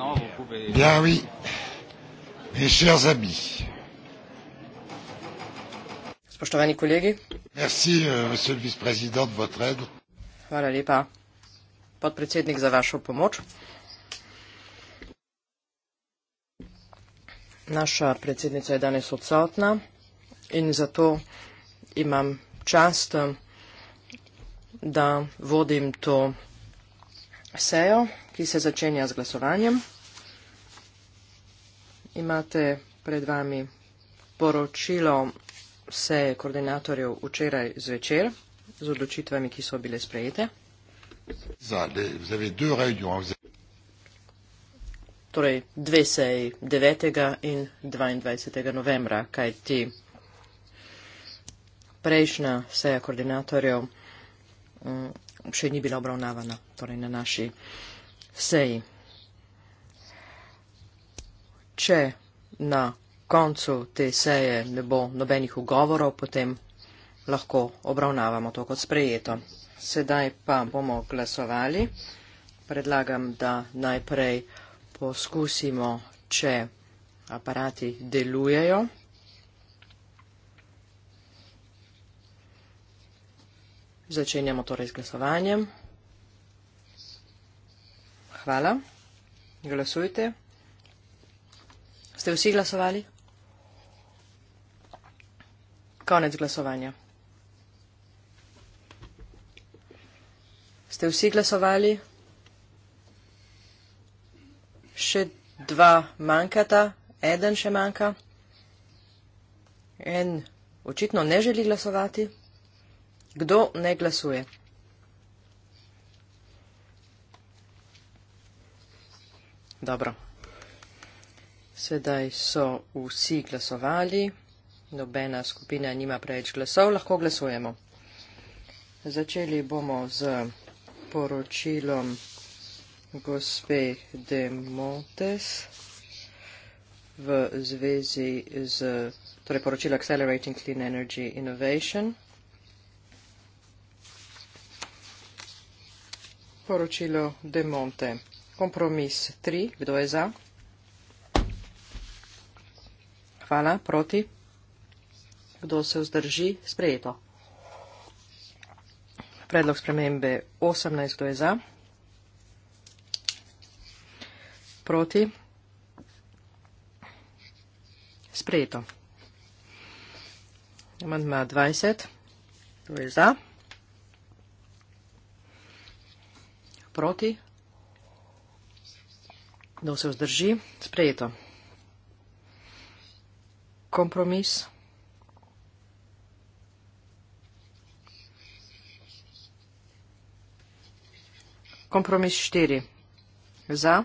maintenant, vous pouvez... Bien oui, mes chers amis. Merci, euh, monsieur le vice-président, de votre aide. Voilà, les pas. Podpredsednik za vašo pomoč. Naša predsednica je danes odsotna in zato imam čast, da vodim to sejo, ki se začenja z glasovanjem. Imate pred vami poročilo seje koordinatorjev včeraj zvečer z odločitvami, ki so bile sprejete. Torej, dve seji 9. in 22. novembra, kaj ti prejšnja seja koordinatorjev mm, še ni bila obravnavana, torej na naši seji. Če na koncu te seje ne bo nobenih ugovorov, potem lahko obravnavamo to kot sprejeto. Sedaj pa bomo glasovali. Predlagam, da najprej poskusimo, če aparati delujejo. Začenjamo torej z glasovanjem. Hvala. Glasujte. Ste vsi glasovali? Konec glasovanja. Ste vsi glasovali? Še dva manjkata, eden še manjka. En očitno ne želi glasovati. Kdo ne glasuje? Dobro. Sedaj so vsi glasovali, nobena skupina nima preveč glasov, lahko glasujemo. Začeli bomo z poročilom gospe De Montes v zvezi z, torej poročila Accelerating Clean Energy Innovation. poročilo De Monte. Kompromis 3. Kdo je za? Hvala. Proti? Kdo se vzdrži? Sprejeto. Predlog spremembe 18. Kdo je za? Proti? Sprejeto. Amandma 20. Kdo je za? Proti? proti, kdo se vzdrži, sprejeto. Kompromis. Kompromis štiri. Za,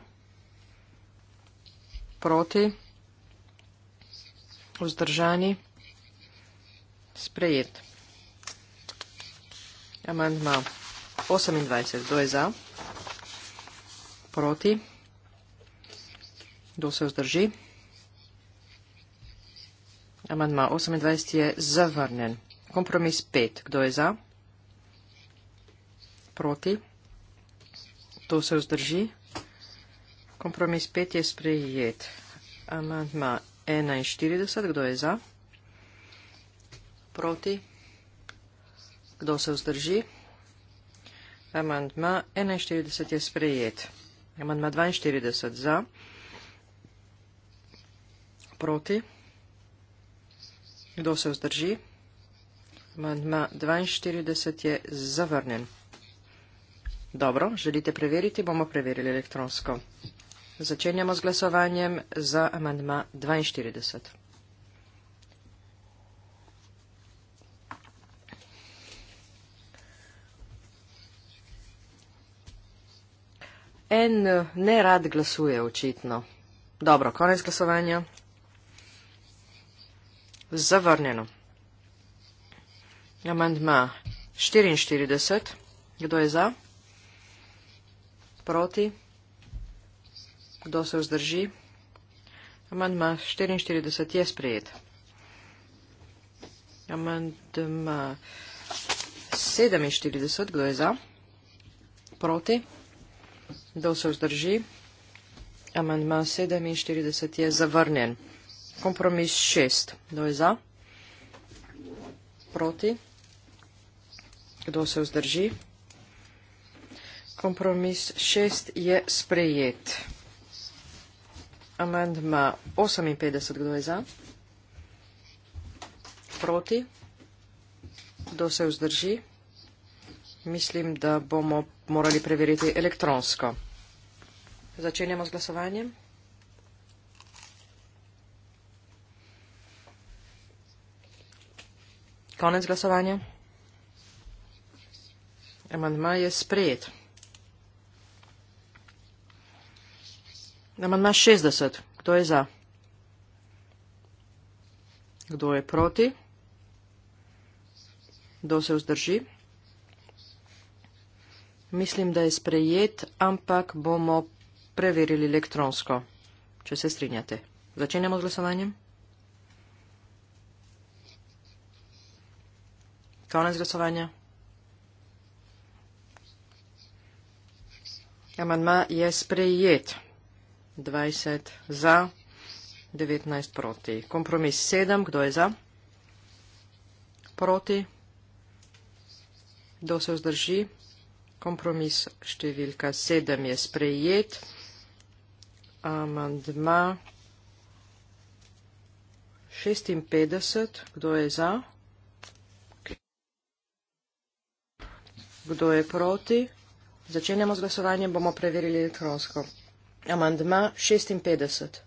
proti, vzdržani, sprejet. Amandma 28. Kdo je za? proti. Kdo se vzdrži? Amandma 28 je zavrnen. Kompromis 5. Kdo je za? Proti. Kdo se vzdrži? Kompromis 5 je sprejet. Amandma 41. Kdo je za? Proti. Kdo se vzdrži? Amandma 41 je sprejet. Amandma 42 za, proti, kdo se vzdrži? Amandma 42 je zavrnen. Dobro, želite preveriti, bomo preverili elektronsko. Začenjamo z glasovanjem za amandma 42. en eh, ne rad glasuje, očitno. Dobro, konec glasovanja. Zavrnjeno. Amandma 44. Kdo je za? Proti? Kdo se vzdrži? Amandma 44 je sprejet. Amandma 47. Kdo je za? Proti? Kdo se vzdrži? Amendma 47 je zavrnjen. Kompromis 6. Kdo je za? Proti? Kdo se vzdrži? Kompromis 6 je sprejet. Amendma 58. Kdo je za? Proti? Kdo se vzdrži? Mislim, da bomo morali preveriti elektronsko. Začenjamo z glasovanjem. Konec glasovanja. Amandma je sprejet. Amandma 60. Kdo je za? Kdo je proti? Kdo se vzdrži? Mislim, da je sprejet, ampak bomo preverili elektronsko. Če se strinjate. Začenjamo z glasovanjem. Konec glasovanja. Amandma je sprejet. 20 za, 19 proti. Kompromis 7. Kdo je za? Proti. Kdo se vzdrži? Kompromis številka 7 je sprejet amandma 56. Kdo je za? Kdo je proti? Začenjamo z glasovanjem, bomo preverili elektronsko. Amandma 56.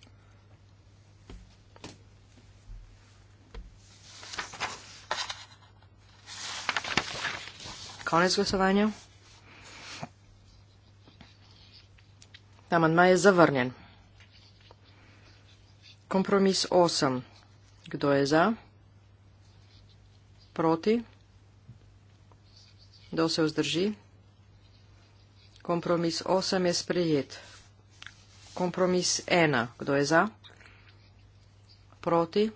Konec glasovanja. Amandma je zavrnjen. Kompromis 8. Kdo je za? Proti? Kdo se vzdrži? Kompromis 8 je sprejet. Kompromis 1. Kdo je za? Proti?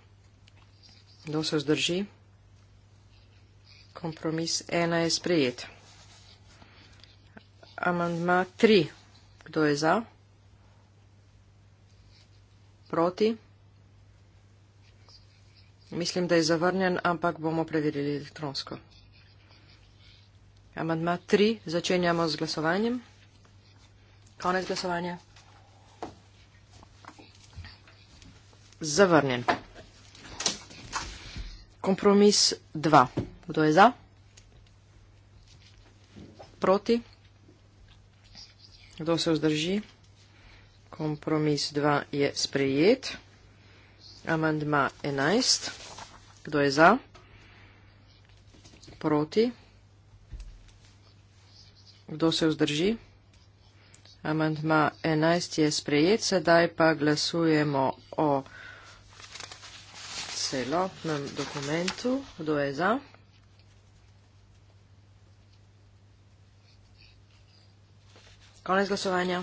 Kdo se vzdrži? Kompromis 1 je sprejet. Amandma 3. Kdo je za? proti. Mislim, da je zavrnjen, ampak bomo preverili elektronsko. Amandma 3. Začenjamo z glasovanjem. Konec glasovanja. Zavrnjen. Kompromis 2. Kdo je za? Proti? Kdo se vzdrži? Kompromis 2 je sprejet. Amandma 11. Kdo je za? Proti? Kdo se vzdrži? Amandma 11 je sprejet. Sedaj pa glasujemo o celotnem dokumentu. Kdo je za? Konec glasovanja.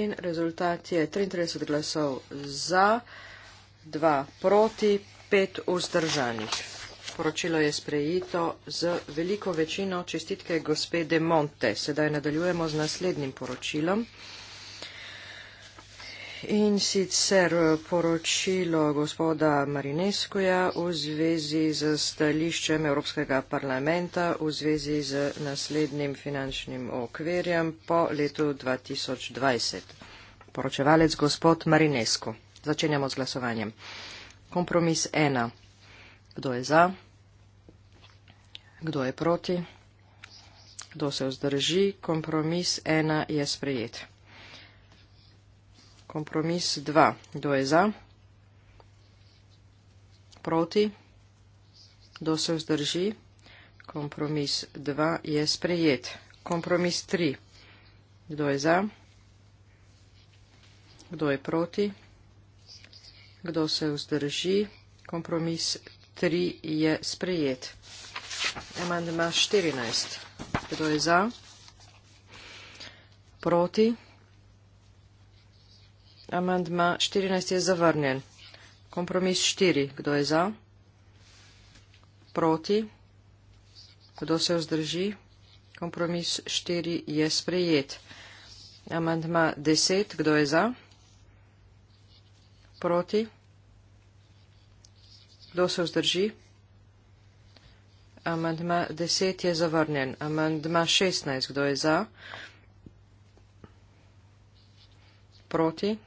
in rezultat je 33 glasov za, 2 proti, 5 vzdržanih. Poročilo je sprejito z veliko večino čestitke gospe De Monte. Sedaj nadaljujemo z naslednjim poročilom in sicer eh, poročilo gospoda Marineskoja v zvezi z stališčem Evropskega parlamenta v zvezi z naslednjim finančnim okvirjem po letu 2020. Poročevalec gospod Marinesko. Začenjamo z glasovanjem. Kompromis 1. Kdo je za? Kdo je proti? Kdo se vzdrži? Kompromis 1 je sprejet kompromis 2. Kdo je za? Proti? Kdo se vzdrži? Kompromis 2 je sprejet. Kompromis 3. Kdo je za? Kdo je proti? Kdo se vzdrži? Kompromis 3 je sprejet. Amandma 14. Kdo je za? Proti? Amandma 14 je zavrnjen. Kompromis 4. Kdo je za? Proti? Kdo se vzdrži? Kompromis 4 je sprejet. Amandma 10. Kdo je za? Proti? Kdo se vzdrži? Amandma 10 je zavrnjen. Amandma 16. Kdo je za? Proti?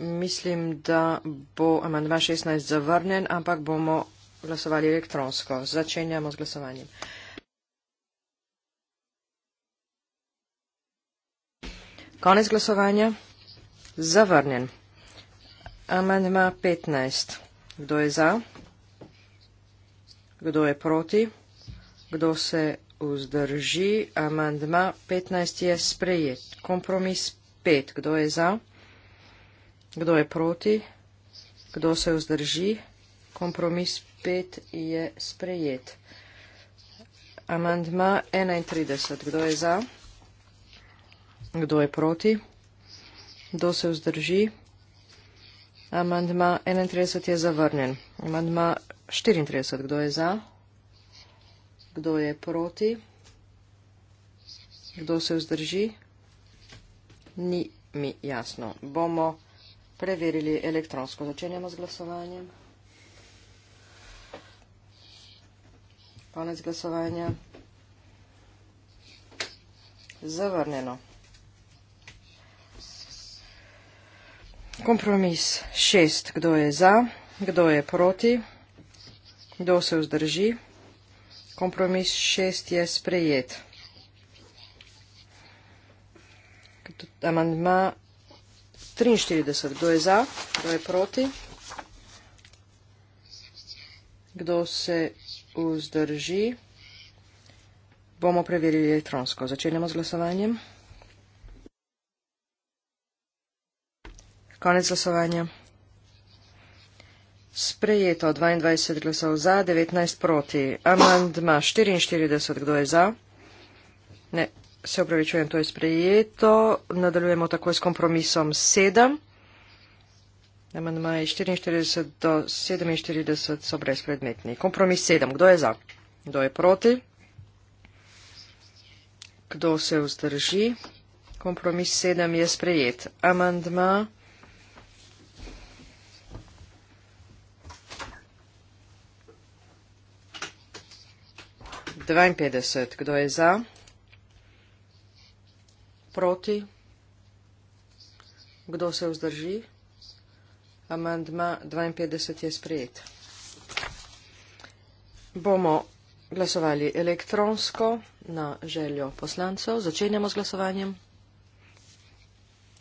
mislim, da bo amandma 16 zavrnen, ampak bomo glasovali elektronsko. Začenjamo z glasovanjem. Konec glasovanja. Zavrnjen. Amandma 15. Kdo je za? Kdo je proti? Kdo se vzdrži? Amandma 15 je sprejet. Kompromis 5. Kdo je za? kdo je proti, kdo se vzdrži. Kompromis 5 je sprejet. Amandma 31. Kdo je za? Kdo je proti? Kdo se vzdrži? Amandma 31 je zavrnjen. Amandma 34. Kdo je za? Kdo je proti? Kdo se vzdrži? Ni mi jasno. Bomo preverili elektronsko. Začenjamo z glasovanjem. Konec glasovanja. Zavrnjeno. Kompromis šest. Kdo je za? Kdo je proti? Kdo se vzdrži? Kompromis šest je sprejet. Amandma 43. Kdo je za, kdo je proti? Kdo se vzdrži? Bomo preverili elektronsko. Začenjamo z glasovanjem. Konec glasovanja. Sprejeto 22 glasov za, 19 proti. Amandma 44. Kdo je za? Ne, Se upravičujem, to je sprejeto. Nadaljujemo takoj s kompromisom 7. Amandmaji 44 do 47 so brezpredmetni. Kompromis 7. Kdo je za? Kdo je proti? Kdo se vzdrži? Kompromis 7 je sprejet. Amandma 52. Kdo je za? Proti. Kdo se vzdrži? Amendma 52 je sprejet. Bomo glasovali elektronsko na željo poslancev. Začenjamo z glasovanjem.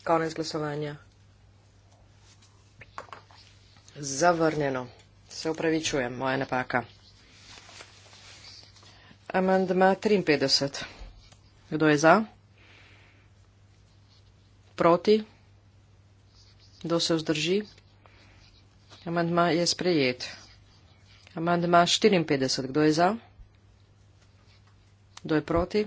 Konec glasovanja. Zavrnjeno. Se upravičujem, moja napaka. Amendma 53. Kdo je za? proti, kdo se vzdrži. Amandma je sprejet. Amandma 54, kdo je za? Kdo je proti?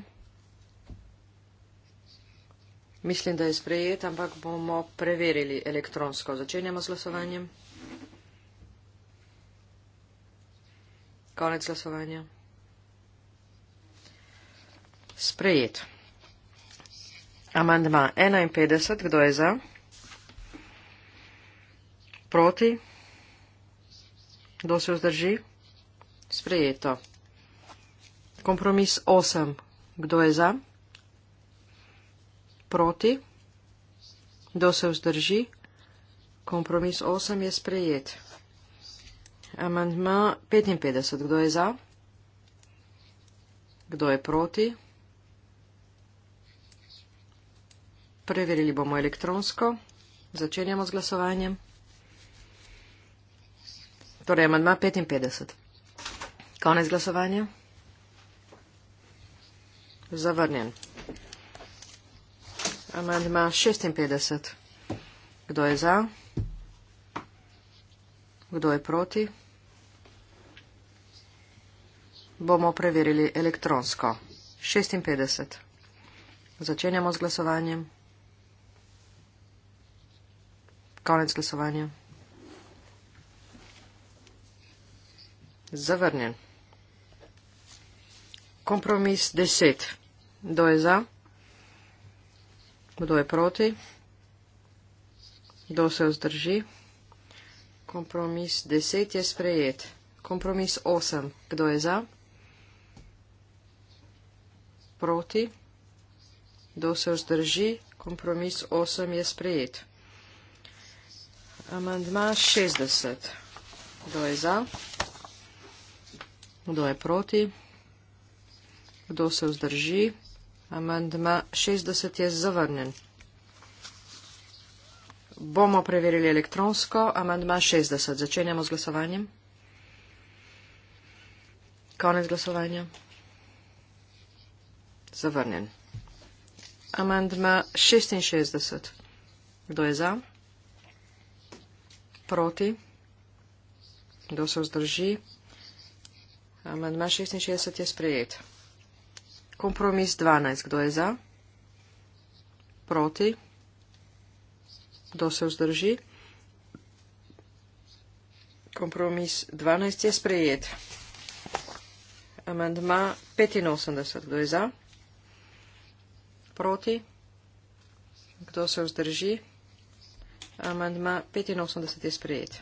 Mislim, da je sprejet, ampak bomo preverili elektronsko. Začenjamo z glasovanjem. Konec glasovanja. Sprejet. Amandma 51, kdo je za? Proti? Kdo se vzdrži? Sprejeto. Kompromis 8, kdo je za? Proti? Kdo se vzdrži? Kompromis 8 je sprejet. Amandma 55, kdo je za? Kdo je proti? Preverili bomo elektronsko. Začenjamo z glasovanjem. Torej, amadma 55. Konec glasovanja. Zavrnjen. Amadma 56. Kdo je za? Kdo je proti? Bomo preverili elektronsko. 56. Začenjamo z glasovanjem. Konec glasovanja. Zavrnjen. Kompromis 10. Kdo je za? Kdo je proti? Kdo se vzdrži? Kompromis 10 je sprejet. Kompromis 8. Kdo je za? Proti? Kdo se vzdrži? Kompromis 8 je sprejet. Amandma 60. Kdo je za? Kdo je proti? Kdo se vzdrži? Amandma 60 je zavrnen. Bomo preverili elektronsko. Amandma 60. Začenjamo z glasovanjem. Konec glasovanja. Zavrnjen. Amandma 66. Kdo je za? proti, kdo se vzdrži. Amandma 66 je sprejet. Kompromis 12. Kdo je za? Proti. Kdo se vzdrži? Kompromis 12 je sprejet. Amandma 85. Kdo je za? Proti. Kdo se vzdrži? Amandma 85 je sprejet.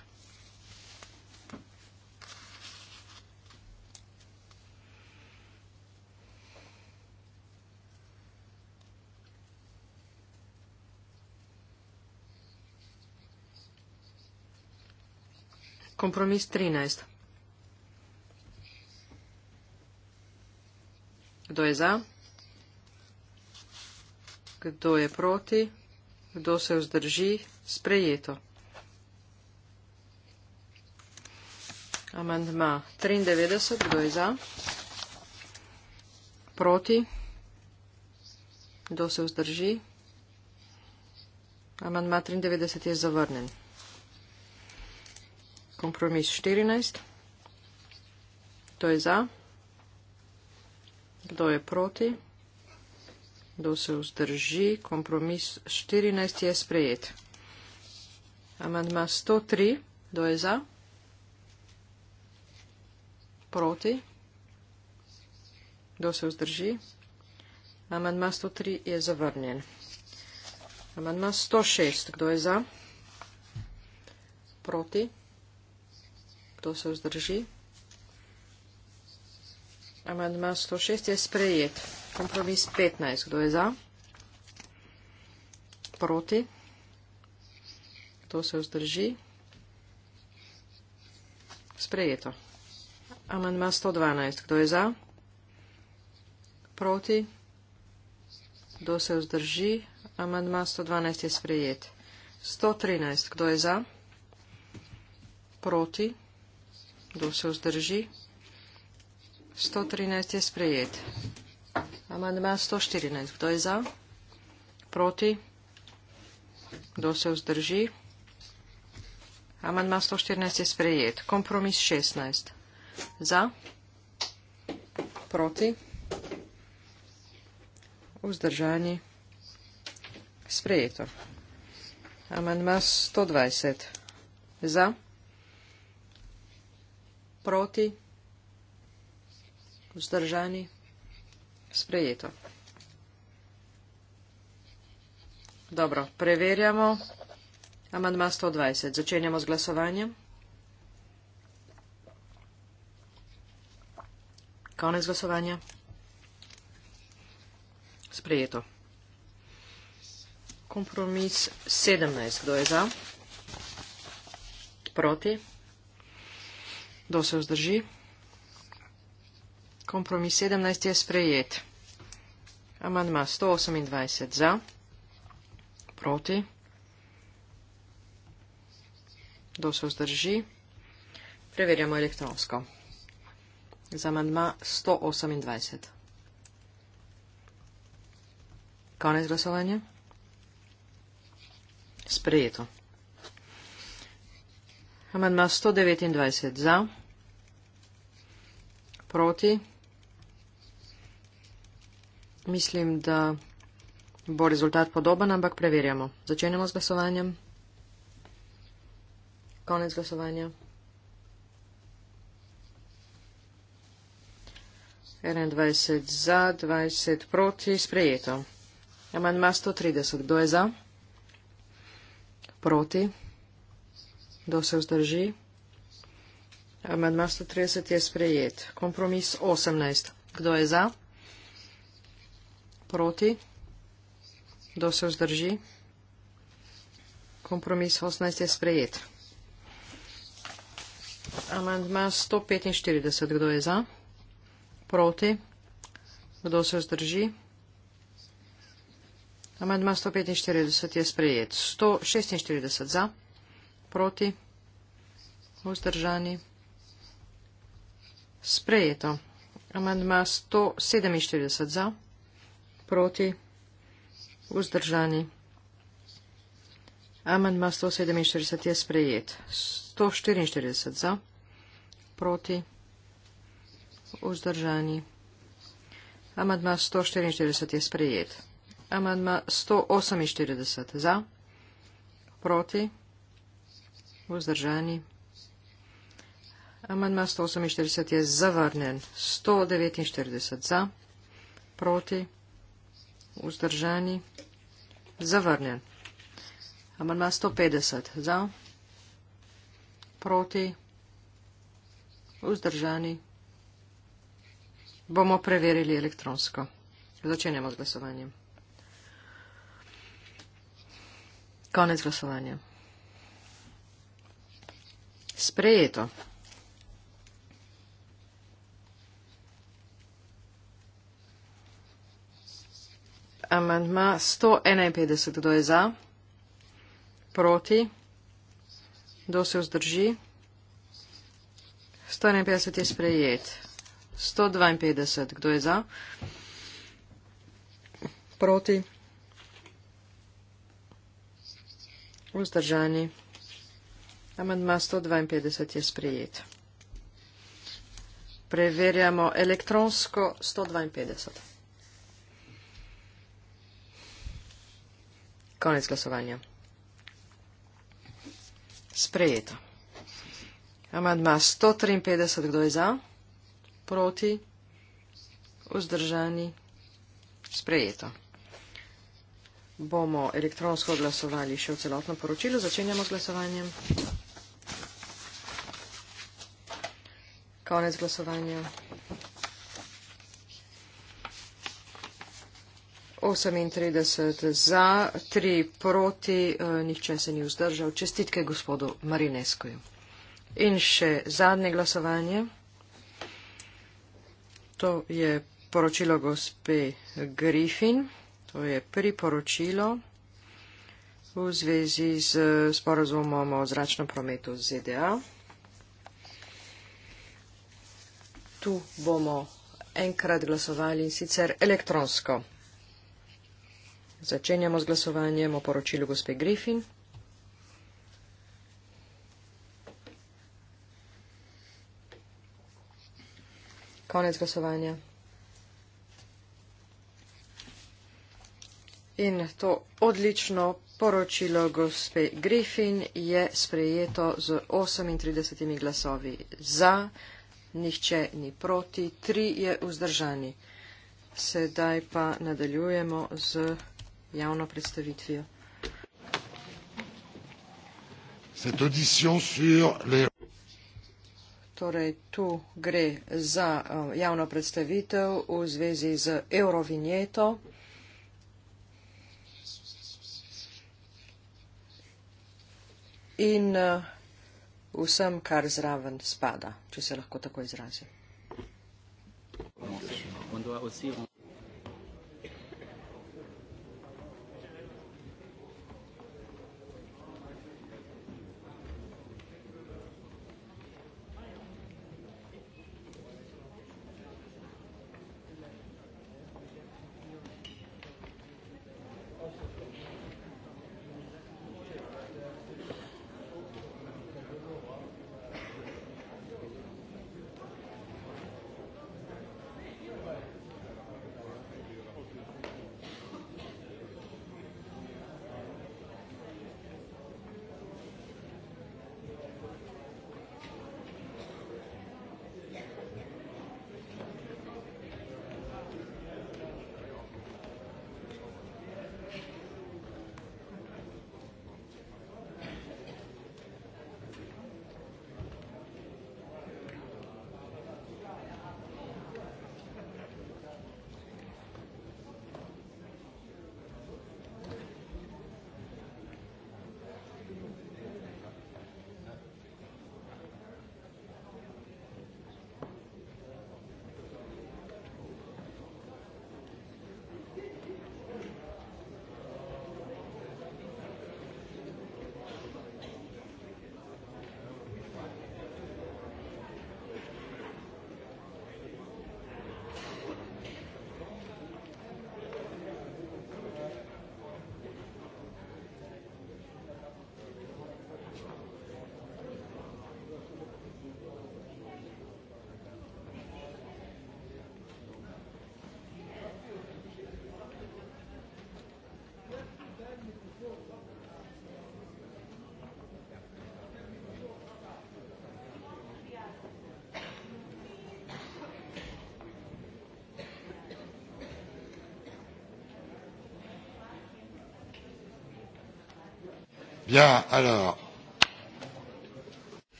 Kompromis 13. Kdo je za? Kdo je proti? kdo se vzdrži, sprejeto. Amendma 93, kdo je za? Proti? Kdo se vzdrži? Amendma 93 je zavrnen. Kompromis 14. Kdo je za? Kdo je proti? kdo se vzdrži, kompromis 14 je sprejet. Amandma 103, kdo je za? Proti? Kdo se vzdrži? Amandma 103 je zavrnjen. Amandma 106, kdo je za? Proti? Kdo se vzdrži? Amandma 106 je sprejet kompromis 15. Kdo je za? Proti? Kdo se vzdrži? Sprejeto. Amendma 112. Kdo je za? Proti? Kdo se vzdrži? Amendma 112 je sprejet. 113. Kdo je za? Proti? Kdo se vzdrži? 113 je sprejet. Amandma 114. Kdo je za? Proti? Kdo se vzdrži? Amandma 114 je sprejet. Kompromis 16. Za? Proti? Vzdržani? Sprejeto. Amandma 120. Za? Proti? Vzdržani? Sprejeto. Sprejeto. Dobro, preverjamo amandma 120. Začenjamo z glasovanjem. Konec glasovanja. Sprejeto. Kompromis 17. Kdo je za? Proti? Kdo se vzdrži? Kompromis 17 je sprejet. Amandma 128 za, proti, kdo se vzdrži, preverjamo elektronsko. Za amandma 128. Konec glasovanja. Sprejeto. Amandma 129 za, proti, kdo se vzdrži. Mislim, da bo rezultat podoben, ampak preverjamo. Začenjamo z glasovanjem. Konec glasovanja. 21 za, 20 proti, sprejeto. Amandma 130. Kdo je za? Proti. Kdo se vzdrži? Amandma 130 je sprejet. Kompromis 18. Kdo je za? proti, kdo se vzdrži, kompromis 18 je sprejet. Amandma 145, kdo je za, proti, kdo se vzdrži. Amandma 145 je sprejet. 146 za, proti, vzdržani. Sprejeto. Amandma 147 za proti, vzdržani. Amendma 147 je sprejet. 144 za, proti, vzdržani. Amendma 144 je sprejet. Amendma 148 za, proti, vzdržani. Amendma 148 je zavrnen. 149 za, proti, vzdržani vzdržani, zavrnjen. Amandma 150, za, proti, vzdržani, bomo preverili elektronsko. Začenjamo z glasovanjem. Konec glasovanja. Sprejeto. amantma 151. Kdo je za? Proti? Kdo se vzdrži? 151 je sprejet. 152. Kdo je za? Proti? Vzdržani. Amantma 152 je sprejet. Preverjamo elektronsko 152. Konec glasovanja. Sprejeto. Amadma 153, kdo je za? Proti? Vzdržani? Sprejeto. Bomo elektronsko glasovali še v celotno poročilo. Začenjamo z glasovanjem. Konec glasovanja. 38 za, 3 proti, eh, nihče se ni vzdržal. Čestitke gospodu Marineskoju. In še zadnje glasovanje. To je poročilo gospe Griffin. To je priporočilo v zvezi z sporozumom o zračnem prometu z ZDA. Tu bomo enkrat glasovali in sicer elektronsko. Začenjamo z glasovanjem o poročilu gospe Griffin. Konec glasovanja. In to odlično poročilo gospe Griffin je sprejeto z 38 glasovi za, nihče ni proti, tri je vzdržani. Sedaj pa nadaljujemo z javno predstavitvijo. Torej, tu gre za eh, javno predstavitev v zvezi z Eurovinjeto. In eh, vsem, kar zraven spada, če se lahko tako izrazim.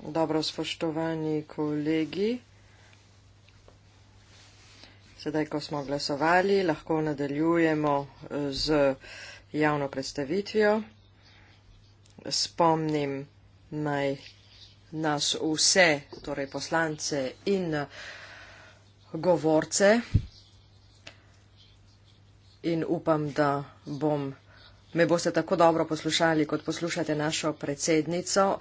Dobro, spoštovani kolegi, sedaj, ko smo glasovali, lahko nadaljujemo eh, z javno predstavitvijo. Spomnim naj nas vse, torej poslance in eh, govorce in upam, da bom me boste tako dobro poslušali, kot poslušate našo predsednico.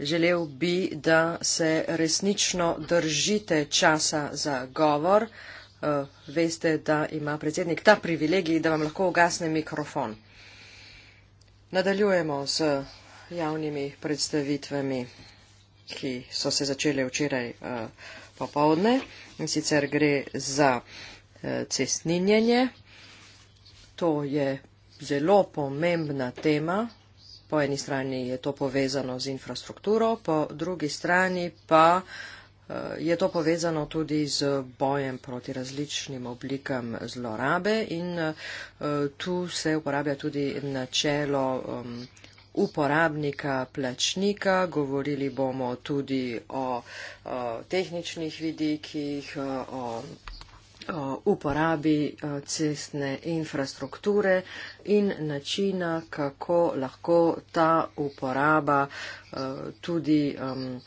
Želel bi, da se resnično držite časa za govor. Eh, veste, da ima predsednik ta privilegij, da vam lahko ugasne mikrofon. Nadaljujemo z javnimi predstavitvami, ki so se začele včeraj eh, popovdne. In sicer gre za eh, cestninjenje. To je zelo pomembna tema. Po eni strani je to povezano z infrastrukturo, po drugi strani pa eh, je to povezano tudi z bojem proti različnim oblikam zlorabe in eh, tu se uporablja tudi načelo uporabnika, plačnika. Govorili bomo tudi o, o tehničnih vidikih, o uporabi cestne infrastrukture in načina, kako lahko ta uporaba tudi um,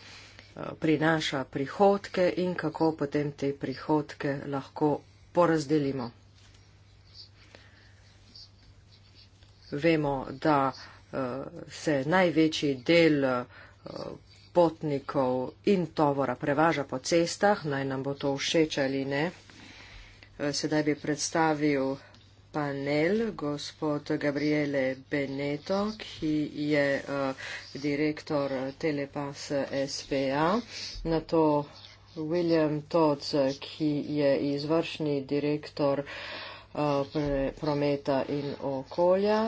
prinaša prihodke in kako potem te prihodke lahko porazdelimo. Vemo, da se največji del potnikov in tovora prevaža po cestah, naj nam bo to všeč ali ne. Eh, sedaj bi predstavil panel gospod Gabriele Beneto, ki je uh, direktor Telepass SPA, na to William Todd, ki je izvršni direktor uh, prometa in okolja,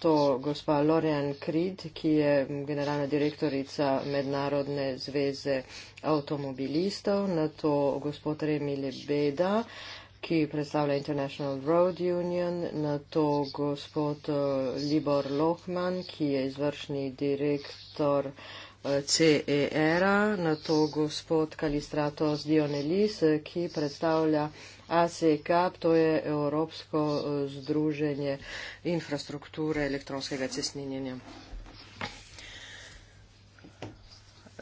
to gospa Lorian Creed, ki je generalna direktorica Mednarodne zveze avtomobilistov, na to gospod Remile Beda, ki predstavlja International Road Union, na to gospod eh, Libor Lohman, ki je izvršni direktor eh, CER-a, na to gospod Kalistratos Dionelis, eh, ki predstavlja ACKAP, to je Evropsko eh, združenje infrastrukture elektronskega cestninjenja.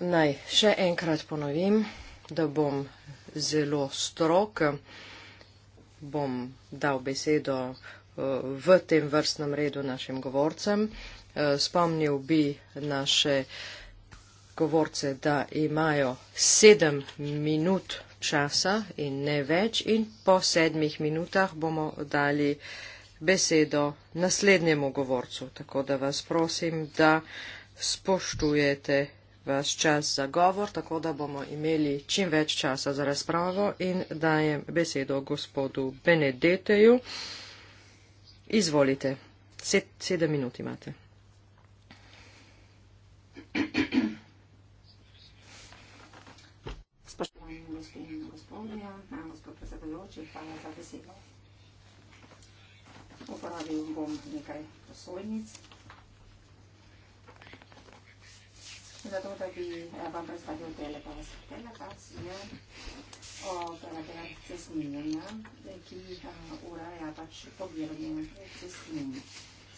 Naj še enkrat ponovim, da bom zelo strok, bom dal besedo eh, v tem vrstnem redu našim govorcem. Eh, spomnil bi naše govorce, da imajo sedem minut časa in ne več in po sedmih minutah bomo dali besedo naslednjemu govorcu. Tako da vas prosim, da spoštujete vaš čas za govor, tako da bomo imeli čim več časa za razpravo in dajem besedo gospodu Benedeteju. Izvolite, sedem minut imate. Slovenija, gospod predsedujoči, hvala za besedo. Uporabil bom nekaj posojnic. Zato, da bi vam predstavil telepas. Telepas je operater cestninjenja, ki eh, ureja pač pobirne cestnin.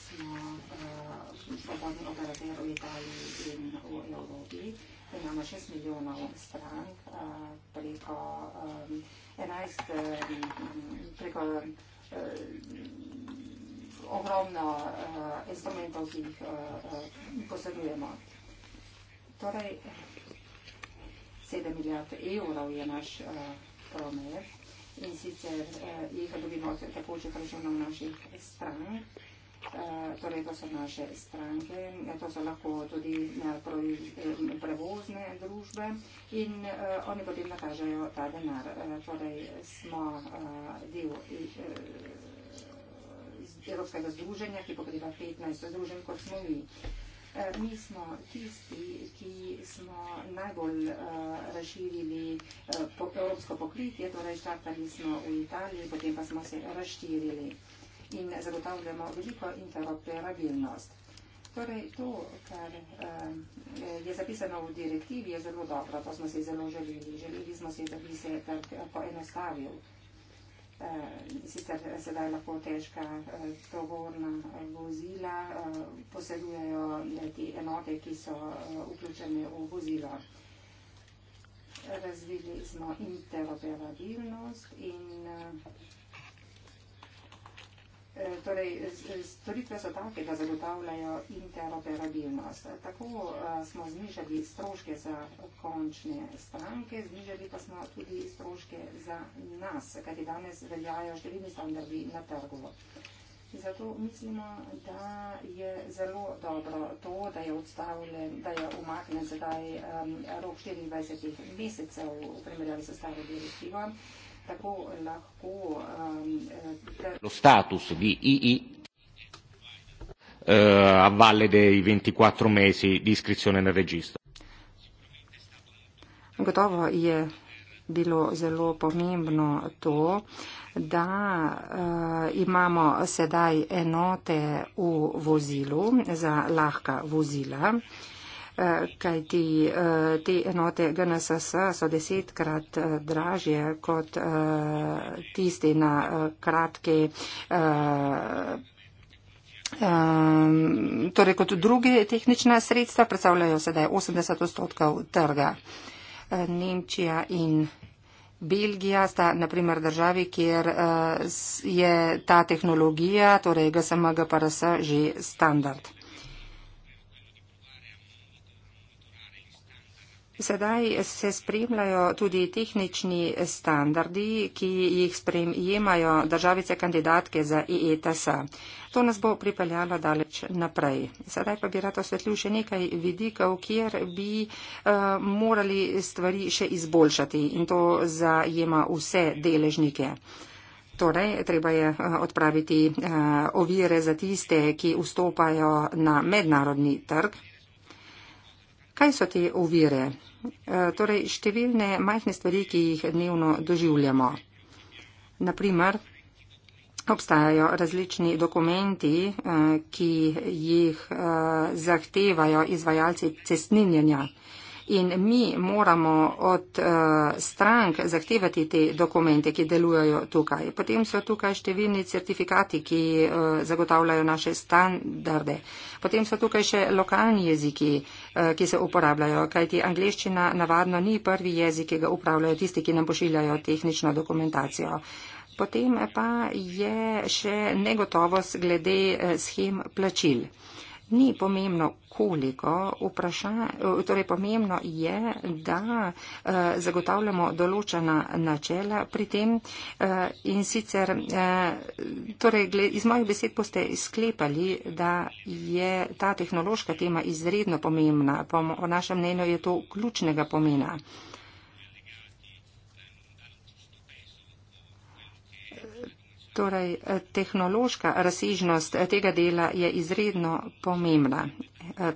Smo eh, svobodni operater v Italiji in v Evropi imamo 6 milijonov strank eh, preko, eh, enajst, eh, preko ogromno instrumentov, ki jih posedujemo. Torej, 7 milijard evrov je naš promet in sicer jih dobimo tako, če pražemo v naših strank. Eh, torej to so naše stranke, ja, to so lahko tudi eh, eh, prevozne družbe in oni potem nakažejo ta denar. Torej smo del Evropskega združenja, ki pokriva 15 združenj, kot smo mi. Mi smo tisti, ki smo najbolj razširili evropsko pokritje, torej štartali smo v Italiji, potem pa smo se razširili in zagotavljamo veliko interoperabilnost. Torej, to, kar eh, je zapisano v direktivi, je zelo dobro, to smo si zelo želeli. Želeli smo si, da bi se trg poenostavil. Eh, sicer eh, sedaj lahko težka tovorna vozila posedujejo te enote, ki so vključene v vozilo. Razvili smo interoperabilnost in Eh, torej, storitve so take, da zagotavljajo interoperabilnost. Tako eh, smo znižali stroške za končne stranke, znižali pa smo tudi stroške za nas, kateri danes veljajo številni standardi na trgu. Zato mislimo, da je zelo dobro to, da je, da je umaknen sedaj um, rok 24 mesecev v primerjavi s staro direktivo tako lahko um, ter... Eh, lo status di II eh, a valle dei 24 mesi di iscrizione nel registro. Gotovo je bilo zelo pomembno to, da uh, imamo sedaj enote v vozilu za lahka vozila. Uh, kaj ti eh, te enote GNSS so desetkrat eh, dražje kot eh, tisti na kratki. Um, torej kot druge tehnična sredstva predstavljajo sedaj 80 odstotkov trga. Nemčija in Belgija sta naprimer državi, kjer uh, je ta tehnologija, torej GSM, GPRS, že standard. Sedaj se spremljajo tudi tehnični standardi, ki jih sprejemajo državice kandidatke za IETS. E to nas bo pripeljalo daleč naprej. Sedaj pa bi rad osvetljil še nekaj vidikov, kjer bi uh, morali stvari še izboljšati in to zajema vse deležnike. Torej, treba je eh, odpraviti uh, ovire za tiste, ki vstopajo na mednarodni trg. Kaj so te ovire? E, torej, številne majhne stvari, ki jih dnevno doživljamo. Naprimer, obstajajo različni dokumenti, e, ki jih e, zahtevajo izvajalci cestninjenja in mi moramo od eh, strank zahtevati te dokumente, ki delujejo tukaj. Potem so tukaj številni certifikati, ki eh, zagotavljajo naše standarde. Potem so tukaj še lokalni jeziki, eh, ki se uporabljajo, kajti angliščina navadno ni prvi jezik, ki ga upravljajo tisti, ki nam pošiljajo tehnično dokumentacijo. Potem pa je še negotovost glede schem plačil ni pomembno, koliko vprašanje, torej pomembno je, da eh, zagotavljamo določena načela pri tem eh, in sicer, eh, torej iz mojih besed boste sklepali, da je ta tehnološka tema izredno pomembna, po našem mnenju je to ključnega pomena. Torej, tehnološka razsežnost tega dela je izredno pomembna.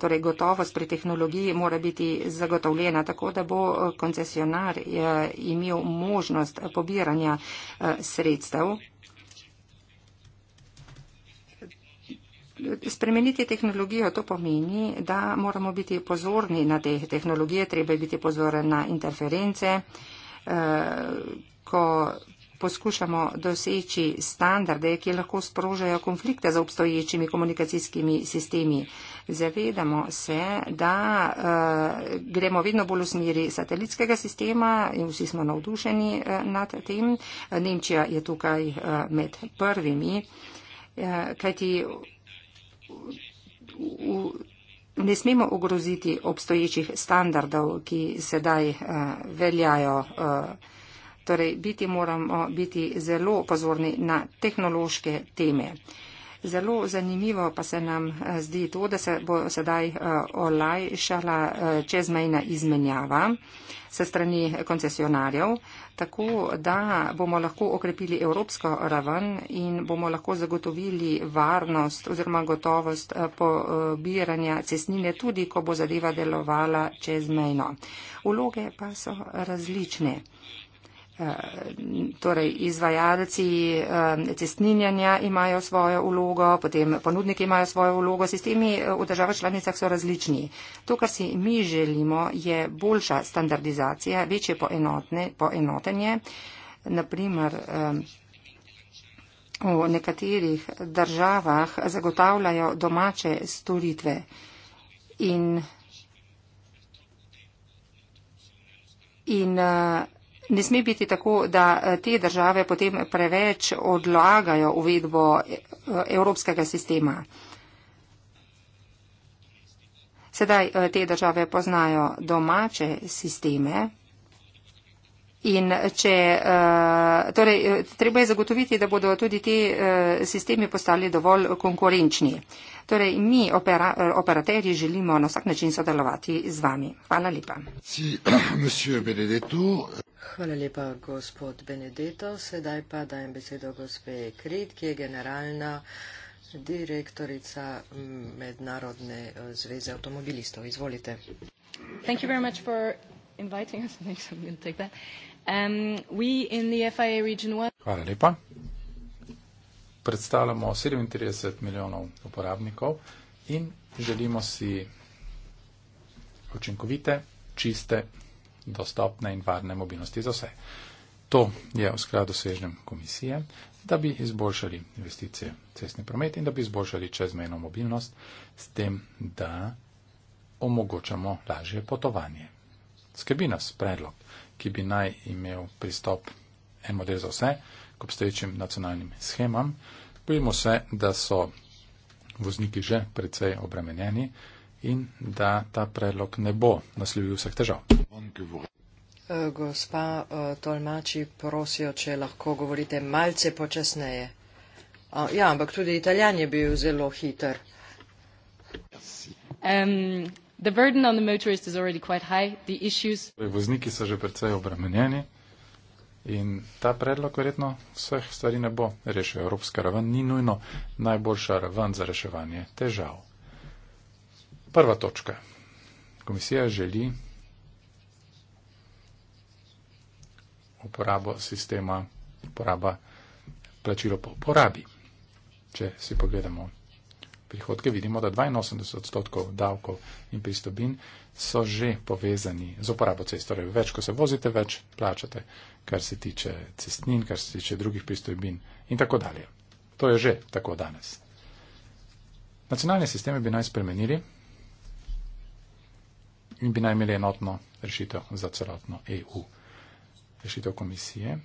Torej, gotovost pri tehnologiji mora biti zagotovljena tako, da bo koncesionar eh, imel možnost pobiranja eh, sredstev. Spremeniti tehnologijo to pomeni, da moramo biti pozorni na te tehnologije, treba biti pozoren na interference, eh, ko poskušamo doseči standarde, ki lahko sprožajo konflikte z obstoječimi komunikacijskimi sistemi. Zavedamo se, da uh, gremo vedno bolj v smeri satelitskega sistema in vsi smo navdušeni uh, nad tem. Nemčija je tukaj uh, med prvimi, uh, kajti. V, Ne smemo ogroziti obstoječih standardov, ki sedaj uh, veljajo uh, Torej, biti moramo biti zelo pozorni na tehnološke teme. Zelo zanimivo pa se nam eh, zdi to, da se bo sedaj eh, olajšala eh, čezmejna izmenjava se strani koncesionarjev, tako da bomo lahko okrepili evropsko raven in bomo lahko zagotovili varnost oziroma gotovost pobiranja cestnine, tudi ko bo zadeva delovala čezmejno. Uloge pa so različne torej izvajalci cestninjanja imajo svojo ulogo, potem ponudniki imajo svojo ulogo, sistemi eh, v državah članicah so različni. To, kar si mi želimo, je boljša standardizacija, večje poenotne, poenotenje. Naprimer, v nekaterih državah zagotavljajo domače storitve in, in uh, Ne sme biti tako, da eh, te države potem preveč odlagajo uvedbo eh, evropskega sistema. Sedaj eh, te države poznajo domače sisteme. In če, torej, treba je zagotoviti, da bodo tudi ti sistemi postali dovolj konkurenčni. Torej, mi opera, operaterji želimo na vsak način sodelovati z vami. Hvala lepa. Si, Hvala lepa, gospod Benedetto. Sedaj pa dajem besedo gospe Krit, ki je generalna direktorica Mednarodne eh, zveze avtomobilistov. Izvolite. Thank you very much for inviting us. Thanks, I'm going to take that. Um, we in the FIA region 1. Hvala lepa. Predstavljamo 37 milijonov uporabnikov in želimo si učinkovite, čiste dostopne in varne mobilnosti za vse. To je v skladu svežnjem komisije, da bi izboljšali investicije v cestni promet in da bi izboljšali čezmejno mobilnost s tem, da omogočamo lažje potovanje. Skrbi nas predlog, ki bi naj imel pristop en model za vse k obstoječim nacionalnim schemam. Bojimo se, da so vozniki že precej obremenjeni in da ta predlog ne bo naslovil vseh težav. E, gospa e, Tolmači, prosijo, če lahko govorite malce počasneje. Ja, ampak tudi italijan je bil zelo hiter. Um, the burden on the motorist is already quite high. The issues. Torej, vozniki so že precej obremenjeni in ta predlog verjetno vseh stvari ne bo rešil. Evropska raven ni nujno najboljša raven za reševanje težav. Prva točka. Komisija želi uporabo sistema, uporaba plačilo po uporabi. Če si pogledamo prihodke, vidimo, da 82 odstotkov davkov in pristobin so že povezani z uporabo cest. Torej, več, ko se vozite, več plačate, kar se tiče cestnin, kar se tiče drugih pristobin in tako dalje. To je že tako danes. Nacionalne sisteme bi naj spremenili, in bi naj imeli enotno rešitev za celotno EU. Rešitev komisije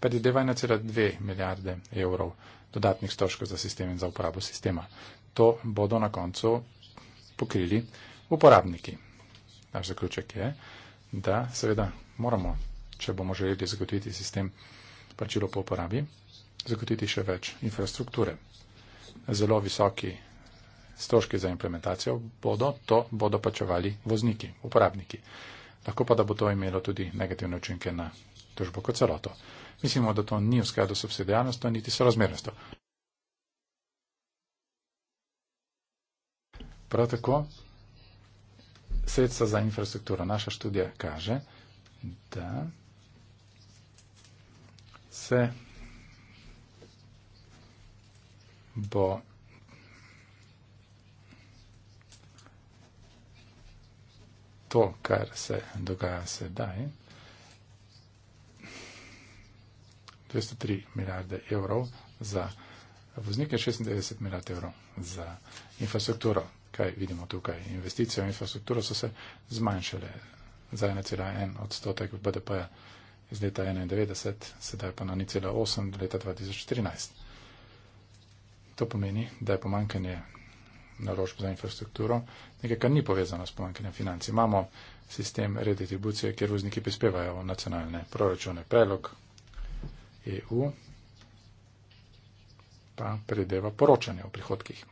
predvideva 1,2 milijarde evrov dodatnih stroškov za sistem in za uporabo sistema. To bodo na koncu pokrili uporabniki. Naš zaključek je, da seveda moramo, če bomo želeli zagotoviti sistem plačilo po uporabi, zagotoviti še več infrastrukture. Zelo visoki stroške za implementacijo bodo, to bodo pačevali vozniki, uporabniki. Lahko pa, da bo to imelo tudi negativne učinke na družbo kot celoto. Mislimo, da to ni v skladu s subsidijarnostjo, niti sorazmernostjo. Prav tako sredstva za infrastrukturo. Naša študija kaže, da se bo to, kar se dogaja sedaj, 203 milijarde evrov za voznike, 96 milijard evrov za infrastrukturo. Kaj vidimo tukaj? Investicije v infrastrukturo so se zmanjšale za 1,1 odstotek v BDP -ja iz leta 1991, sedaj pa na 0,8 do leta 2014. To pomeni, da je pomankanje naročb za infrastrukturo, nekaj, kar ni povezano s pomankanjem financ. Imamo sistem reditribucije, kjer vozniki prispevajo v nacionalne proračune. Predlog EU pa predeva poročanje o prihodkih.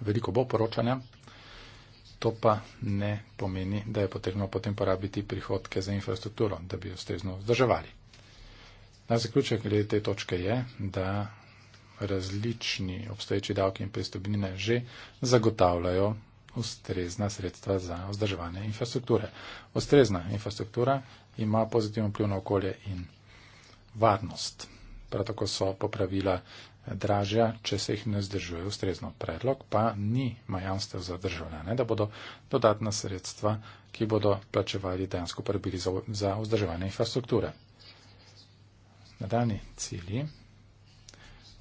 Veliko bo poročanja, to pa ne pomeni, da je potrebno potem porabiti prihodke za infrastrukturo, da bi jo ustrezno vzdrževali. Na zaključek glede te točke je, da različni obstoječi davki in pristobnine že zagotavljajo ustrezna sredstva za vzdrževanje infrastrukture. Ustrezna infrastruktura ima pozitiven vpliv na okolje in varnost. Prav tako so popravila dražja, če se jih ne zdržuje ustrezno. Predlog pa ni majanstev za državljane, da bodo dodatna sredstva, ki bodo plačevali, dejansko porabili za vzdrževanje infrastrukture. Nadaljni cilji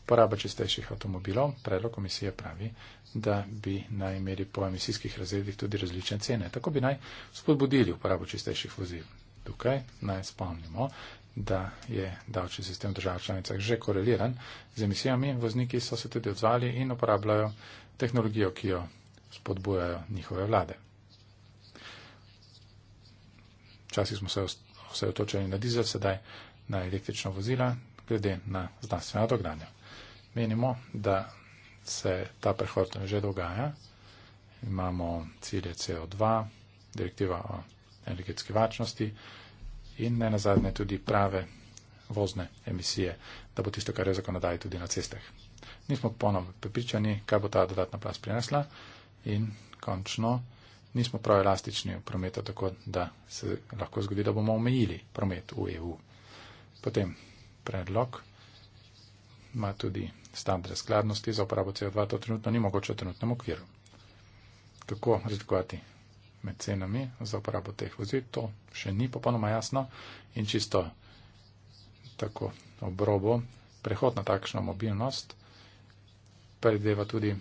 poraba čistejših avtomobilov. Predlog komisije pravi, da bi naj imeli po emisijskih razredih tudi različne cene. Tako bi naj spodbudili uporabo čistejših vozil. Tukaj naj spomnimo, da je davčni sistem v državah članicah že koreliran z emisijami. Vozniki so se tudi odzvali in uporabljajo tehnologijo, ki jo spodbujajo njihove vlade. Včasih smo se osredotočili na dizel, sedaj na električno vozila, glede na znanstveno dogajanje. Menimo, da se ta prehod že dogaja. Imamo cilje CO2, direktiva o energetski vačnosti in ne nazadnje tudi prave vozne emisije, da bo tisto, kar je zakonodaj tudi na cestah. Nismo ponov pripričani, kaj bo ta dodatna plast prinesla in končno nismo prav elastični v prometu, tako da se lahko zgodi, da bomo omejili promet v EU. Potem predlog ima tudi standard skladnosti za uporabo CO2, to trenutno ni mogoče v trenutnem okviru. Kako razlikovati med cenami za uporabo teh vozil, to še ni popolnoma jasno in čisto tako obrobo prehod na takšno mobilnost predeva tudi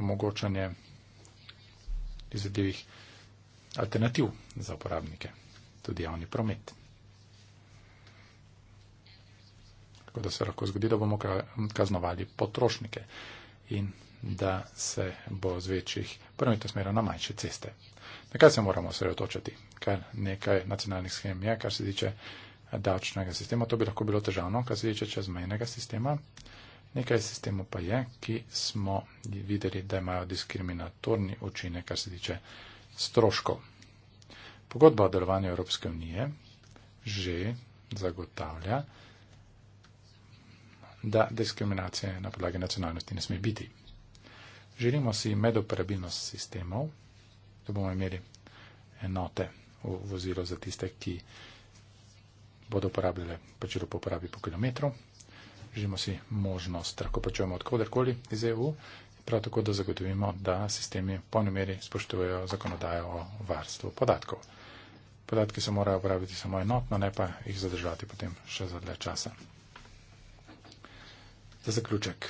omogočanje izvedljivih alternativ za uporabnike, tudi javni promet. tako da se lahko zgodi, da bomo kaznovali potrošnike in da se bo z večjih prometa smera na manjše ceste. Na kaj se moramo osredotočiti? Kar nekaj nacionalnih schem je, kar se tiče davčnega sistema, to bi lahko bilo težavno, kar se tiče čezmejnega sistema. Nekaj sistemov pa je, ki smo videli, da imajo diskriminatorni učinek, kar se tiče stroškov. Pogodba o delovanju Evropske unije že zagotavlja, da diskriminacije na podlagi nacionalnosti ne sme biti. Želimo si medoperabilnost sistemov, da bomo imeli enote v vozilo za tiste, ki bodo uporabljali plačilo po uporabi po kilometru. Želimo si možnost, lahko plačujemo od koderkoli iz EU, prav tako, da zagotovimo, da sistemi po nemeri spoštujejo zakonodajo o varstvu podatkov. Podatki se morajo uporabiti samo enotno, ne pa jih zadržati potem še za dlje časa. Za zaključek.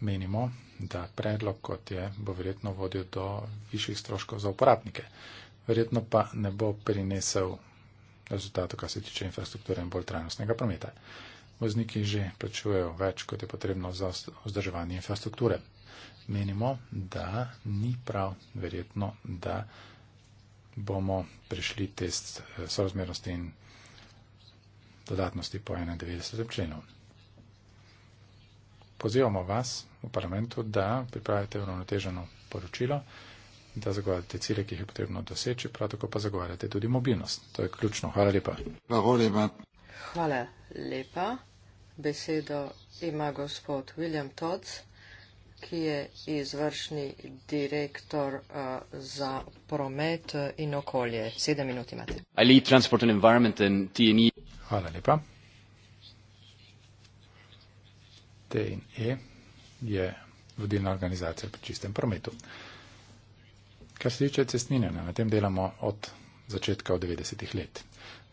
Menimo, da predlog kot je bo verjetno vodil do višjih stroškov za uporabnike. Verjetno pa ne bo prinesel rezultatov, kar se tiče infrastrukture in bolj trajnostnega prometa. Vozniki že plačujejo več, kot je potrebno za vzdrževanje infrastrukture. Menimo, da ni prav verjetno, da bomo prišli test eh, sorazmernosti in dodatnosti po 91. členu. Pozivamo vas v parlamentu, da pripravite uravnoteženo poročilo, da zagovarjate cilje, ki jih je potrebno doseči, prav tako pa zagovarjate tudi mobilnost. To je ključno. Hvala lepa. Hvala lepa. Hvala lepa. Besedo ima gospod William Todd, ki je izvršni direktor uh, za promet in okolje. Sedem minut imate. Hvala lepa. TNE je vodilna organizacija pri čistem prometu. Kar se tiče cestninjenja, na tem delamo od začetka od 90-ih let.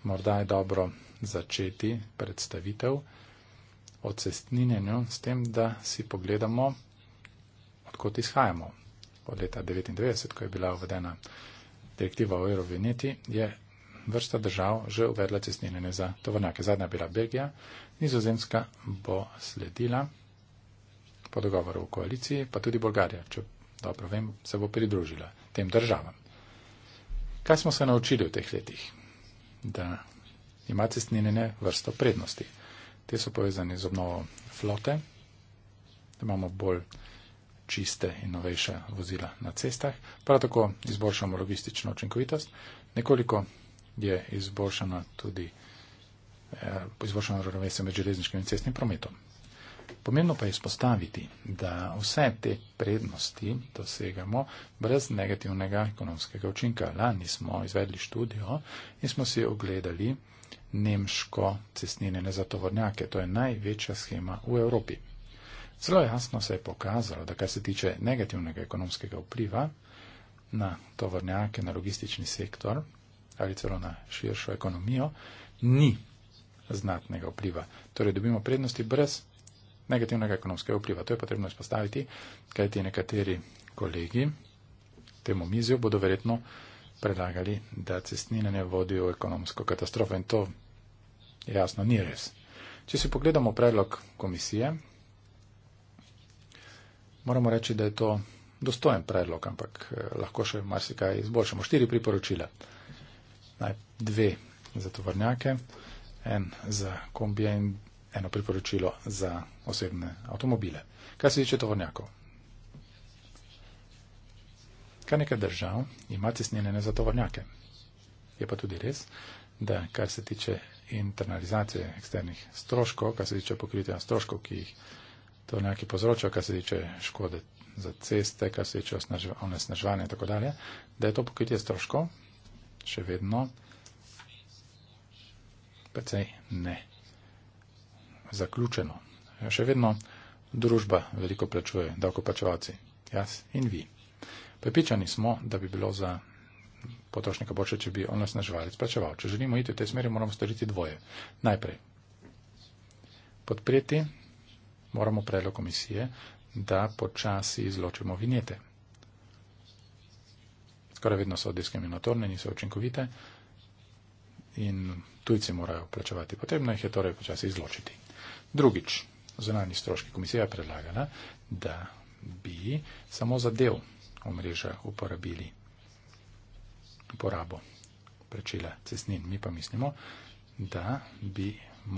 Morda je dobro začeti predstavitev o cestninjenju s tem, da si pogledamo, odkot izhajamo. Od leta 1999, ko je bila uvedena direktiva o euroveneti, je vrsta držav že uvedla cestninjenje za tovornjake. Zadnja bila Belgija, nizozemska bo sledila po dogovoru v koaliciji, pa tudi Bolgarija, če dobro vem, se bo pridružila tem državam. Kaj smo se naučili v teh letih? Da ima cestninjenje vrsto prednosti. Te so povezane z obnovo flote, da imamo bolj čiste in novejše vozila na cestah, prav tako izboljšamo logistično učinkovitost, nekoliko je izboljšana tudi eh, izboljšana ravnovesje med železniškim in cestnim prometom. Pomembno pa je izpostaviti, da vse te prednosti dosegamo brez negativnega ekonomskega učinka. Lani smo izvedli študijo in smo si ogledali nemško cestninjene za tovornjake. To je največja schema v Evropi. Zelo jasno se je pokazalo, da kar se tiče negativnega ekonomskega vpliva na tovornjake, na logistični sektor, ali celo na širšo ekonomijo, ni znatnega vpliva. Torej dobimo prednosti brez negativnega ekonomskega vpliva. To je potrebno izpostaviti, kajti nekateri kolegi temu mizijo bodo verjetno predlagali, da cestnine ne vodijo v ekonomsko katastrofo in to jasno ni res. Če si pogledamo predlog komisije, moramo reči, da je to dostojen predlog, ampak eh, lahko še marsikaj izboljšamo. Štiri priporočila dve za tovrnjake, en za kombije in eno priporočilo za osebne avtomobile. Kaj se tiče tovrnjakov? Kar nekaj držav ima cestnjenjene za tovrnjake. Je pa tudi res, da kar se tiče internalizacije eksternih stroškov, kar se tiče pokritja stroškov, ki jih tovrnjaki povzročajo, kar se tiče škode za ceste, kar se tiče onesnaževanja in tako dalje, da je to pokritje stroškov še vedno. Precej ne. Zaključeno. Ja, še vedno družba veliko plačuje, davkoplačevalci, jaz in vi. Pripičani smo, da bi bilo za potrošnika boljše, če bi on nas naživalec plačeval. Če želimo iti v tej smeri, moramo storiti dvoje. Najprej. Podpreti moramo predlog komisije, da počasi izločimo vinjete skoraj vedno so diskriminatorne, niso učinkovite in tujci morajo plačevati. Potrebno jih je torej počasi izločiti. Drugič, zunanji stroški komisija je predlagala, da bi samo za del omrežja uporabili uporabo prečila cestnin. Mi pa mislimo, da bi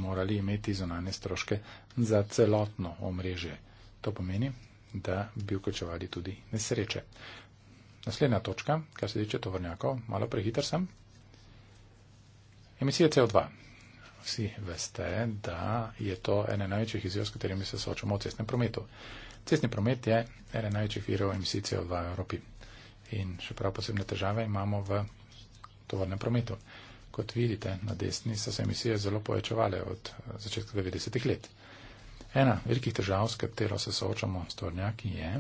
morali imeti zunanje stroške za celotno omrežje. To pomeni, da bi vključevali tudi nesreče. Uh, Naslednja točka, kar se tiče tovrnjakov, malo prehiter sem. Emisije CO2. Vsi veste, da je to ena največjih izjav, s katerimi se soočamo v cestnem prometu. Cestni promet je ena največjih virov emisij CO2 v Evropi. In še prav posebne težave imamo v tovornem prometu. Kot vidite na desni, so se emisije zelo povečevale od eh, začetka 90-ih let. Ena velikih težav, s katero se soočamo s tovornjaki, je,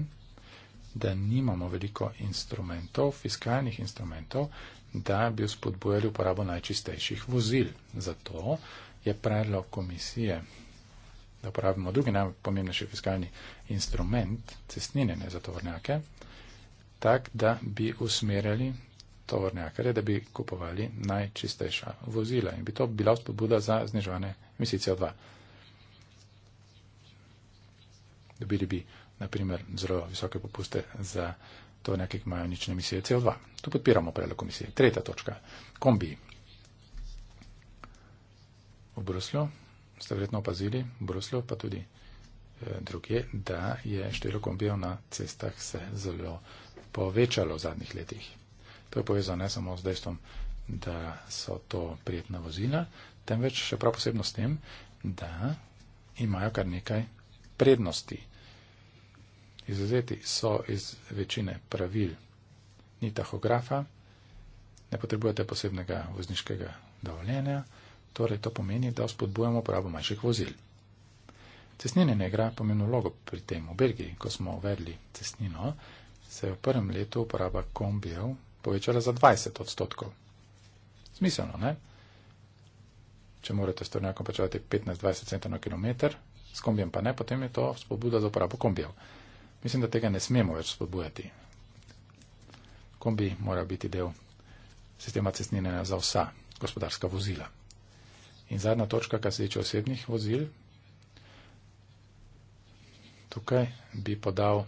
da nimamo veliko instrumentov, fiskalnih instrumentov, da bi spodbujali uporabo najčistejših vozil. Zato je predlog komisije, da uporabimo drugi najpomembnejši fiskalni instrument, cestninjenje za tovornjake, tak, da bi usmerjali tovornjakarje, da bi kupovali najčistejša vozila. In bi to bila spodbuda za zniževanje emisij CO2. Dobili bi naprimer zelo visoke popuste za to nekaj, ki imajo nične emisije CO2. To podpiramo predlog komisije. Tretja točka. Kombi. V Bruslju ste verjetno opazili, v Bruslju pa tudi eh, druge, da je število kombijev na cestah se zelo povečalo v zadnjih letih. To je povezano ne samo z dejstvom, da so to prijetna vozila, temveč še prav posebno s tem, da imajo kar nekaj prednosti izuzeti so iz večine pravil. Ni tahografa, ne potrebujete posebnega vozniškega dovoljenja, torej to pomeni, da spodbujamo uporabo manjših vozil. Cestnine ne igra pomembno vlogo pri tem. V Belgiji, ko smo uvedli cestnino, se je v prvem letu uporaba kombijev povečala za 20 odstotkov. Smiselno, ne? Če morate s tornjakom plačevati 15-20 centov na kilometr, s kombijem pa ne, potem je to spodbuda za uporabo kombijev. Mislim, da tega ne smemo več spodbujati. Kombi mora biti del sistema cestninjenja za vsa gospodarska vozila. In zadnja točka, kar se tiče osebnih vozil, tukaj bi podal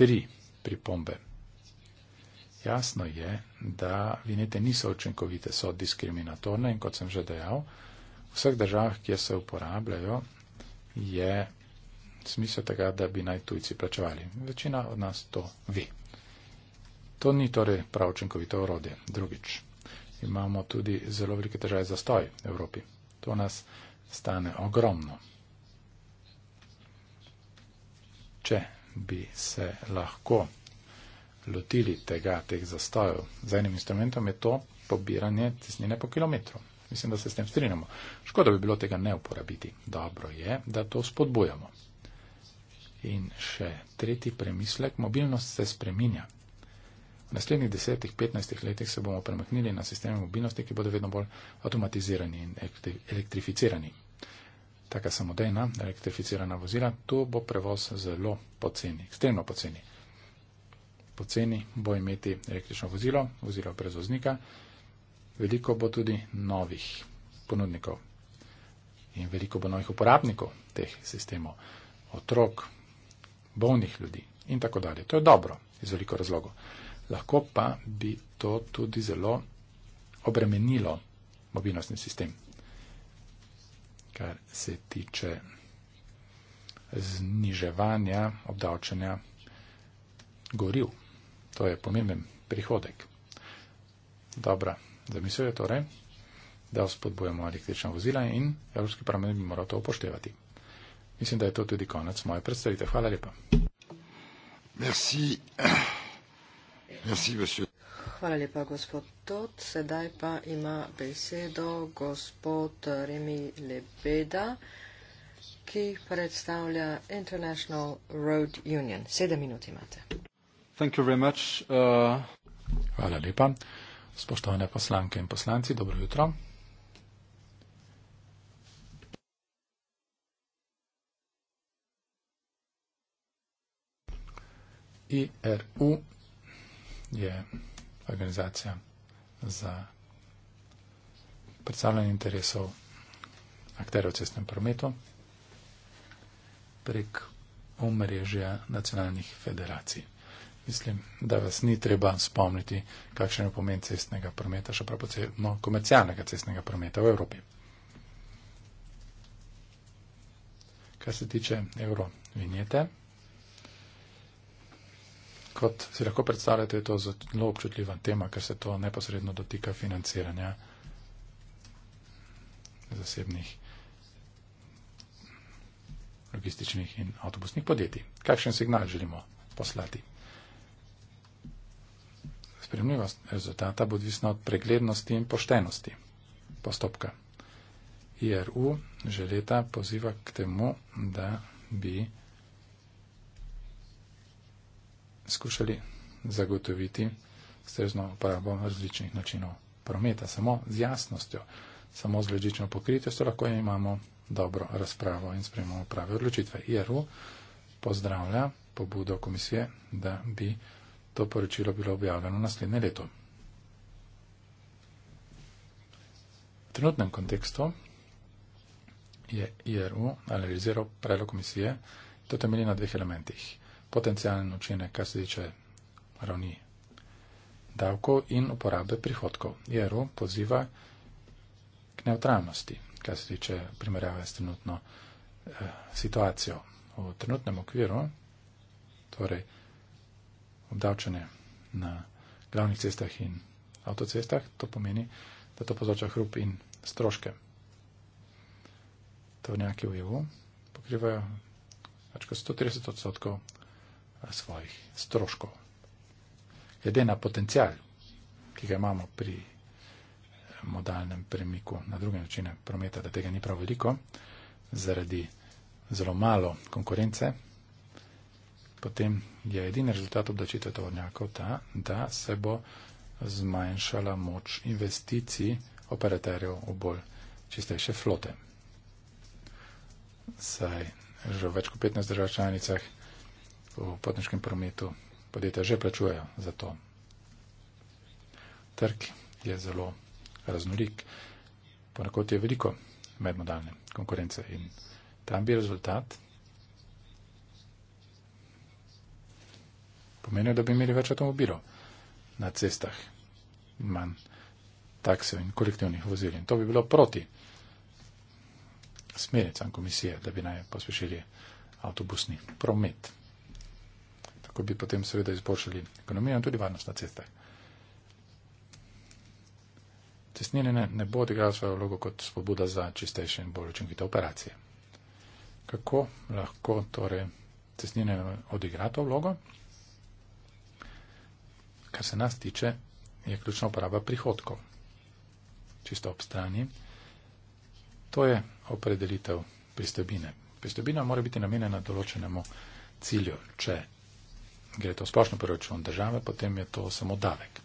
tri pripombe. Jasno je, da vinete niso učinkovite, so diskriminatorne in kot sem že dejal, v vseh državah, kjer se uporabljajo, je smisel tega, da bi naj tujci plačevali. Večina od nas to ve. To ni torej prav učinkovito orodje. Drugič, imamo tudi zelo velike težave za stoj v Evropi. To nas stane ogromno. Če bi se lahko lotili tega, teh zastojev z enim instrumentom, je to pobiranje tesnine po kilometru. Mislim, da se s tem strinjamo. Škoda bi bilo tega ne uporabiti. Dobro je, da to spodbujamo. In še tretji premislek, mobilnost se spreminja. V naslednjih 10-15 letih se bomo premaknili na sisteme mobilnosti, ki bodo vedno bolj avtomatizirani in elektrificirani. Taka samodejna elektrificirana vozila, tu bo prevoz zelo poceni, ekstremno poceni. Poceni bo imeti električno vozilo, vozilo brez voznika, veliko bo tudi novih ponudnikov in veliko bo novih uporabnikov teh sistemov. Otrok, bolnih ljudi in tako dalje. To je dobro iz veliko razlogov. Lahko pa bi to tudi zelo obremenilo mobilnostni sistem, kar se tiče zniževanja obdavčanja goril. To je pomemben prihodek. Dobra, zamisel je torej, da vzpodbujamo električna vozila in Evropski parlament bi moral to upoštevati. Mislim, da je to tudi konec moje predstavitve. Hvala lepa. Merci. Merci, Hvala lepa, gospod Tot. Sedaj pa ima besedo gospod Remi Lebeda, ki predstavlja International Road Union. Sedem minut imate. Thank you very much. Uh... Hvala lepa. Spoštovane poslanke in poslanci, dobro jutro. IRU je organizacija za predstavljanje interesov akterjev v cestnem prometu prek omrežja nacionalnih federacij. Mislim, da vas ni treba spomniti, kakšen je pomen cestnega prometa, še prav posebno komercialnega cestnega prometa v Evropi. Kar se tiče evro vinjete, kot si lahko predstavljate, je to zelo občutljiva tema, ker se to neposredno dotika financiranja zasebnih logističnih in avtobusnih podjetij. Kakšen signal želimo poslati? Spremljivost rezultata bo odvisna od preglednosti in poštenosti postopka. IRU že leta poziva k temu, da bi skušali zagotoviti strežno uporabo različnih načinov prometa. Samo z jasnostjo, samo z različno pokritostjo lahko imamo dobro razpravo in sprejemamo prave odločitve. IRU pozdravlja pobudo komisije, da bi to poročilo bilo objavljeno naslednje leto. V trenutnem kontekstu je IRU analiziral predlog komisije, to temelji na dveh elementih potencijalen učinek, kar se tiče ravni davkov in uporabe prihodkov. IRU poziva k neutralnosti, kar se tiče primerjave s trenutno eh, situacijo. V trenutnem okviru, torej obdavčene na glavnih cestah in avtocestah, to pomeni, da to povzroča hrup in stroške. To v nejaki v EU pokrivajo več kot 130 odstotkov svojih stroškov. Glede na potencial, ki ga imamo pri eh, modalnem premiku na druge načine prometa, da tega ni prav veliko, zaradi zelo malo konkurence, potem je edini rezultat obdačitve tovornjakov ta, da se bo zmanjšala moč investicij operaterjev v bolj čistejše flote. Saj že v več kot 15 držav članicah v potniškem prometu, podjetja že plačujejo za to. Trg je zelo raznolik, ponekod je veliko medmodalne konkurence in tam bi rezultat pomenil, da bi imeli več avtomobilov na cestah, manj taksev in kolektivnih vozil. In to bi bilo proti smernicam komisije, da bi naj pospešili avtobusni promet kako bi potem seveda izboljšali ekonomijo in tudi varnost na cestah. Cestnine ne, ne bo odigrala svojo vlogo kot spodbuda za čistejše in bolj učinkovite operacije. Kako lahko torej cestnine odigra to vlogo? Kar se nas tiče, je ključna uporaba prihodkov. Čisto ob strani. To je opredelitev pristojbine. Pristojbina mora biti namenjena določenemu cilju. Če gre to splošno proračun države, potem je to samo davek.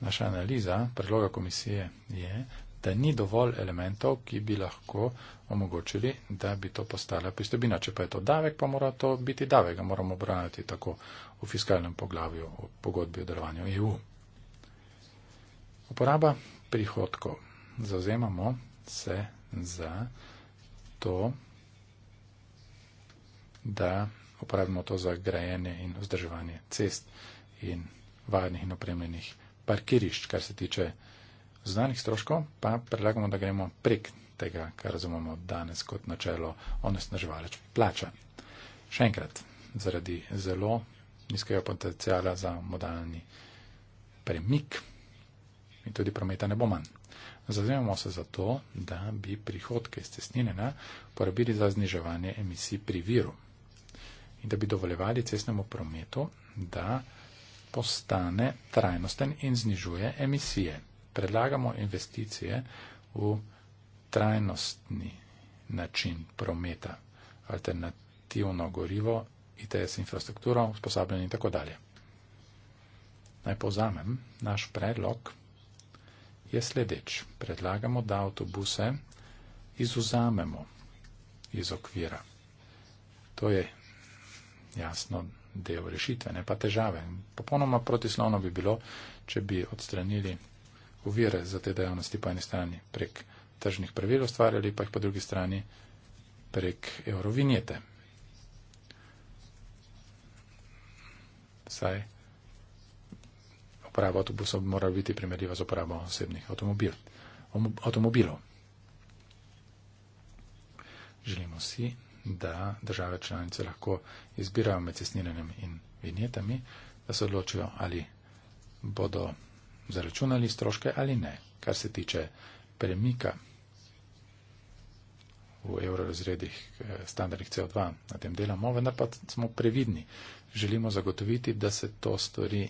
Naša analiza predloga komisije je, da ni dovolj elementov, ki bi lahko omogočili, da bi to postala pristobina. Če pa je to davek, pa mora to biti davek, ga moramo obravnati tako v fiskalnem poglavju, v pogodbi o delovanju EU. Uporaba prihodkov. Zauzemamo se za to, da uporabimo to za grajenje in vzdrževanje cest in varnih in opremljenih parkirišč, kar se tiče znanih stroškov, pa predlagamo, da gremo prek tega, kar razumemo danes kot načelo onesnaževalec plača. Še enkrat, zaradi zelo nizkega potencijala za modalni premik in tudi prometa ne bo manj. Zazemamo se za to, da bi prihodke iz cestnine porabili za zniževanje emisij pri viru in da bi dovoljevali cestnemu prometu, da postane trajnosten in znižuje emisije. Predlagamo investicije v trajnostni način prometa, alternativno gorivo, ITS infrastrukturo, usposabljanje in tako dalje. Naj povzamem, naš predlog je sledeč. Predlagamo, da avtobuse izuzamemo iz okvira. To je jasno del rešitve, ne pa težave. Popolnoma protislovno bi bilo, če bi odstranili uvire za te dejavnosti po eni strani prek tržnih pravil ustvarjali, pa jih po drugi strani prek eurovinjete. Saj uporaba avtobusov mora biti primerljiva z uporabo osebnih avtomobil, avtomobilov. Želimo si da države članice lahko izbirajo med cestninjenjem in vinjetami, da se odločijo, ali bodo zaračunali stroške ali ne. Kar se tiče premika v evrorazredih eh, standardnih CO2, na tem delamo, vendar pa smo previdni. Želimo zagotoviti, da se to stori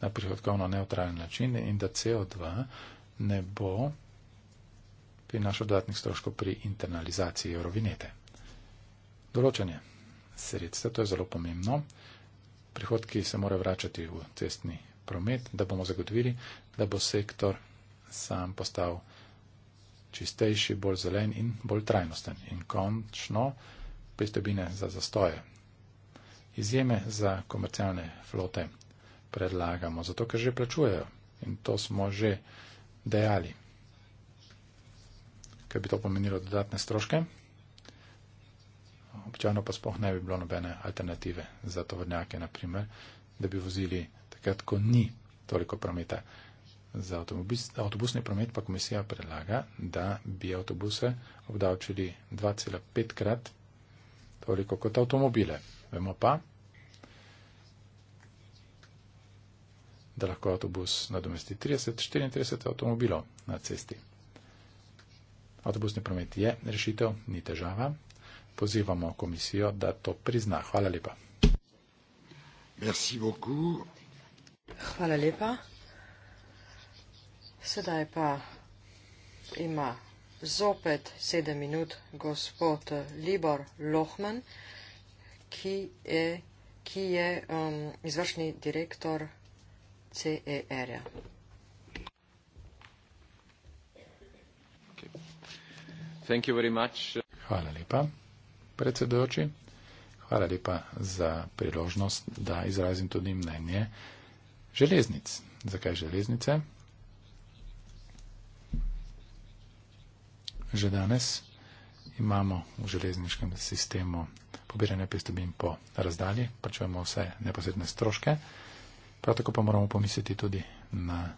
na prihodkovno neutralen način in da CO2 ne bo prinašal dodatnih stroškov pri internalizaciji eurovinete. Določanje sredstva, to je zelo pomembno. Prihodki se morajo vračati v cestni promet, da bomo zagotovili, da bo sektor sam postal čistejši, bolj zelen in bolj trajnosten. In končno pristobine za zastoje. Izjeme za komercialne flote predlagamo, zato ker že plačujejo in to smo že dejali. Kaj bi to pomenilo dodatne stroške? občano pa spoh ne bi bilo nobene alternative za tovrnjake, naprimer, da bi vozili takrat, ko ni toliko prometa. Za avtobus, avtobusni promet pa komisija predlaga, da bi avtobuse obdavčili 2,5 krat toliko kot avtomobile. Vemo pa, da lahko avtobus nadomesti 30-34 avtomobilov na cesti. Avtobusni promet je rešitev, ni težava, pozivamo komisijo, da to prizna. Hvala lepa. Merci Hvala lepa. Sedaj pa ima zopet sedem minut gospod Libor Lohman, ki je, ki je um, izvršni direktor CER-ja. Okay. Hvala lepa predsedujoči. Hvala lepa za priložnost, da izrazim tudi mnenje železnic. Zakaj železnice? Že danes imamo v železniškem sistemu pobiranje pristobin po razdalji, plačujemo vse neposredne stroške, prav tako pa moramo pomisliti tudi na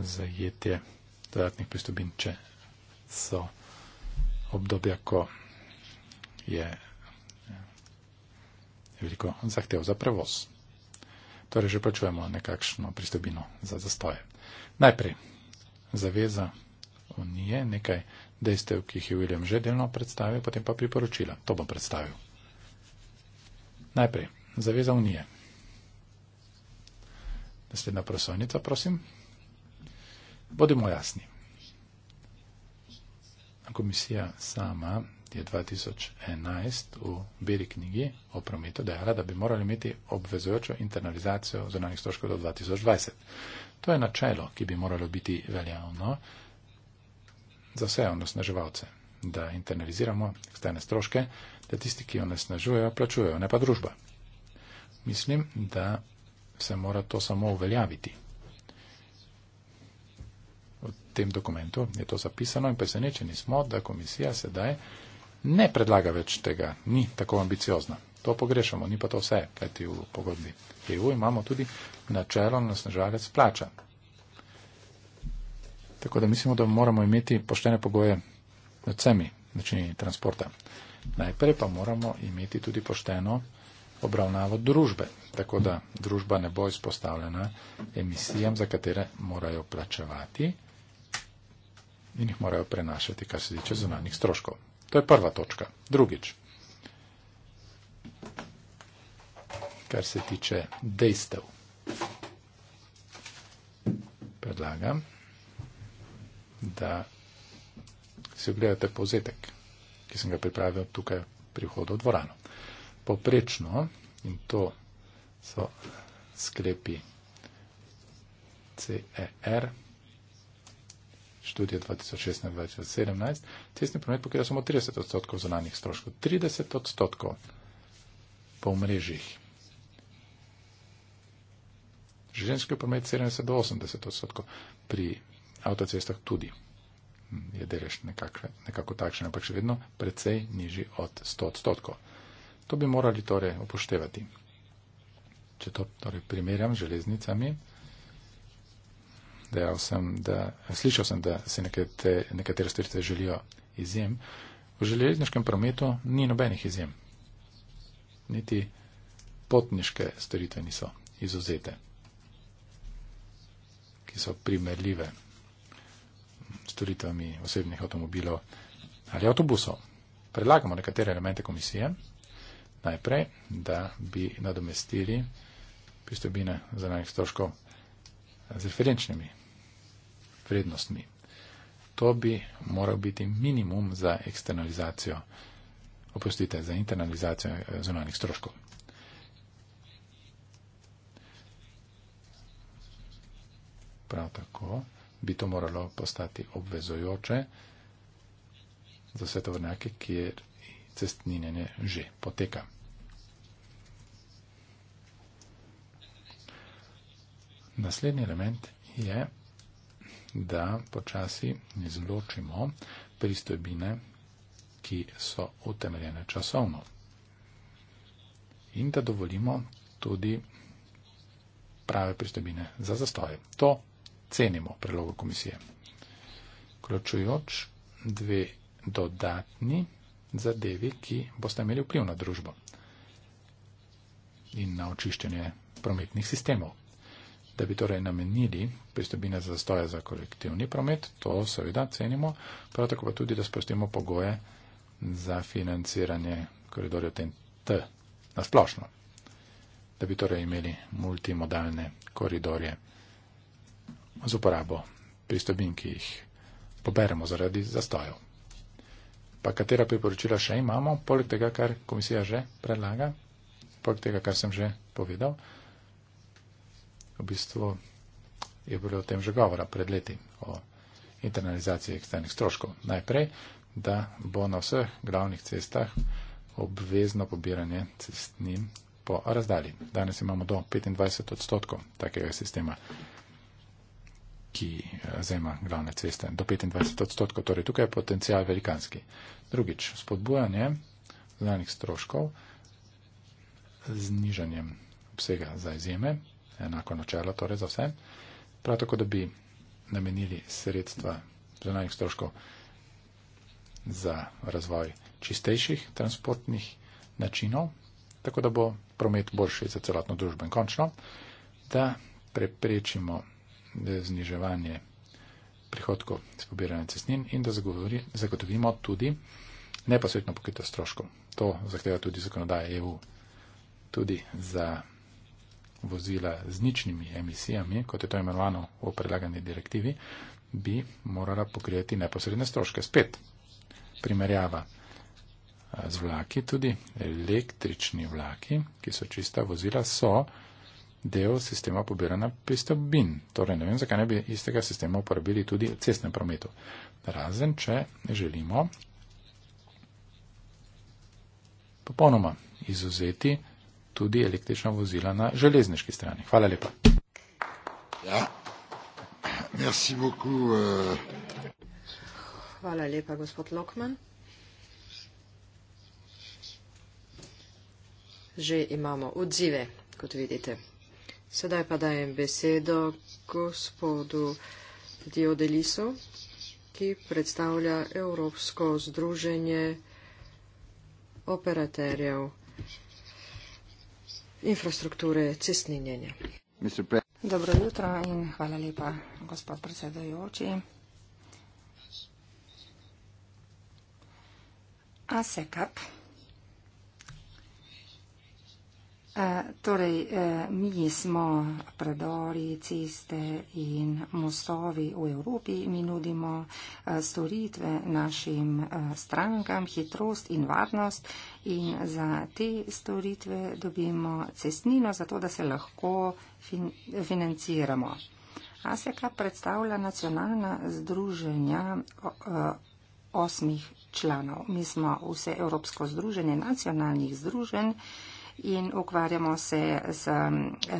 zajetje dodatnih pristobin, če so obdobja, ko je veliko zahtev za prevoz. Torej že plačujemo nekakšno pristobino za zastoje. Najprej zaveza unije, nekaj dejstev, ki jih je William že delno predstavil, potem pa priporočila. To bom predstavil. Najprej zaveza unije. Naslednja prosojnica, prosim. Bodimo jasni komisija sama je 2011 v beli knjigi o prometu dejala, da bi morali imeti obvezujočo internalizacijo zonalnih stroškov do 2020. To je načelo, ki bi moralo biti veljavno za vse onesnaževalce, da internaliziramo eksterne stroške, da tisti, ki onesnažujejo, plačujejo, ne pa družba. Mislim, da se mora to samo uveljaviti tem dokumentu je to zapisano in presenečeni smo, da komisija sedaj ne predlaga več tega, ni tako ambiciozna. To pogrešamo, ni pa to vse, kajti v pogodbi EU imamo tudi načelo na snežalec plača. Tako da mislimo, da moramo imeti poštene pogoje nad vsemi načini transporta. Najprej pa moramo imeti tudi pošteno obravnavo družbe, tako da družba ne bo izpostavljena emisijam, za katere morajo plačevati in jih morajo prenašati, kar se tiče zunanjih stroškov. To je prva točka. Drugič, kar se tiče dejstev, predlagam, da si ogledate povzetek, ki sem ga pripravil tukaj pri vhodu v dvorano. Poprečno, in to so sklepi CER, študije 2016-2017, cestni promet pokriva samo 30 odstotkov zonalnih stroškov. 30 odstotkov po mrežih. Ženski promet 70 do 80 odstotkov pri avtocestah tudi je delež nekako, nekako takšen, ampak še vedno precej nižji od 100 odstotkov. To bi morali torej upoštevati. Če to torej primerjam z železnicami, dejal sem, da slišal sem, da se nekate, nekatere storitve želijo izjem. V železniškem prometu ni nobenih izjem. Niti potniške storitve niso izuzete, ki so primerljive storitvami osebnih avtomobilov ali avtobusov. Predlagamo nekatere elemente komisije. Najprej, da bi nadomestili pristojbine za najstroškov z referenčnimi vrednostmi. To bi moral biti minimum za eksternalizacijo, opustite, za internalizacijo eh, zunanih stroškov. Prav tako bi to moralo postati obvezojoče za svetovrnjake, kjer cestninjenje že poteka. Naslednji element je, da počasi izločimo pristojbine, ki so utemeljene časovno. In da dovolimo tudi prave pristojbine za zastoje. To cenimo predlogu komisije. Ključujoč dve dodatni zadevi, ki boste imeli vpliv na družbo in na očiščenje prometnih sistemov da bi torej namenili pristopine za zastoje za kolektivni promet, to seveda cenimo, prav tako pa tudi, da sprostimo pogoje za financiranje koridorjev TNT na splošno, da bi torej imeli multimodalne koridorje z uporabo pristopin, ki jih poberemo zaradi zastojev. Pa katera priporočila še imamo, poleg tega, kar komisija že predlaga, poleg tega, kar sem že povedal, v bistvu je bilo o tem že govora pred leti, o internalizaciji eksternih stroškov. Najprej, da bo na vseh glavnih cestah obvezno pobiranje cestnin po razdalji. Danes imamo do 25 odstotkov takega sistema, ki eh, zajema glavne ceste. Do 25 odstotkov, torej tukaj je potencial velikanski. Drugič, spodbujanje znanih stroškov z nižanjem obsega za izjeme, enako načelo torej za vse. Prav tako, da bi namenili sredstva zunanjih stroškov za razvoj čistejših transportnih načinov, tako da bo promet boljši za celotno družbo in končno, da preprečimo zniževanje prihodkov iz pobiranja cestnin in da zagotovimo tudi neposredno pokrito stroškov. To zahteva tudi zakonodaja EU. Tudi za vozila z ničnimi emisijami, kot je to imenovano v predlagani direktivi, bi morala pokrijeti neposredne stroške. Spet primerjava z vlaki, tudi električni vlaki, ki so čista vozila, so del sistema pobiranja pristobin. Torej, ne vem, zakaj ne bi istega sistema uporabili tudi v cestnem prometu. Razen, če želimo popolnoma izuzeti tudi električna vozila na železniški strani. Hvala lepa. Ja. Merci beaucoup, uh... Hvala lepa, gospod Lokman. Že imamo odzive, kot vidite. Sedaj pa dajem besedo gospodu Diodelisu, ki predstavlja Evropsko združenje operaterjev infrastrukture cestninjenja. Dobro jutro in hvala lepa, gospod predsedajoči. ASECAP Eh, torej, eh, mi smo predori, ceste in mostovi v Evropi. Mi nudimo eh, storitve našim strankam, hitrost in varnost. In za te storitve dobimo cestnino, zato da se lahko fin financiramo. ASEKA predstavlja nacionalna združenja osmih članov. Mi smo vse Evropsko združenje nacionalnih združenj in ukvarjamo se z eh,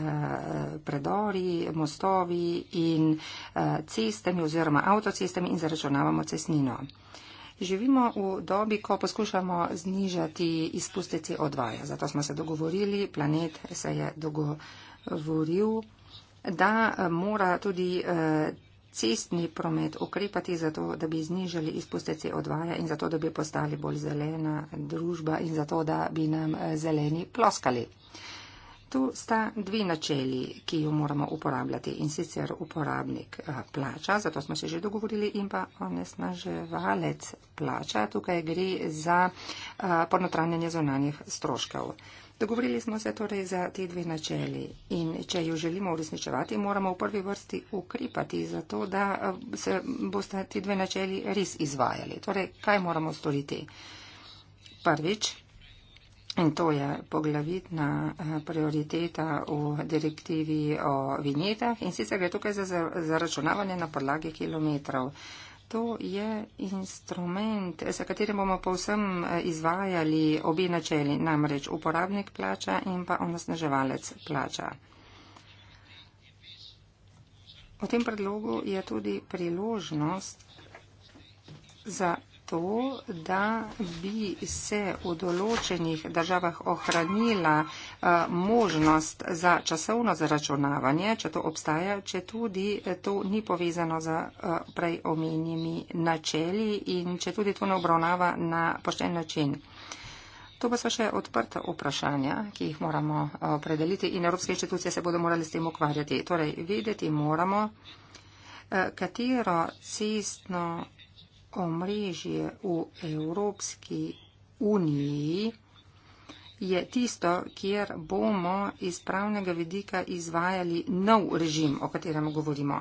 predori, mostovi in eh, cestami oziroma avtocestami in zaračunavamo cestnino. Živimo v dobi, ko poskušamo znižati izpuste CO2. Zato smo se dogovorili, planet se je dogovoril, da eh, mora tudi cestni promet ukrepati zato, da bi znižali izpuste CO2 in zato, da bi postali bolj zelena družba in zato, da bi nam eh, zeleni ploskali. Tu sta dve načeli, ki jo moramo uporabljati in sicer uporabnik eh, plača, zato smo se že dogovorili, in pa onesnaževalec plača. Tukaj gre za eh, ponotranjanje zonanih stroškov. Dogovorili smo se torej za te dve načeli in če jo želimo uresničevati, moramo v prvi vrsti ukrepati za to, da eh, se boste ti dve načeli res izvajali. Torej, kaj moramo storiti? Prvič, in to je poglavitna eh, prioriteta v direktivi o vinjetah in sicer gre tukaj za zaračunavanje na podlagi kilometrov. To je instrument, s katerim bomo povsem eh, izvajali obi načeli, namreč uporabnik plača in pa onosnaževalec plača. V tem predlogu je tudi priložnost za to, da bi se v določenih državah ohranila eh, možnost za časovno zaračunavanje, če to obstaja, če tudi eh, to ni povezano z eh, prej omenjeni načeli in če tudi to ne obravnava na pošten način. To pa so še odprta vprašanja, ki jih moramo predeliti in evropske inštitucije se bodo morali s tem ukvarjati. Torej, vedeti moramo, katero cestno omrežje v Evropski uniji je tisto, kjer bomo iz pravnega vidika izvajali nov režim, o katerem govorimo.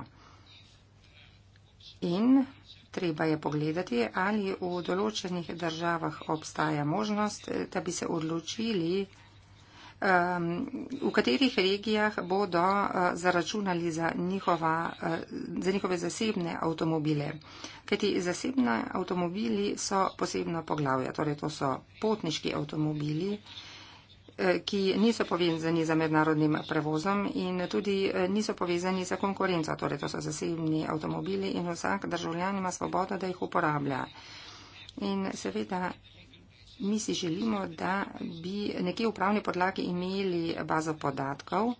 In treba je pogledati, ali v določenih državah obstaja možnost, da bi se odločili, Ehm, v katerih regijah bodo eh, zaračunali za, njihova, eh, za njihove zasebne avtomobile. Kajti zasebne avtomobili so posebno poglavja, torej to so potniški avtomobili, eh, ki niso povezani za mednarodnim prevozom in tudi niso povezani za konkurenco, torej to so zasebni avtomobili in vsak državljan ima svobodo, da jih uporablja. In seveda Mi si želimo, da bi nekje v pravni podlagi imeli bazo podatkov, eh,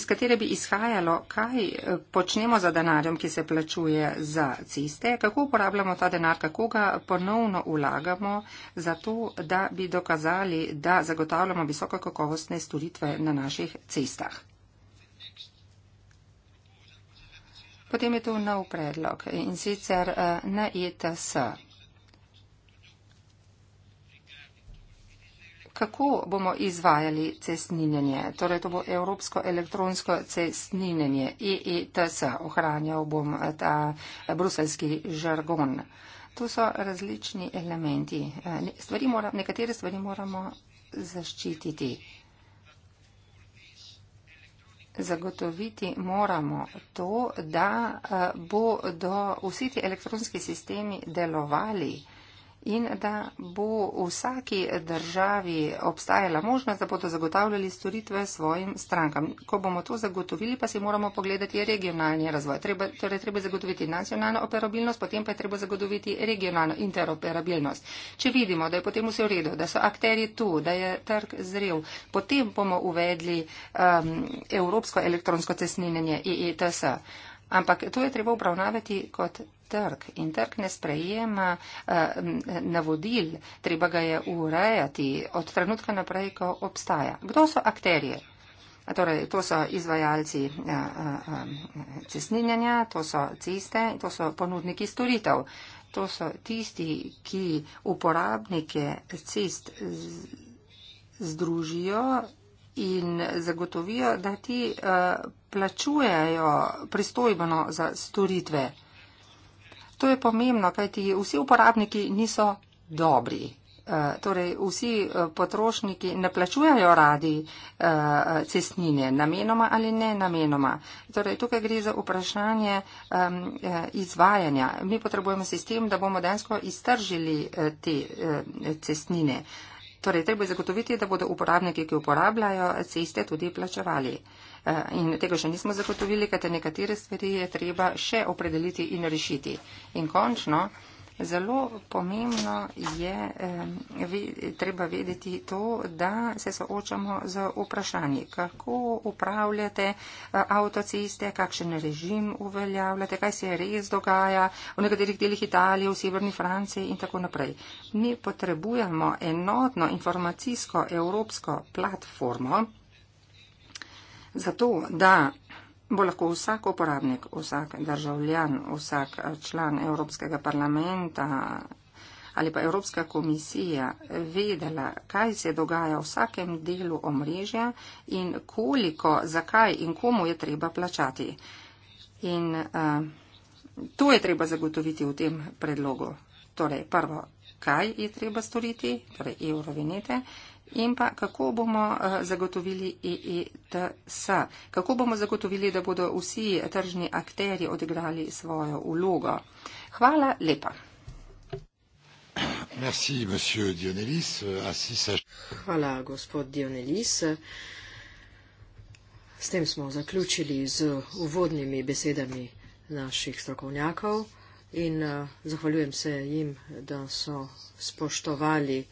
iz katere bi izhajalo, kaj eh, počnemo za denarjem, ki se plačuje za ceste, kako uporabljamo ta denar, kako ga ponovno vlagamo, zato da bi dokazali, da zagotavljamo visokokakovostne storitve na naših cestah. Potem je tu nov predlog in sicer eh, na ETS. Kako bomo izvajali cestninjenje? Torej, to bo Evropsko elektronsko cestninjenje, EETS, ohranjal bom eh, ta eh, bruselski žargon. Tu so različni elementi. Stvari mora, nekatere stvari moramo zaščititi zagotoviti moramo to, da eh, bodo vsi ti elektronski sistemi delovali in da bo v vsaki državi obstajala možnost, da bodo zagotavljali storitve svojim strankam. Ko bomo to zagotovili, pa si moramo pogledati regionalni razvoj. Treba, torej treba zagotoviti nacionalno operabilnost, potem pa je treba zagotoviti regionalno interoperabilnost. Če vidimo, da je potem vse v redu, da so akteri tu, da je trg zrel, potem bomo uvedli um, Evropsko elektronsko cestninjenje IETS. Ampak to je treba obravnavati kot trg in trg ne sprejema eh, navodil, treba ga je urejati od trenutka naprej, ko obstaja. Kdo so akterije? Torej, to so izvajalci eh, eh, cestninjanja, to so ceste, to so ponudniki storitev. To so tisti, ki uporabnike cest združijo in zagotovijo, da ti eh, plačujejo pristojbeno za storitve. To je pomembno, kajti vsi uporabniki niso dobri. Eh, torej, vsi eh, potrošniki ne plačujajo radi cestnine, namenoma ali ne namenoma. Torej, tukaj gre za vprašanje izvajanja. Mi potrebujemo sistem, da bomo dejansko iztržili te cestnine. Torej, treba je zagotoviti, da bodo uporabniki, ki uporabljajo ceste, tudi plačevali. Eh, in tega še nismo zagotovili, ker te nekatere stvari je treba še opredeliti in rešiti. In končno, Zelo pomembno je treba vedeti to, da se soočamo z vprašanji, kako upravljate eh, avtoceste, kakšen režim uveljavljate, kaj se res dogaja v nekaterih delih Italije, v severni Franciji in tako naprej. Mi potrebujemo enotno informacijsko evropsko platformo, zato da bo lahko vsak uporabnik, vsak državljan, vsak eh, član Evropskega parlamenta ali pa Evropska komisija vedela, kaj se dogaja v vsakem delu omrežja in koliko, zakaj in komu je treba plačati. In uh, to je treba zagotoviti v tem predlogu. Torej, prvo, kaj je treba storiti, torej evrovinete. Uh, in pa kako bomo eh, zagotovili EETS, kako bomo zagotovili, da bodo vsi tržni akteri odigrali svojo vlogo. Hvala lepa. Merci, Dionelis. Euh, Asi, Hvala, gospod Dionelis. S tem smo zaključili z uvodnimi besedami naših strokovnjakov in uh, zahvaljujem se jim, da so spoštovali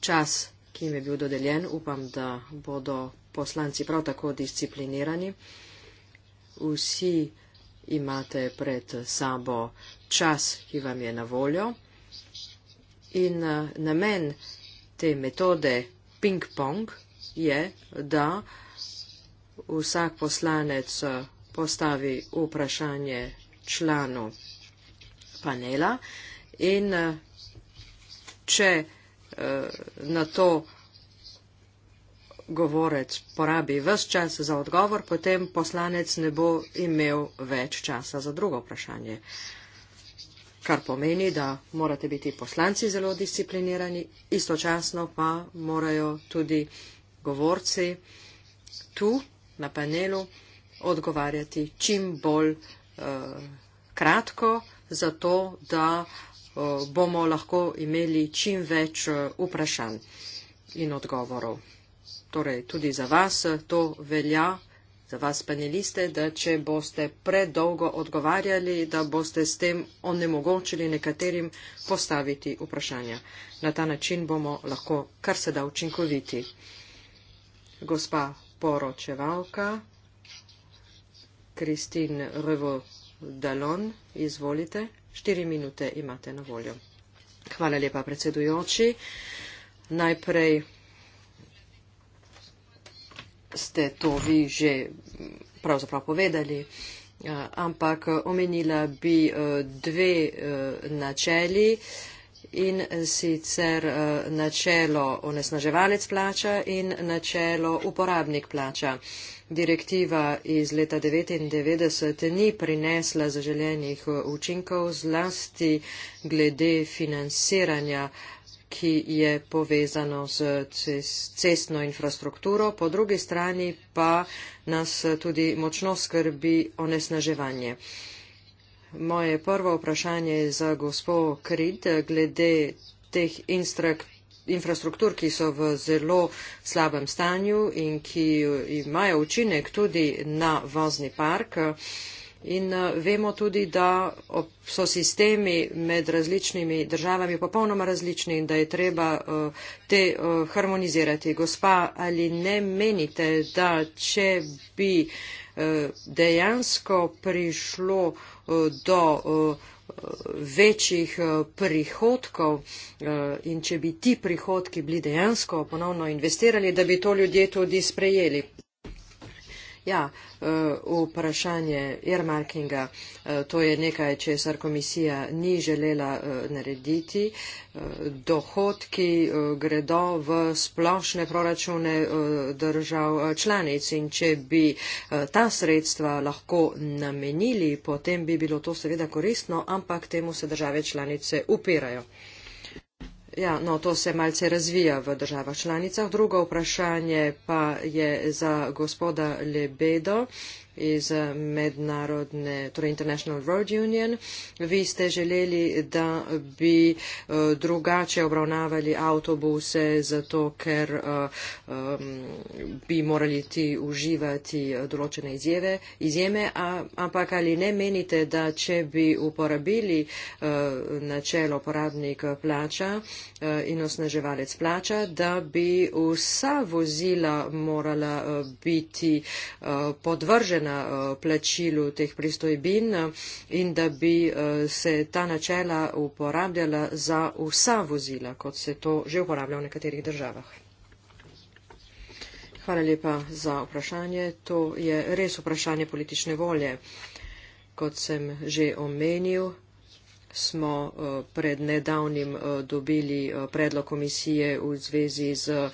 čas ki jim je bil dodeljen. Upam, da bodo poslanci prav tako disciplinirani. Vsi imate pred sabo čas, ki vam je na voljo. In eh, namen te metode ping-pong je, da vsak poslanec eh, postavi vprašanje članu panela in eh, če Eh, na to govorec porabi vse čas za odgovor, potem poslanec ne bo imel več časa za drugo vprašanje. Kar pomeni, da morate biti poslanci zelo disciplinirani, istočasno pa morajo tudi govorci tu na panelu odgovarjati čim bolj uh, kratko, zato da uh, Eh, bomo lahko imeli čim več eh, vprašanj in odgovorov. Torej, tudi za vas to velja, za vas paneliste, da če boste predolgo odgovarjali, da boste s tem onemogočili nekaterim postaviti vprašanja. Na ta način bomo lahko kar se da učinkoviti. Gospa poročevalka, Kristin Revo Dalon, izvolite. Štiri minute imate na voljo. Hvala lepa, predsedujoči. Najprej ste to vi že pravzaprav povedali, eh, ampak omenila bi eh, dve eh, načeli in eh, sicer eh, načelo onesnaževalec plača in načelo uporabnik plača. Direktiva iz leta 1999 ni prinesla zaželenih eh, učinkov zlasti glede financiranja ki je povezano z cestno infrastrukturo, po drugi strani pa nas tudi močno skrbi onesnaževanje. Moje prvo vprašanje je za gospod Krid glede teh infrastruktur, ki so v zelo slabem stanju in ki imajo učinek tudi na vozni park. In eh, vemo tudi, da so sistemi med različnimi državami popolnoma različni in da je treba eh, te eh, harmonizirati. Gospa, ali ne menite, da če bi dejansko prišlo do eh, večjih eh, prihodkov eh, in če bi ti prihodki bili dejansko ponovno investirali, da bi to ljudje tudi sprejeli. Ja, eh, vprašanje earmarkinga, eh, to je nekaj, česar komisija ni želela eh, narediti. Dohodki gredo v splošne proračune držav članic in če bi ta sredstva lahko namenili, potem bi bilo to seveda koristno, ampak temu se države članice upirajo. Ja, no, to se malce razvija v državah članicah. Drugo vprašanje pa je za gospoda Lebedo. Uh, iz mednarodne, torej International Road Union. Vi ste želeli, da bi eh, drugače obravnavali avtobuse, zato ker eh, bi morali ti uživati eh, določene izjeve, izjeme, a, ampak ali ne menite, da če bi uporabili načelo uporabnik plača in osnaževalec plača, da bi vsa vozila morala biti podvržena na eh, plačilu teh pristojbin eh, in da bi eh, se ta načela uporabljala za vsa vozila, kot se to že uporablja v nekaterih državah. Hvala lepa za vprašanje. To je res vprašanje politične volje. Kot sem že omenil, smo eh, pred nedavnim eh, dobili eh, predlog komisije v zvezi z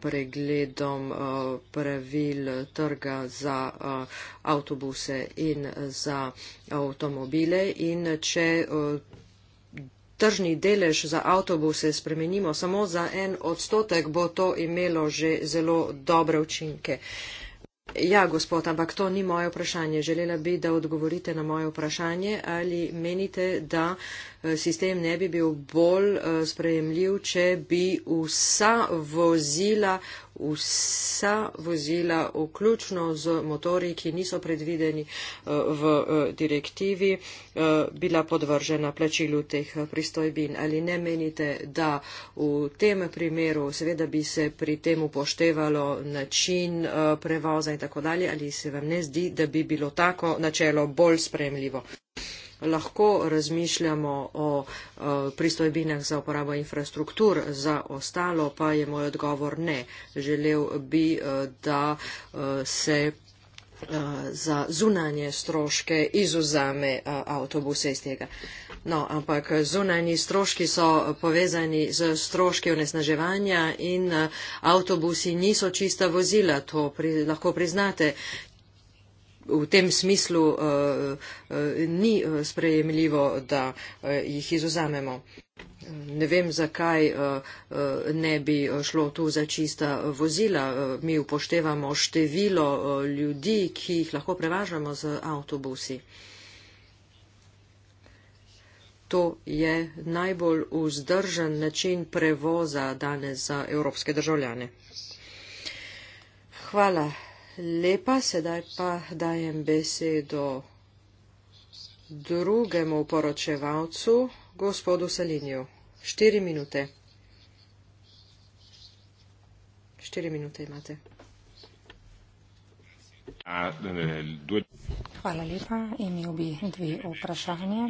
pregledom pravil trga za avtobuse in za avtomobile. In če tržni delež za avtobuse spremenimo samo za en odstotek, bo to imelo že zelo dobre učinke. Ja, gospod, ampak to ni moje vprašanje. Želela bi, da odgovorite na moje vprašanje. Ali menite, da eh, sistem ne bi bil bolj eh, sprejemljiv, če bi vsa vozila vsa vozila, vključno z motori, ki niso predvideni eh, v eh, direktivi, eh, bila podvržena plačilu teh pristojbin. Ali ne menite, da v tem primeru seveda bi se pri tem upoštevalo način prevoza in tako dalje, ali se vam ne zdi, da bi bilo tako načelo bolj spremljivo? lahko razmišljamo o pristojbinah za uporabo infrastruktur, za ostalo pa je moj odgovor ne. Želel bi, e, da e, se e, za zunanje stroške izuzame avtobuse iz tega. No, ampak zunanji stroški so povezani z stroški onesnaževanja in avtobusi niso čista vozila, to pri, lahko priznate v tem smislu eh, eh, ni eh, sprejemljivo, da jih izuzamemo. Ne vem, zakaj ne bi šlo tu za čista vozila. Mi upoštevamo število ljudi, ki jih lahko prevažamo z avtobusi. To je najbolj vzdržen način prevoza danes za evropske državljane. Hvala. Lepa, sedaj pa dajem besedo drugemu poročevalcu, gospodu Salinju. Štiri minute. Štiri minute imate. Hvala lepa. Imel bi dve vprašanje.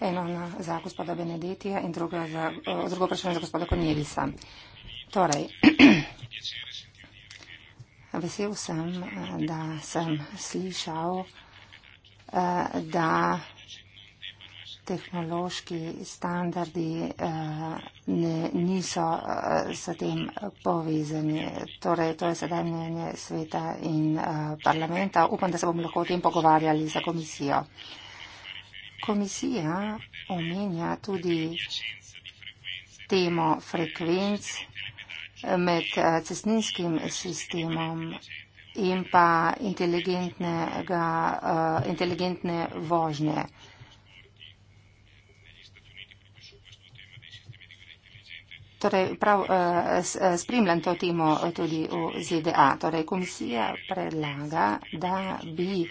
Eno za gospoda Benedetija in drugo, za, drugo vprašanje za gospoda Cornelisa. Torej, Vesel sem, da sem slišal, da tehnološki standardi ne, niso s tem povezani. Torej, to je sedaj mnenje sveta in parlamenta. Upam, da se bomo lahko o tem pogovarjali za komisijo. Komisija omenja tudi temo frekvenc med eh, cestninskim sistemom in pa eh, inteligentne vožnje. Torej, prav eh, spremljam to temo tudi v ZDA. Torej, komisija predlaga, da bi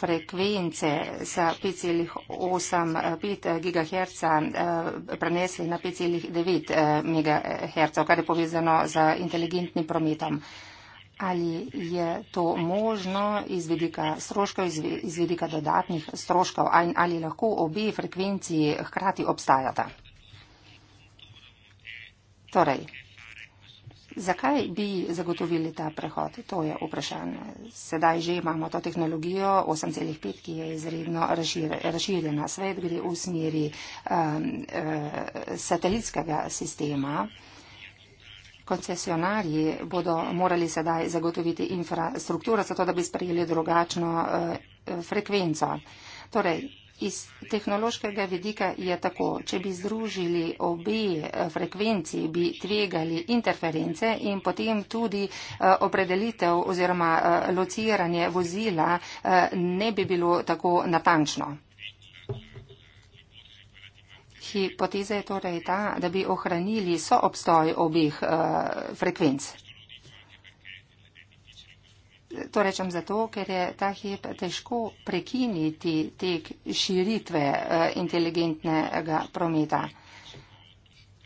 frekvence sa 5,85 GHz prenesli na 5,9 eh, MHz, kar je povezano z inteligentnim prometom. Ali je to možno iz vedika stroškov, iz vedika dodatnih stroškov, ali lahko obe frekvenciji hkrati obstajata? Torej, Zakaj bi zagotovili ta prehod? To je vprašanje. Sedaj že imamo to tehnologijo 8.5, ki je izredno razširjena. Svet gre v smeri um, eh, satelitskega sistema. Koncesionarji bodo morali sedaj zagotoviti infrastrukturo, zato da bi sprejeli drugačno uh, frekvenco. Torej, iz tehnološkega vidika je tako, če bi združili obe eh, frekvenci, bi tvegali interference in potem tudi eh, opredelitev oziroma eh, lociranje vozila ne bi bilo tako natančno. Hipoteza je torej ta, da bi ohranili soobstoj obih frekvenc. To rečem zato, ker je ta hip težko prekiniti tek širitve eh, inteligentnega prometa.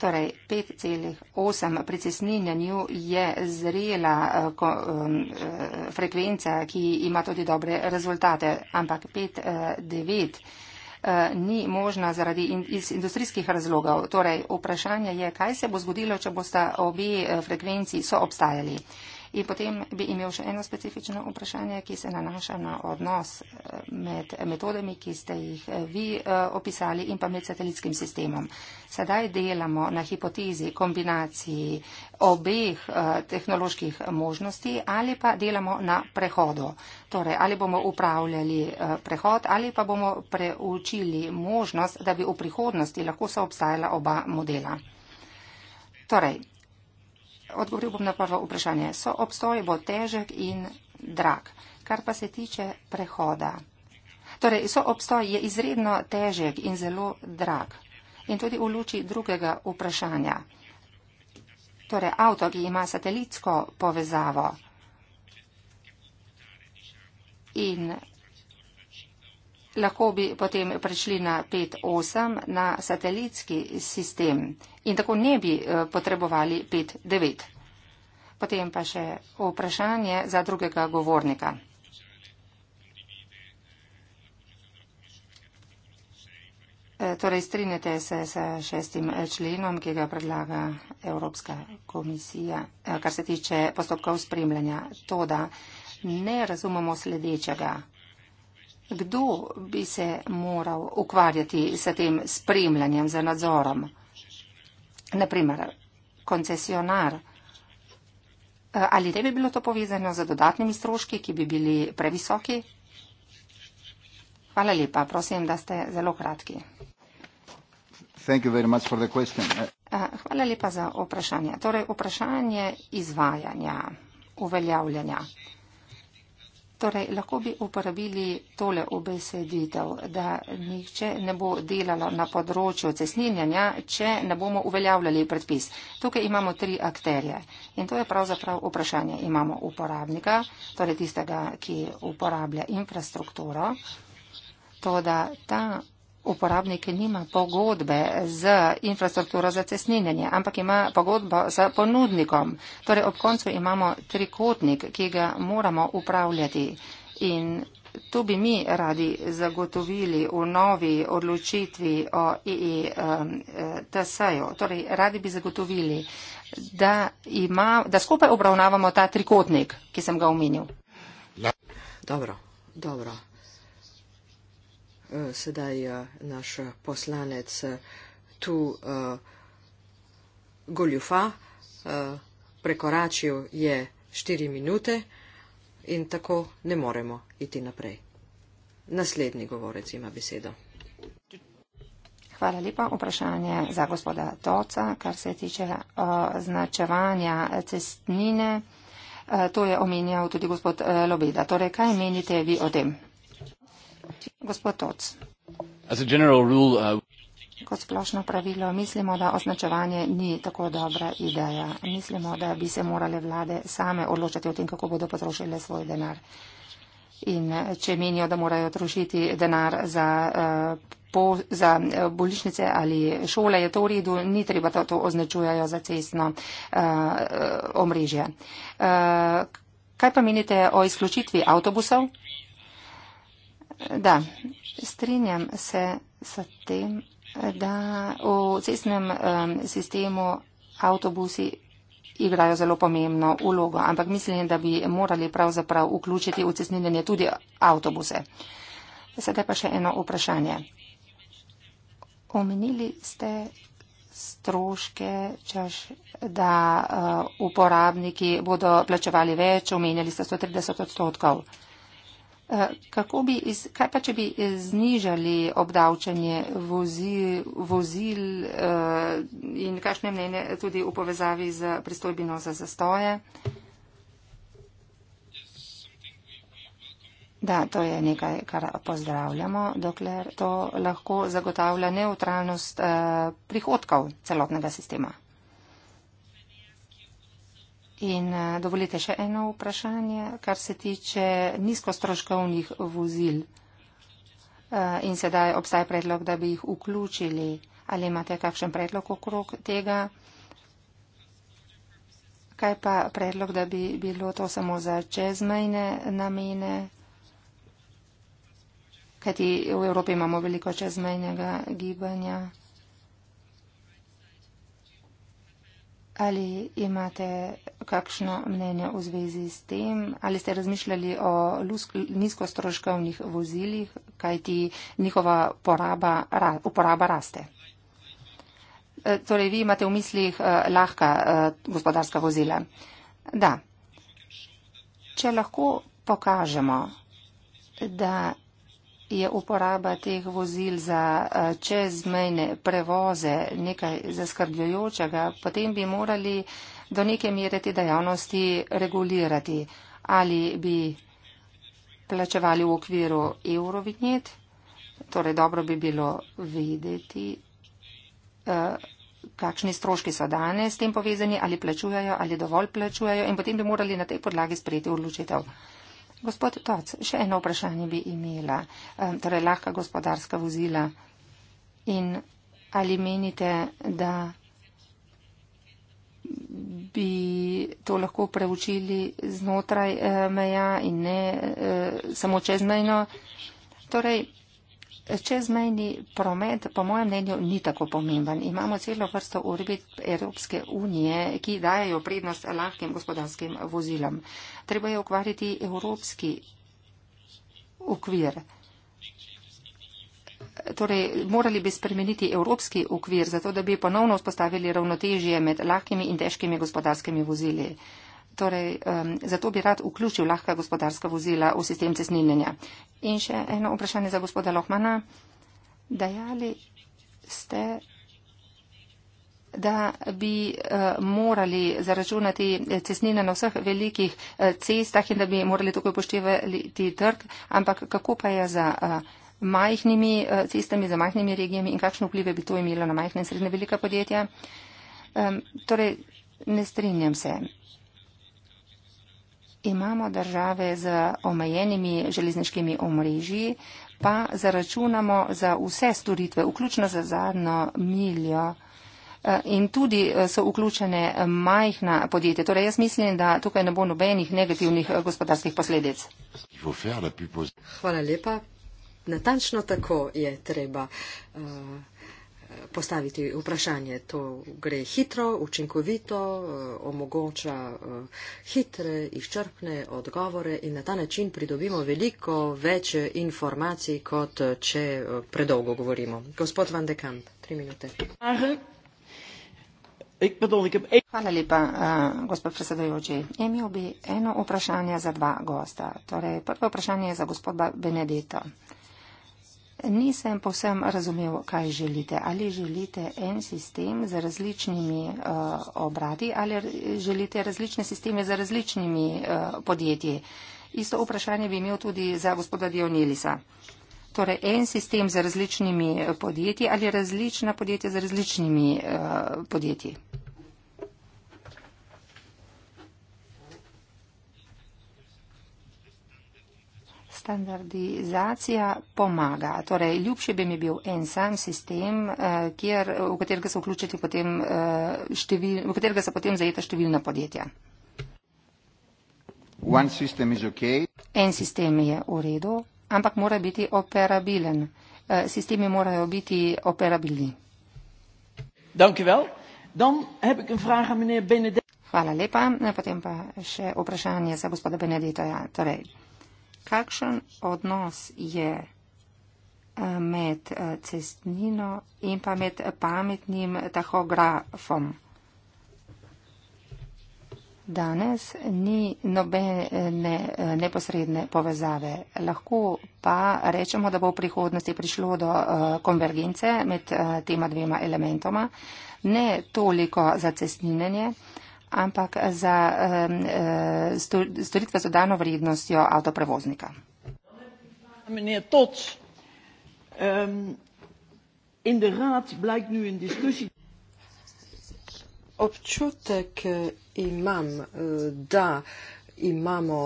Torej, 5,8 pri cesninjanju je zrela eh, ko, um, frekvenca, ki ima tudi dobre rezultate, ampak 5,9 ni možna zaradi iz industrijskih razlogov. Torej, vprašanje je, kaj se bo zgodilo, če bosta obe frekvenci so obstajali. In potem bi imel še eno specifično vprašanje, ki se nanaša na odnos eh, med metodami, ki ste jih eh, vi eh, opisali in pa med satelitskim sistemom. Sedaj delamo na hipotezi kombinaciji obeh tehnoloških možnosti ali pa delamo na prehodu. Torej, ali bomo upravljali prehod ali pa bomo preučili možnost, da bi v prihodnosti lahko so obstajala oba modela. Torej, odgovoril bom na prvo vprašanje. So obstoj bo težek in drag, kar pa se tiče prehoda. Torej, so obstoj je izredno težek in zelo drag. In tudi v luči drugega vprašanja. Torej, avto, ki ima satelitsko povezavo in lahko bi potem prešli na 5.8 na satelitski sistem in tako ne bi eh, potrebovali 5.9. Potem pa še vprašanje za drugega govornika. Eh, torej, strinjate se s šestim eh, členom, ki ga predlaga Evropska komisija, kar se tiče postopkov spremljanja. To, da ne razumemo sledečega. Kdo bi se moral ukvarjati s tem spremljanjem za nadzorom? Naprimer, koncesionar. Ali ne bi bilo to povezano z dodatnimi stroški, ki bi bili previsoki? Hvala lepa, prosim, da ste zelo kratki. Hvala lepa za vprašanje. Torej, vprašanje izvajanja, uveljavljanja. Torej, lahko bi uporabili tole obesedidev, da nihče ne bo delalo na področju cesninjanja, če ne bomo uveljavljali predpis. Tukaj imamo tri akterje in to je pravzaprav vprašanje. Imamo uporabnika, torej tistega, ki uporablja infrastrukturo, to da ta uporabnik nima pogodbe z infrastrukturo za cestninjenje, ampak ima pogodbo z ponudnikom. Torej ob koncu imamo trikotnik, ki ga moramo upravljati. In tu bi mi radi zagotovili v novi odločitvi o EETS-ju. Um, eh, torej radi bi zagotovili, da, ima, da skupaj obravnavamo ta trikotnik, ki sem ga omenil. Dobro, dobro uh, sedaj uh, naš eh, poslanec uh, tu uh, goljufa, uh, prekoračil je štiri minute in tako ne moremo iti naprej. Naslednji govorec ima besedo. Hvala lepa. Vprašanje za gospoda Toca, kar se tiče označevanja cestnine. To je omenjal tudi gospod Lobeda. Torej, kaj menite vi o tem? Uh, Kot splošno pravilo mislimo, da označevanje ni tako dobra ideja. Mislimo, da bi se morale vlade same odločati o tem, kako bodo potrošile svoj denar. In eh, če menijo, da morajo trošiti denar za, eh, po, za eh, bolišnice ali šole, je to v redu, ni treba to, to označujajo za cestno uh, omrežje. Uh, kaj pa menite o izključitvi avtobusov? Da, strinjam se s tem, da v cestnem um, sistemu avtobusi igrajo zelo pomembno vlogo, ampak mislim, da bi morali pravzaprav vključiti v cestninjenje tudi avtobuse. Sedaj pa še eno vprašanje. Omenili ste stroške, češ, da uh, uporabniki bodo plačevali več, omenjali ste 130 odstotkov. Eh, kako bi iz, kaj pa, če bi eh, znižali obdavčanje vozi, vozil eh, in kakšne mnenje tudi v povezavi z pristojbino za zastoje? Da, to je nekaj, kar pozdravljamo, dokler to lahko zagotavlja neutralnost prihodkov celotnega sistema. In eh, dovolite še eno vprašanje, kar se tiče nizkostroškovnih vozil. Eh, in sedaj obstaja predlog, da bi jih vključili. Ali imate kakšen predlog okrog tega? Kaj pa predlog, da bi bilo to samo za čezmejne namene? Kajti v Evropi imamo veliko čezmejnega gibanja. Ali imate kakšno mnenje v zvezi s tem? Ali ste razmišljali o nizkostroškovnih vozilih, kajti njihova poraba, uporaba raste? E, torej, vi imate v mislih e, lahka e, gospodarska vozila. Da. Če lahko pokažemo, da je uporaba teh vozil za eh, čezmejne prevoze nekaj zaskrbljujočega, potem bi morali do neke mere te dejavnosti regulirati ali bi plačevali v okviru eurovignet. Torej, dobro bi bilo vedeti, eh, kakšni stroški so danes s tem povezani, ali plačujajo, ali dovolj plačujajo in potem bi morali na tej podlagi sprejeti odločitev. Gospod Toc, še eno vprašanje bi imela. E, torej, lahka gospodarska vozila. In ali menite, da bi to lahko preučili znotraj e, meja in ne e, samo čezmejno? Torej, čezmejni promet, po mojem mnenju, ni tako pomemben. Imamo celo vrsto orbit Evropske unije, ki dajo prednost lahkim gospodarskim vozilom. Treba je ukvarjati evropski okvir. Torej, morali bi spremeniti evropski okvir, zato da bi ponovno vzpostavili ravnotežje med lahkimi in težkimi gospodarskimi vozili. Torej, um, zato bi rad vključil lahka gospodarska vozila v sistem cestninjenja. In še eno vprašanje za gospoda Lohmana. Dajali ste, da bi uh, morali zaračunati cestnine na vseh velikih uh, cestah in da bi morali tukaj upoštevati trg, ampak kako pa je za. Uh, majhnimi cestami, za majhnimi regijami in kakšne vplive bi to imelo na majhne in srednje velika podjetja. Um, torej, ne strinjam se imamo države z omejenimi železniškimi omrežji, pa zaračunamo za vse storitve, vključno za zadnjo miljo. E, in tudi e, so vključene majhna podjetja. Torej jaz mislim, da tukaj ne bo nobenih negativnih e, gospodarskih posledic. Hvala lepa. Natančno tako je treba. Uh postaviti vprašanje. To gre hitro, učinkovito, eh, omogoča eh, hitre, izčrpne odgovore in na ta način pridobimo veliko več informacij, kot eh, če predolgo govorimo. Gospod Van de Kamp, tri minute. Hvala lepa, uh, gospod predsedojoči. Imel bi eno vprašanje za dva gosta. Torej, prvo vprašanje je za gospoda Benedita. Nisem povsem razumel, kaj želite. Ali želite en sistem z različnimi uh, eh, obradi ali želite različne sisteme z različnimi uh, podjetji? Isto vprašanje bi imel tudi za gospoda Dionilisa. Torej, en sistem z različnimi eh, podjetji ali različna podjetja z različnimi uh, podjetji? standardizacija pomaga. Torej, ljubše bi mi bil en sam sistem, eh, kjer, v, katerega potem, eh, števil, v katerega so potem zajeta številna podjetja. System okay. En sistem je v redu, ampak mora biti operabilen. Eh, sistemi morajo biti operabilni. Hvala lepa. Potem pa še vprašanje za gospoda Benedita. Torej, kakšen odnos je eh, med eh, cestnino in pa med pametnim tahografom. Danes ni nobene eh, neposredne povezave. Lahko pa rečemo, da bo v prihodnosti prišlo do konvergence med tema dvema elementoma. Ne toliko za cestninjenje ampak za um, storitve z dodano vrednostjo avtoprevoznika. Občutek eh, imam, eh, da imamo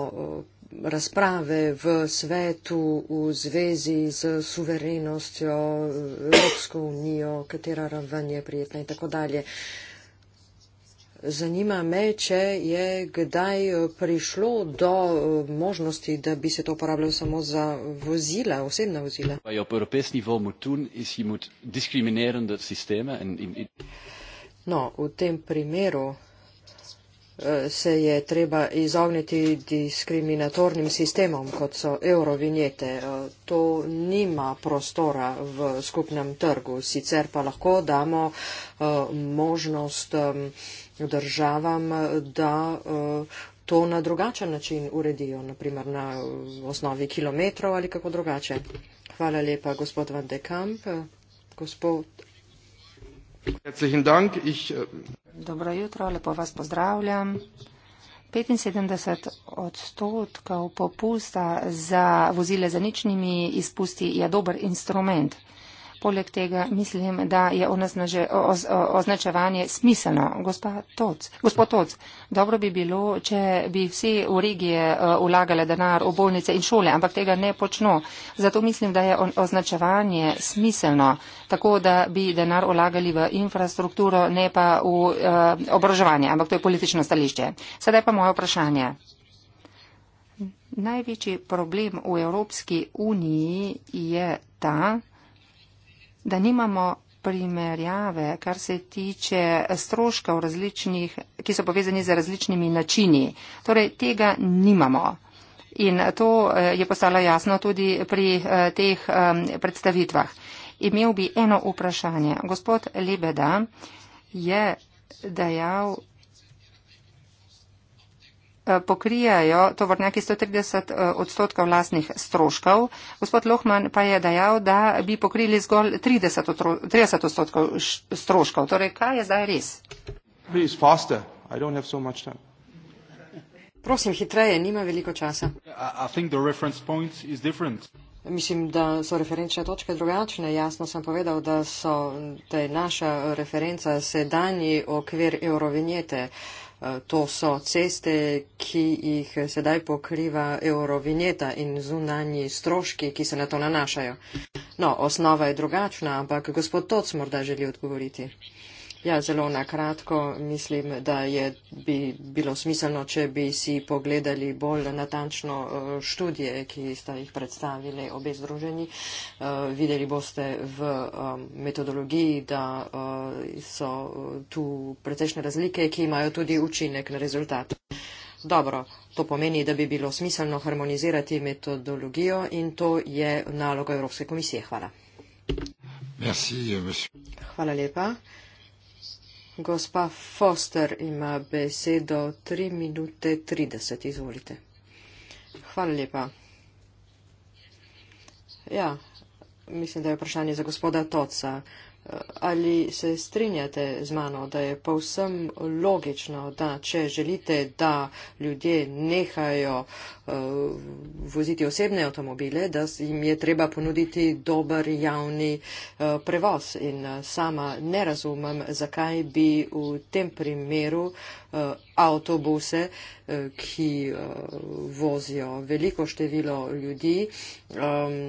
razprave v svetu v zvezi z suverenostjo Evropsko unijo, katera ravna je prijetna in tako dalje. Zanima me, če je kdaj prišlo do eh, možnosti, da bi se to uporabljalo samo za vozila, osebna vozila. No, v tem primeru eh, se je treba izogniti diskriminatornim sistemom, kot so eurovinjete. Eh, to nima prostora v skupnem trgu. Sicer pa lahko damo možnost državam, da eh, to na drugačen način uredijo, naprimer na osnovi kilometrov ali kako drugače. Hvala lepa, gospod Van de Kamp. Gospod... Äh, Dobro jutro, lepo vas pozdravljam. 75 odstotkov popusta za vozile z ničnimi izpusti je dober instrument. Poleg tega mislim, da je onesnaže, oz, označevanje smiselno. Toc, gospod Toc, dobro bi bilo, če bi vsi v regije ulagali e, denar v bolnice in šole, ampak tega ne počno. Zato mislim, da je on, označevanje smiselno, tako da bi denar ulagali v infrastrukturo, ne pa v eh, obroževanje, ampak to je politično stališče. Sedaj pa moje vprašanje. Največji problem v Evropski uniji je ta, da nimamo primerjave, kar se tiče stroškov, ki so povezani z različnimi načini. Torej, tega nimamo. In to eh, je postalo jasno tudi pri eh, teh predstavitvah. Imel bi eno vprašanje. Gospod Lebeda je dejal, Eh, pokrijajo tovornjaki 130 eh, odstotkov vlastnih stroškov. Gospod Lohman pa je dejal, da bi pokrili zgolj 30, 30 odstotkov stroškov. Torej, kaj je zdaj res? Please, Prosim, hitreje, nima veliko časa. Mislim, da so referenčne točke drugačne. Jasno sem povedal, da, so, da je naša referenca sedanji okvir eurovinjete. Uh, To so ceste, ki jih sedaj pokriva eurovinjeta in zunanji stroški, ki se na to nanašajo. No, osnova je drugačna, ampak gospod Toc morda želi odgovoriti. Ja, zelo nakratko mislim, da je bi bilo smiselno, če bi si pogledali bolj natančno eh, študije, ki sta jih predstavili obe združeni. Eh, videli boste v metodologiji, da eh, so tu precejšnje razlike, ki imajo tudi učinek na rezultat. Dobro, to pomeni, da bi bilo smiselno harmonizirati metodologijo in to je naloga Evropske komisije. Hvala. Merci, Hvala lepa. Gospa Foster ima besedo 3 minute 30, izvolite. Hvala lepa. Ja, mislim, da je vprašanje za gospoda Toca. Ali se strinjate z mano, da je povsem logično, da če želite, da ljudje nehajo uh, voziti osebne avtomobile, da jim je treba ponuditi dober javni uh, prevoz? In eh, sama ne razumem, zakaj bi v tem primeru uh, avtobuse, uh, ki uh, vozijo veliko število ljudi, um,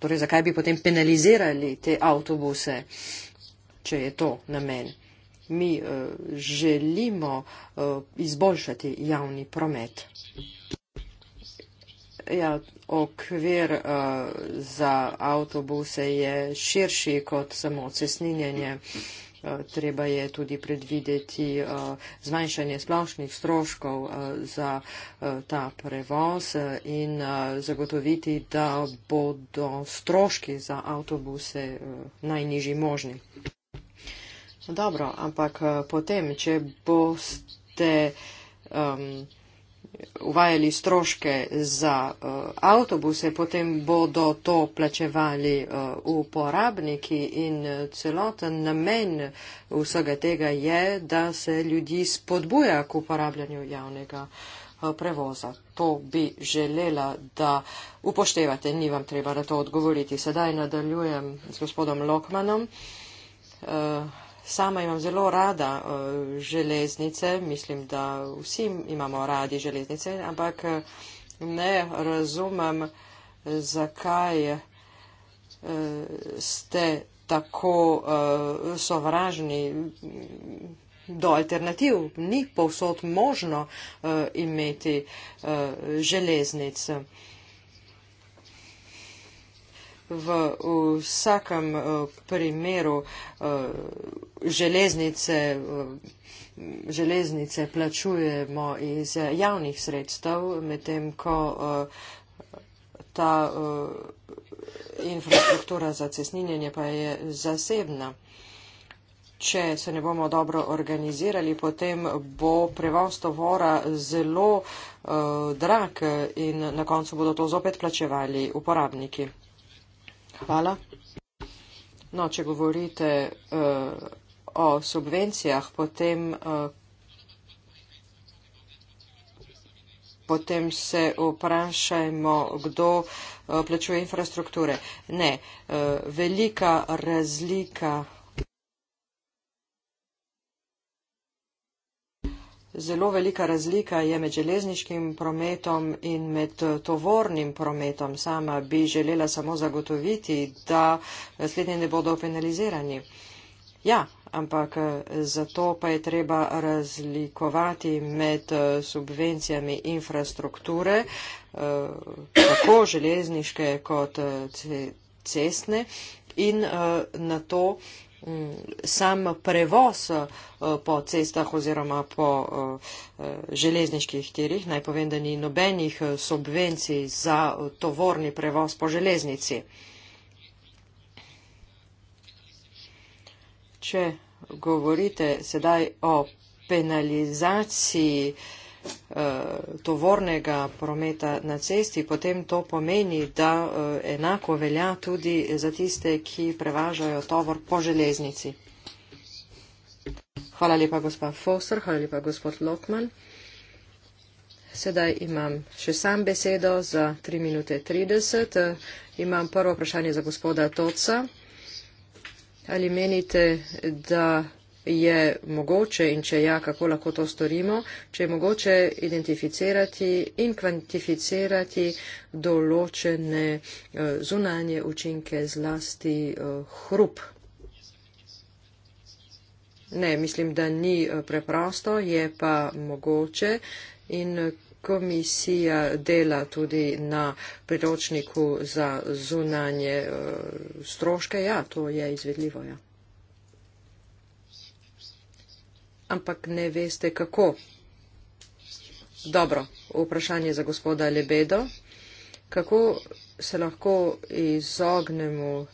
Torej, zakaj bi potem penalizirali te avtobuse, če je to namen? Mi uh, želimo uh, izboljšati javni promet. Ja, okvir uh, za avtobuse je širši kot samo cesninjenje. Uh, Eh, treba je tudi predvideti eh, zmanjšanje splošnih stroškov eh, za ta prevoz in zagotoviti, da bodo stroški za avtobuse najnižji možni. Dobro, ampak potem, če boste. Um, uvajali stroške za uh, avtobuse, potem bodo to plačevali uh, uporabniki in eh, celoten namen vsega tega je, da se ljudi spodbuja k uporabljanju javnega uh, prevoza. To bi želela, da upoštevate, ni vam treba na to odgovoriti. Sedaj nadaljujem s gospodom Lokmanom. Uh, Sama imam zelo rada uh, železnice, mislim, da vsi imamo radi železnice, ampak ne razumem, zakaj uh, ste tako uh, sovražni do alternativ. Ni povsod možno uh, imeti uh, železnice v vsakem eh, primeru eh, železnice, eh, železnice plačujemo iz javnih sredstev, medtem ko ta infrastruktura za cesninjenje pa je zasebna. Če se ne bomo dobro organizirali, potem bo prevoz tovora zelo uh, drag in na koncu bodo to zopet plačevali uporabniki. Hvala. No, če govorite uh, o subvencijah, potem, uh, potem se vprašajmo, kdo uh, plačuje infrastrukture. Ne, uh, velika razlika. Zelo velika razlika je med železniškim prometom in med tovornim prometom. Sama bi želela samo zagotoviti, da slednje ne bodo penalizirani. Ja, ampak zato pa je treba razlikovati med subvencijami infrastrukture, eh, tako železniške kot eh, cestne, in eh, na to, Mm, sam prevoz eh, po cestah oziroma po eh, eh, železniških tirih, naj povem, da ni nobenih subvencij za tovorni prevoz po železnici. Če govorite sedaj o penalizaciji eh, Eh, tovornega prometa na cesti, potem to pomeni, da eh, enako velja tudi za tiste, ki prevažajo tovor po železnici. Hvala lepa, gospa Foster, hvala lepa, gospod Lokman. Sedaj imam še sam besedo za 3 minute 30. Eh, imam prvo vprašanje za gospoda Toca. Ali menite, da je mogoče in če ja, kako lahko to storimo, če je mogoče identificirati in kvantificirati določene eh, zunanje učinke zlasti eh, hrup. Ne, mislim, da ni eh, preprosto, je pa mogoče in komisija dela tudi na priročniku za zunanje stroške. Ja, to je izvedljivo. Ja. ampak ne veste kako. Dobro, vprašanje za gospoda Lebedo. Kako se lahko izognemo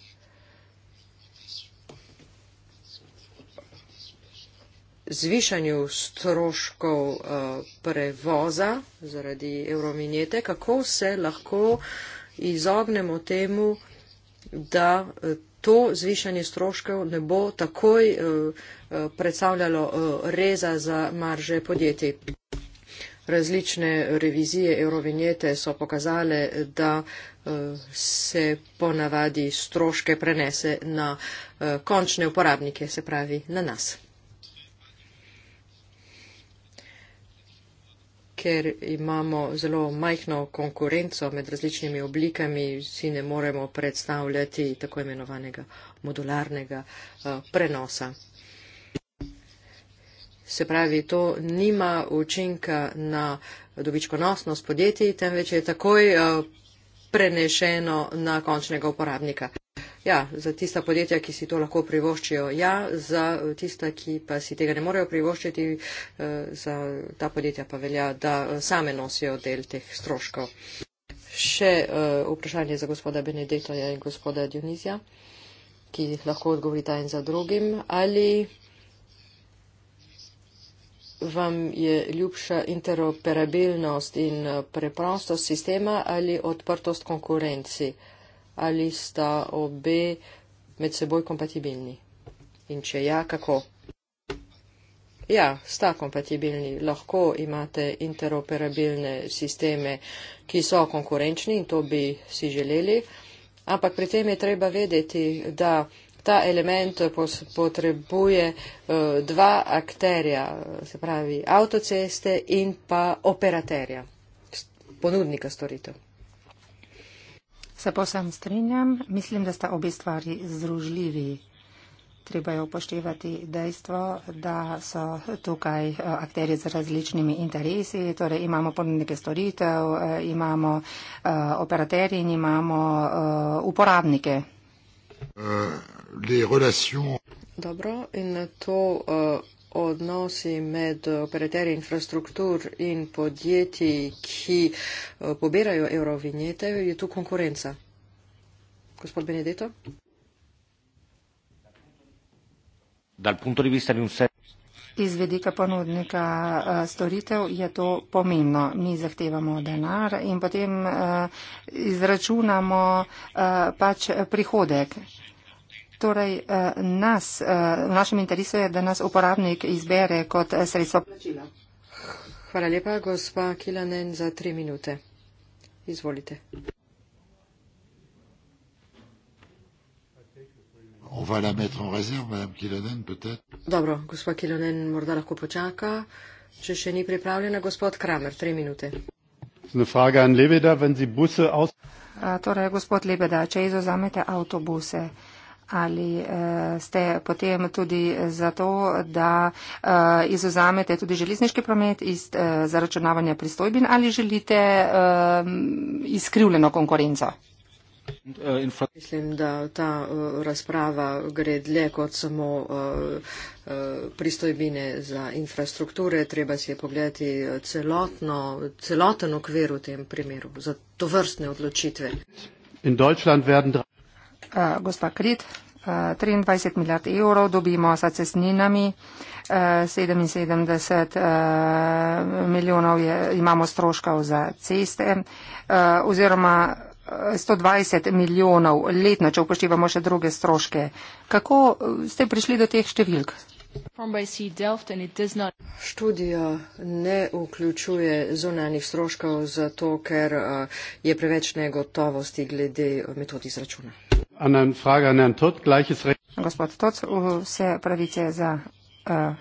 zvišanju stroškov uh, prevoza zaradi eurominjete? Kako se lahko izognemo temu, da uh, to zvišanje stroškov ne bo takoj eh, eh, predstavljalo eh, reza za marže podjetij. Različne revizije Eurovinjete so pokazale, da se ponavadi stroške prenese na končne uporabnike, se pravi na nas. ker imamo zelo majhno konkurenco med različnimi oblikami, si ne moremo predstavljati tako imenovanega modularnega eh, prenosa. Se pravi, to nima učinka na dobičkonosnost podjetij, temveč je takoj eh, prenešeno na končnega uporabnika. Ja, za tista podjetja, ki si to lahko privoščijo, ja, za tista, ki pa si tega ne morejo privoščiti, eh, za ta podjetja pa velja, da eh, same nosijo del teh stroškov. Še eh, vprašanje za gospoda Benedetoja in gospoda Dionizija, ki lahko odgovorita en za drugim. Ali vam je ljubša interoperabilnost in preprostost sistema ali odprtost konkurenci? ali sta obe med seboj kompatibilni. In če ja, kako? Ja, sta kompatibilni. Lahko imate interoperabilne sisteme, ki so konkurenčni in to bi si želeli. Ampak pri tem je treba vedeti, da ta element potrebuje eh, dva akterja, se pravi avtoceste in pa operaterja, ponudnika storitev. Se posem strinjam, mislim, da sta obe stvari združljivi. Treba je upoštevati dejstvo, da so tukaj eh, akterje z različnimi interesi, torej imamo ponudnike storitev, eh, imamo eh, operaterje in imamo uporabnike. Uh, Dobro, in to uh, odnosi med operaterji infrastruktur in podjetji, ki eh, pobirajo eurovinjete, je tu konkurenca. Gospod Benedetto? Iz vedika ponudnika eh, storitev je to pomembno. Mi zahtevamo denar in potem eh, izračunamo pač prihodek. Torej, eh, nas, eh, v našem interesu je, da nas uporabnik izbere kot eh, sredstvo plačila. Hvala lepa, gospa Kilanen, za tri minute. Izvolite. Dobro, gospa Kilonen morda lahko počaka, če še ni pripravljena. Gospod Kramer, tri minute. Torej, gospod Lebeda, če izozamete avtobuse. Ali eh, ste potem tudi zato, da eh, izuzamete tudi železniški promet iz eh, zaračunavanja pristojbin ali želite izkrivljeno konkurenco? Mislim, da ta razprava gre dlje kot samo pristojbine za infrastrukture. Treba si je pogledati celotno, celoten okvir v tem primeru za to vrstne odločitve. In Deutschland werden drag. Eh, gospa Krit, 23 eh, milijard evrov dobimo sa cestninami, 77 eh, milijonov je, imamo stroškov za ceste, oziroma 120 milijonov letno, če upoštevamo še druge stroške. Kako ste prišli do teh številk? Študija ne vključuje zunanjih stroškov, zato ker je preveč negotovosti glede metod izračuna. Gospod Toc, vse pravice za uh,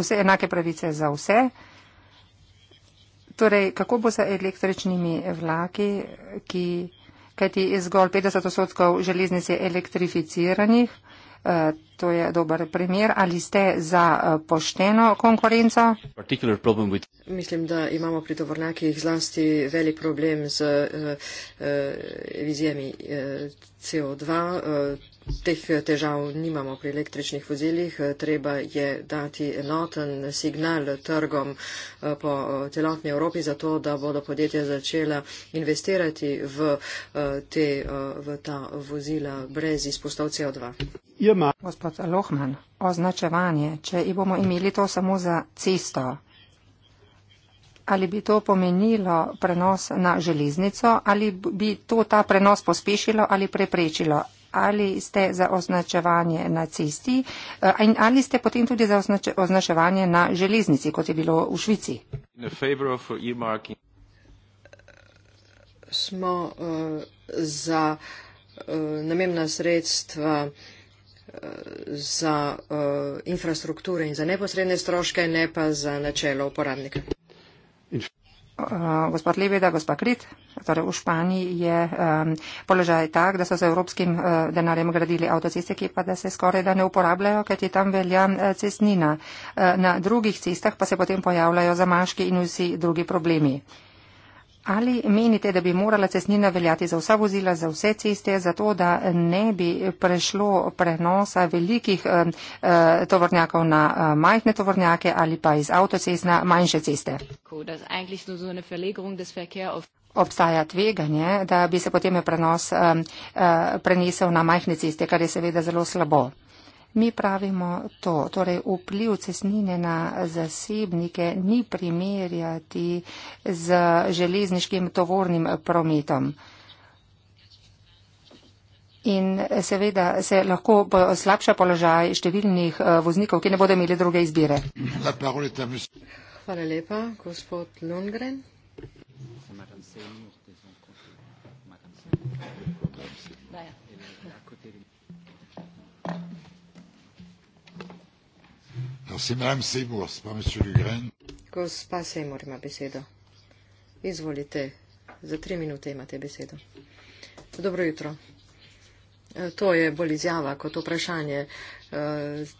vse, enake pravice za vse. Torej, kako bo z električnimi vlaki, ki, kajti zgolj 50 odstotkov železnic je elektrificiranih? Eh, to je dober primer. Ali ste za eh, pošteno konkurenco? Mislim, da imamo pri tovornjakih zlasti velik problem z uh, eh, uh, vizijami uh, CO2. Uh, Teh eh, težav nimamo pri električnih vozilih, eh, treba je dati enoten signal trgom eh, po celotni Evropi, zato da bodo podjetja začela investirati v, te, v ta vozila brez izpustov CO2. Ja, Gospod Lohman, označevanje, če jih bomo imeli to samo za cesto, ali bi to pomenilo prenos na železnico, ali bi to ta prenos pospešilo ali preprečilo? ali ste za označevanje na cesti eh, in ali ste potem tudi za označevanje na železnici, kot je bilo v Švici. Smo uh, za uh, eh, namemna sredstva za uh, infrastrukture in za neposredne stroške, ne pa za načelo uporabnika. Eh, gospod Lebeda, gospod Krit. Torej v Španiji je um, položaj tak, da so z evropskim uh, denarjem gradili avtoceste, ki pa da se skoraj da ne uporabljajo, ker je tam velja uh, cestnina. Uh, na drugih cestah pa se potem pojavljajo zamaški in vsi drugi problemi. Uh, Ali menite, da bi morala cestnina veljati za vsa vozila, za vse ceste, zato da ne bi prešlo prenosa velikih eh, eh, tovornjakov na eh, majhne tovornjake ali pa iz avtocest na manjše ceste? Obstaja tveganje, da bi se potem prenos eh, eh, prenesel na majhne ceste, kar je seveda zelo slabo. Mi pravimo to, torej vpliv cesnine na zasebnike ni primerjati z železniškim tovornim prometom. In seveda se lahko slabša položaj številnih eh, voznikov, ki ne bodo imeli druge izbire. Hvala lepa, gospod Lundgren. Gospa Sejmor ima besedo. Izvolite, za tri minute imate besedo. Dobro jutro. E, to je bolj izjava kot vprašanje. E,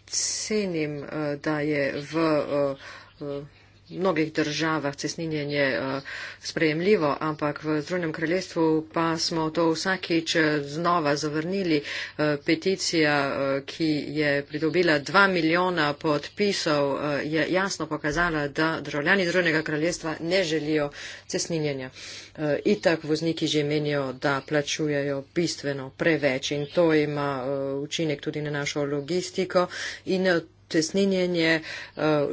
cenim, e, da je v mnogih državah cestninjenje eh, sprejemljivo, ampak v Združenem kraljestvu pa smo to vsakič znova zavrnili. Eh, Peticija, eh, ki je pridobila dva milijona podpisov, je jasno pokazala, da državljani Združenega kraljestva ne želijo cestninjenja. Itak vozniki že menijo, da plačujejo bistveno preveč in to ima učinek tudi na našo logistiko cestninjenje eh,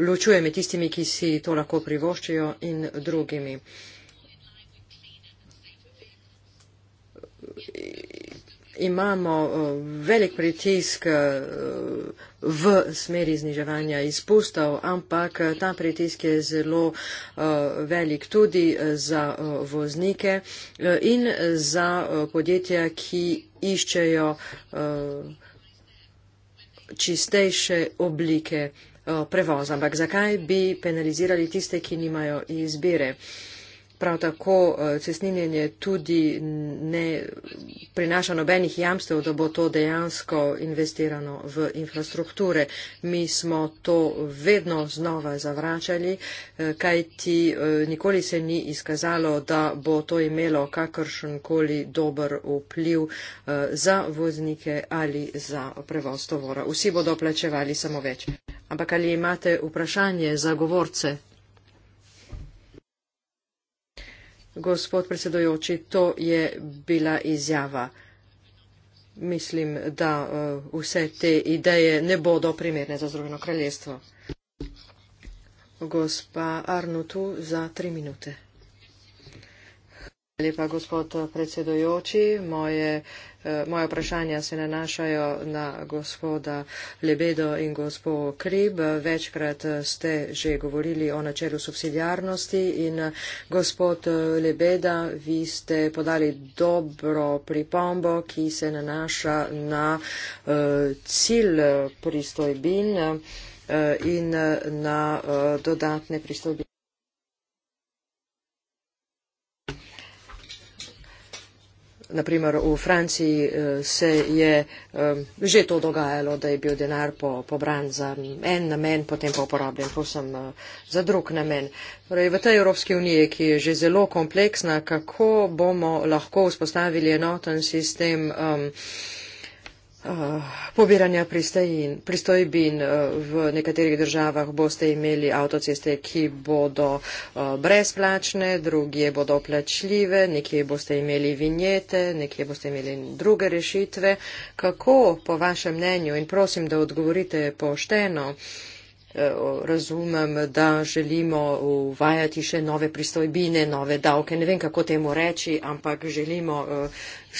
ločuje med tistimi, ki si to lahko privoščijo in drugimi. Imamo eh, velik pritisk eh, v smeri zniževanja izpustov, ampak ta pritisk je zelo velik tudi za voznike in za podjetja, ki iščejo čistejše oblike eh, prevoza. Ampak zakaj bi penalizirali tiste, ki nimajo izbire? Prav tako eh, cestninjenje tudi ne prinaša nobenih jamstev, da bo to dejansko investirano v infrastrukture. Mi smo to vedno znova zavračali, eh, kajti eh, nikoli se ni izkazalo, da bo to imelo kakršenkoli dober vpliv za voznike ali za prevoz tovora. Vsi bodo plačevali samo več. Ampak ali imate vprašanje za govorce? Gospod predsedojoči, to je bila izjava. Mislim, da uh, vse te ideje ne bodo primerne za Združeno kraljestvo. Gospa Arnutu za tri minute lepa, gospod predsedojoči. Moje, eh, moje vprašanja se nanašajo na gospoda Lebedo in gospo Krib. Večkrat ste že govorili o načelu subsidiarnosti in eh, gospod eh, Lebeda, vi ste podali dobro pripombo, ki se nanaša na cilj pristojbin in na dodatne pristojbine. naprimer v Franciji eh, se je eh, že to dogajalo, da je bil denar po, pobran za en namen, potem pa uporabljen povsem eh, za drug namen. Torej, v tej Evropski uniji, ki je že zelo kompleksna, kako bomo lahko vzpostavili enoten sistem. Um, Eh, pobiranja pristojin. Pristojbin eh, v nekaterih državah boste imeli avtoceste, ki bodo eh, brezplačne, druge bodo plačljive, nekje boste imeli vinjete, nekje boste imeli druge rešitve. Kako po vašem mnenju in prosim, da odgovorite pošteno, Eh, razumem, da želimo uvajati še nove pristojbine, nove davke. Ne vem, kako temu reči, ampak želimo eh,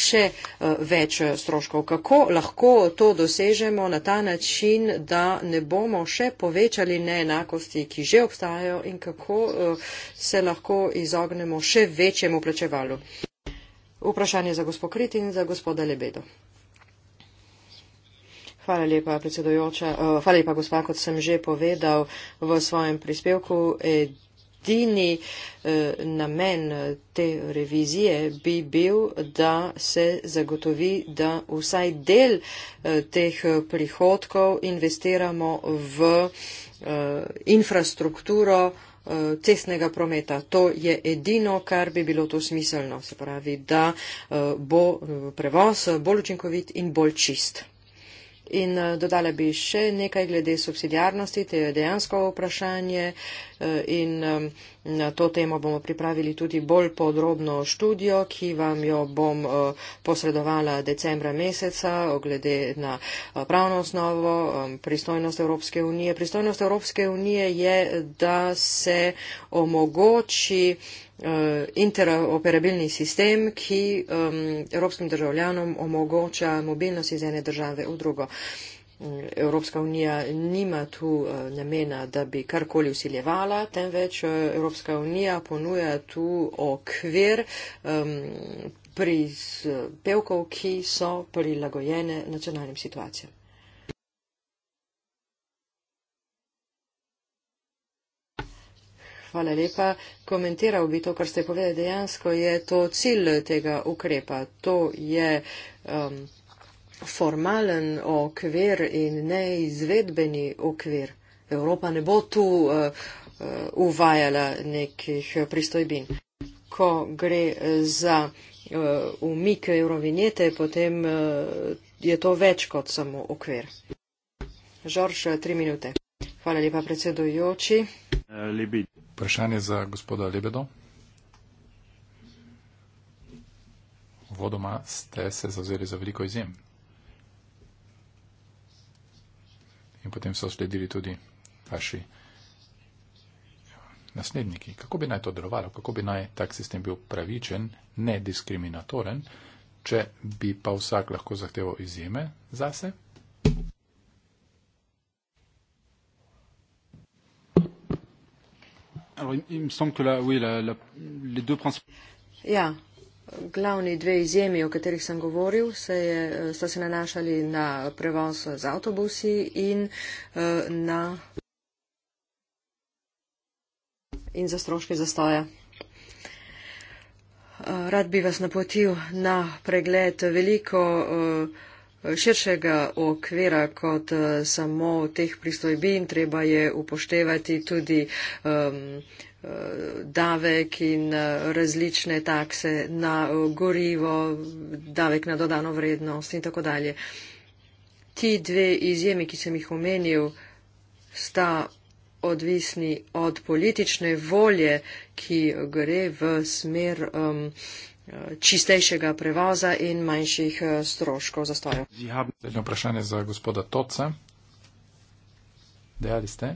še eh, več stroškov. Kako lahko to dosežemo na ta način, da ne bomo še povečali neenakosti, ki že obstajajo in kako se lahko izognemo še večjemu plačevalu? Vprašanje za gospod Kritin in za gospoda Lebedo. Hvala lepa, predsedojoča. Eh, hvala lepa, gospa, kot sem že povedal v svojem prispevku. Edini eh, namen te revizije bi bil, da se zagotovi, da vsaj del eh, teh prihodkov investiramo v infrastrukturo cestnega prometa. To je edino, kar bi bilo to smiselno, se pravi, da bo prevoz bolj učinkovit in bolj čist. In eh, dodala bi še nekaj glede subsidijarnosti, to je dejansko vprašanje eh, in na to temo bomo pripravili tudi bolj podrobno študijo, ki vam jo bom eh, posredovala decembra meseca, glede na pravno osnovo, pristojnost Evropske unije. Pristojnost Evropske unije je, da se omogoči Eh, interoperabilni sistem, ki um, evropskim državljanom omogoča mobilnost iz ene države v drugo. Mm, Evropska unija nima tu uh, namena, da bi karkoli usiljevala, temveč uh, Evropska unija ponuja tu okvir um, prispevkov, ki so prilagojene nacionalnim situacijam. Hvala lepa. Komentiral bi to, kar ste povedali. Dejansko je to cilj tega ukrepa. To je um, formalen okvir in neizvedbeni okvir. Evropa ne bo tu uh, uh, uvajala nekih pristojbin. Ko gre za uh, umik eurovinjete, potem uh, je to več kot samo okvir. Žorž, tri minute. Hvala lepa, predsedujoči. Uh, Vprašanje za gospoda Lebedo. Vodoma ste se zavzeli za veliko izjem. In potem so sledili tudi vaši nasledniki. Kako bi naj to delovalo? Kako bi naj tak sistem bil pravičen, nediskriminatoren, če bi pa vsak lahko zahteval izjeme za sebe? Alors, il, il me semble que là, oui, la, la, les deux principaux. Ja, yeah. Glavni dve izjemi, o katerih sem govoril, se je, eh, sta se nanašali na prevoz z avtobusi in, eh, na, in za stroške zastoja. Eh, rad bi vas napotil na pregled veliko uh, širšega okvira kot eh, samo teh pristojbin. Treba je upoštevati tudi um, davek in eh, različne takse na gorivo, davek na dodano vrednost in tako dalje. Ti dve izjemi, ki sem jih omenil, sta odvisni od politične volje, ki gre v smer um, čistejšega prevoza in manjših eh, stroškov zastojev. Eno vprašanje za gospoda Toca. Dejali ste,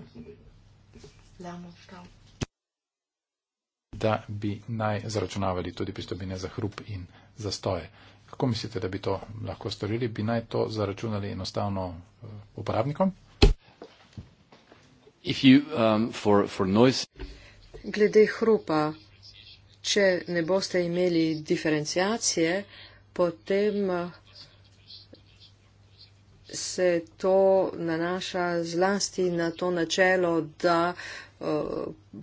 da bi naj zaračunavali tudi pristopine za hrup in zastoje. Kako mislite, da bi to lahko storili? Bi naj to zaračunali enostavno eh, uporabnikom? You, um, for, for noise... Glede hrupa, če ne boste imeli diferencijacije, potem eh, se to nanaša zlasti na to načelo, da eh,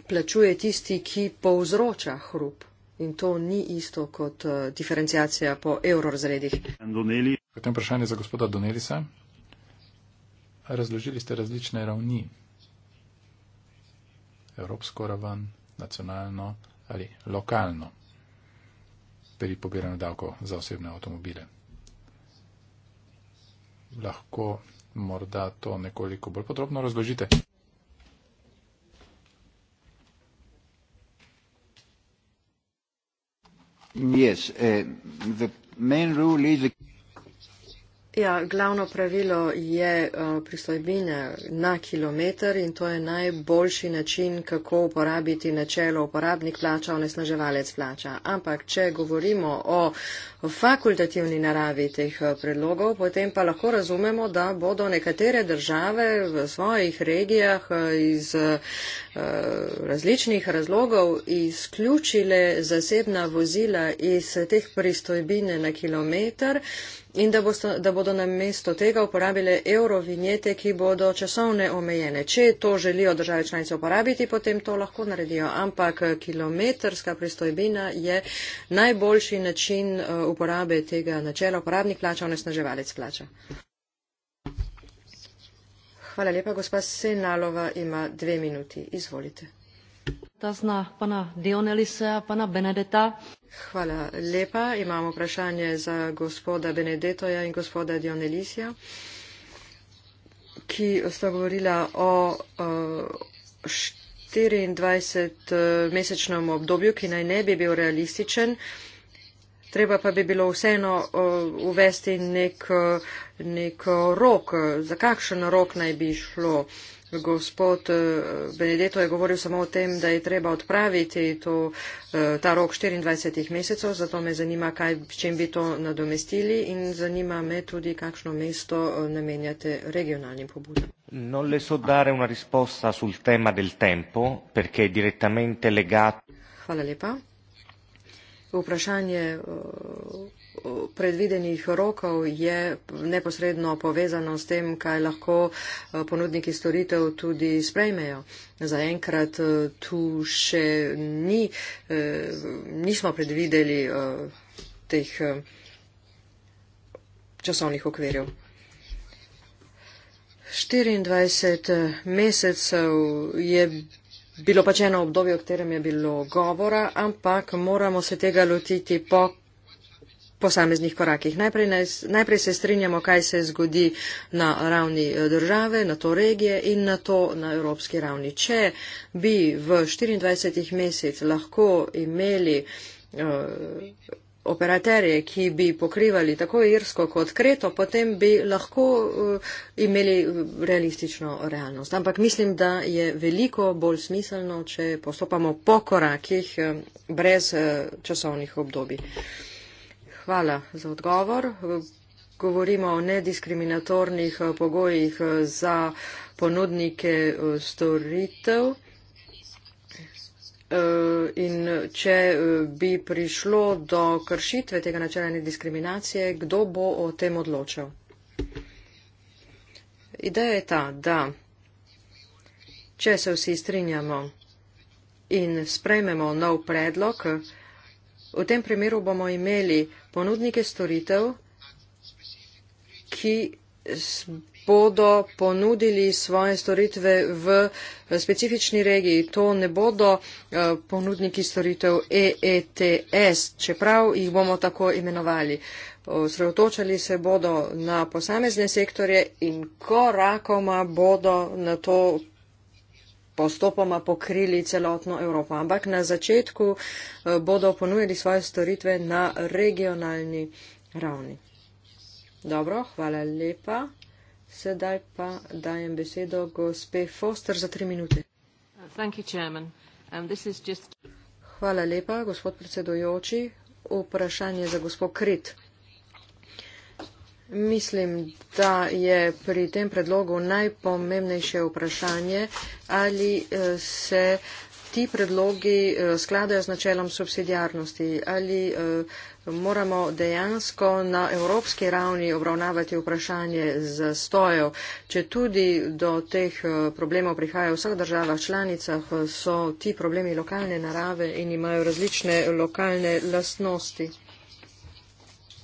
plačuje tisti, ki povzroča hrup. In to ni isto kot eh, diferencijacija po evrorazredih. Potem vprašanje za gospoda Donelisa. Razložili ste različne ravni. Evropsko raven, nacionalno, ali lokalno pri pobiranju davkov za osebne avtomobile. Lahko morda to nekoliko bolj podrobno razložite. Yes, uh, the main rule is... Ja, glavno pravilo je uh, pristojbina na kilometr in to je najboljši način, kako uporabiti načelo uporabnik plača, onesnaževalec plača. Ampak, če govorimo o fakultativni naravi teh uh, predlogov, potem pa lahko razumemo, da bodo nekatere države v svojih regijah uh, iz različnih razlogov izključile zasebna vozila iz teh pristojbine na kilometr in da, bosta, da bodo namesto tega uporabile eurovinjete, ki bodo časovne omejene. Če to želijo države članice uporabiti, potem to lahko naredijo, ampak kilometrska pristojbina je najboljši način eh, uporabe tega načela uporabnih plača, onesnaževalec plača. Hvala lepa, gospa Senalova ima dve minuti. Izvolite. Tazna pana Dionelise a pana Benedeta. Hvala lepa. Imamo vprašanje za gospoda Benedetoja in gospoda Dionelisija, ki sta govorila o, o 24 mesečnem obdobju, ki naj ne bi bil realističen. Treba pa bi bilo vseeno uh, uvesti nek, nek rok. Za kakšen rok naj bi šlo? Uh, Gospod eh, Benedetto je govoril samo o tem, da je treba odpraviti to, eh, ta rok 24 mesecev, zato me zanima, kaj, čem bi to nadomestili in zanima me tudi, kakšno mesto eh, namenjate regionalnim pobudam. Non le so dare una risposta sul tema del tempo, perché è direttamente legato. Hvala lepa. Vprašanje uh, predvidenih rokov je neposredno povezano s tem, kaj lahko eh, ponudniki storitev tudi sprejmejo. Zaenkrat eh, tu še ni, eh, nismo predvideli teh časovnih okvirjev. 24 mesecev je bilo pač eno obdobje, o katerem je bilo govora, ampak moramo se tega lotiti po posameznih korakih. Najprej, naj, najprej se strinjamo, kaj se zgodi na ravni eh, države, na to regije in na to na evropski ravni. Če bi v 24 mesec lahko imeli uh, operaterje, ki bi pokrivali tako Irsko kot Kreto, potem bi lahko uh, imeli realistično realnost. Ampak mislim, da je veliko bolj smiselno, če postopamo po korakih uh, brez uh, časovnih obdobij. Uh, hvala za odgovor. Govorimo o nediskriminatornih eh, pogojih eh, za ponudnike eh, storitev. In če bi prišlo do kršitve tega načela nediskriminacije, kdo bo o tem odločal? Ideja je ta, da če se vsi strinjamo in sprejmemo nov predlog, V tem primeru bomo imeli ponudnike storitev, ki bodo ponudili svoje storitve v specifični regiji. To ne bodo eh, ponudniki storitev EETS, čeprav jih bomo tako imenovali. Sredotočali se bodo na posamezne sektorje in korakoma bodo na to postopoma pokrili celotno Evropo. Ampak na začetku eh, bodo ponujali svoje storitve na regionalni ravni. Dobro, hvala lepa. Sedaj pa dajem besedo gospe Foster za tri minute. Um, hvala lepa, gospod predsedojoči. Vprašanje za gospod Krit. Mislim, da je pri tem predlogu najpomembnejše vprašanje, ali eh, se ti predlogi eh, skladajo z načelom subsidijarnosti, ali eh, moramo dejansko na evropski ravni obravnavati vprašanje zastojev. Če tudi do teh problemov prihaja v vseh državah članicah, so ti problemi lokalne narave in imajo različne lokalne lastnosti.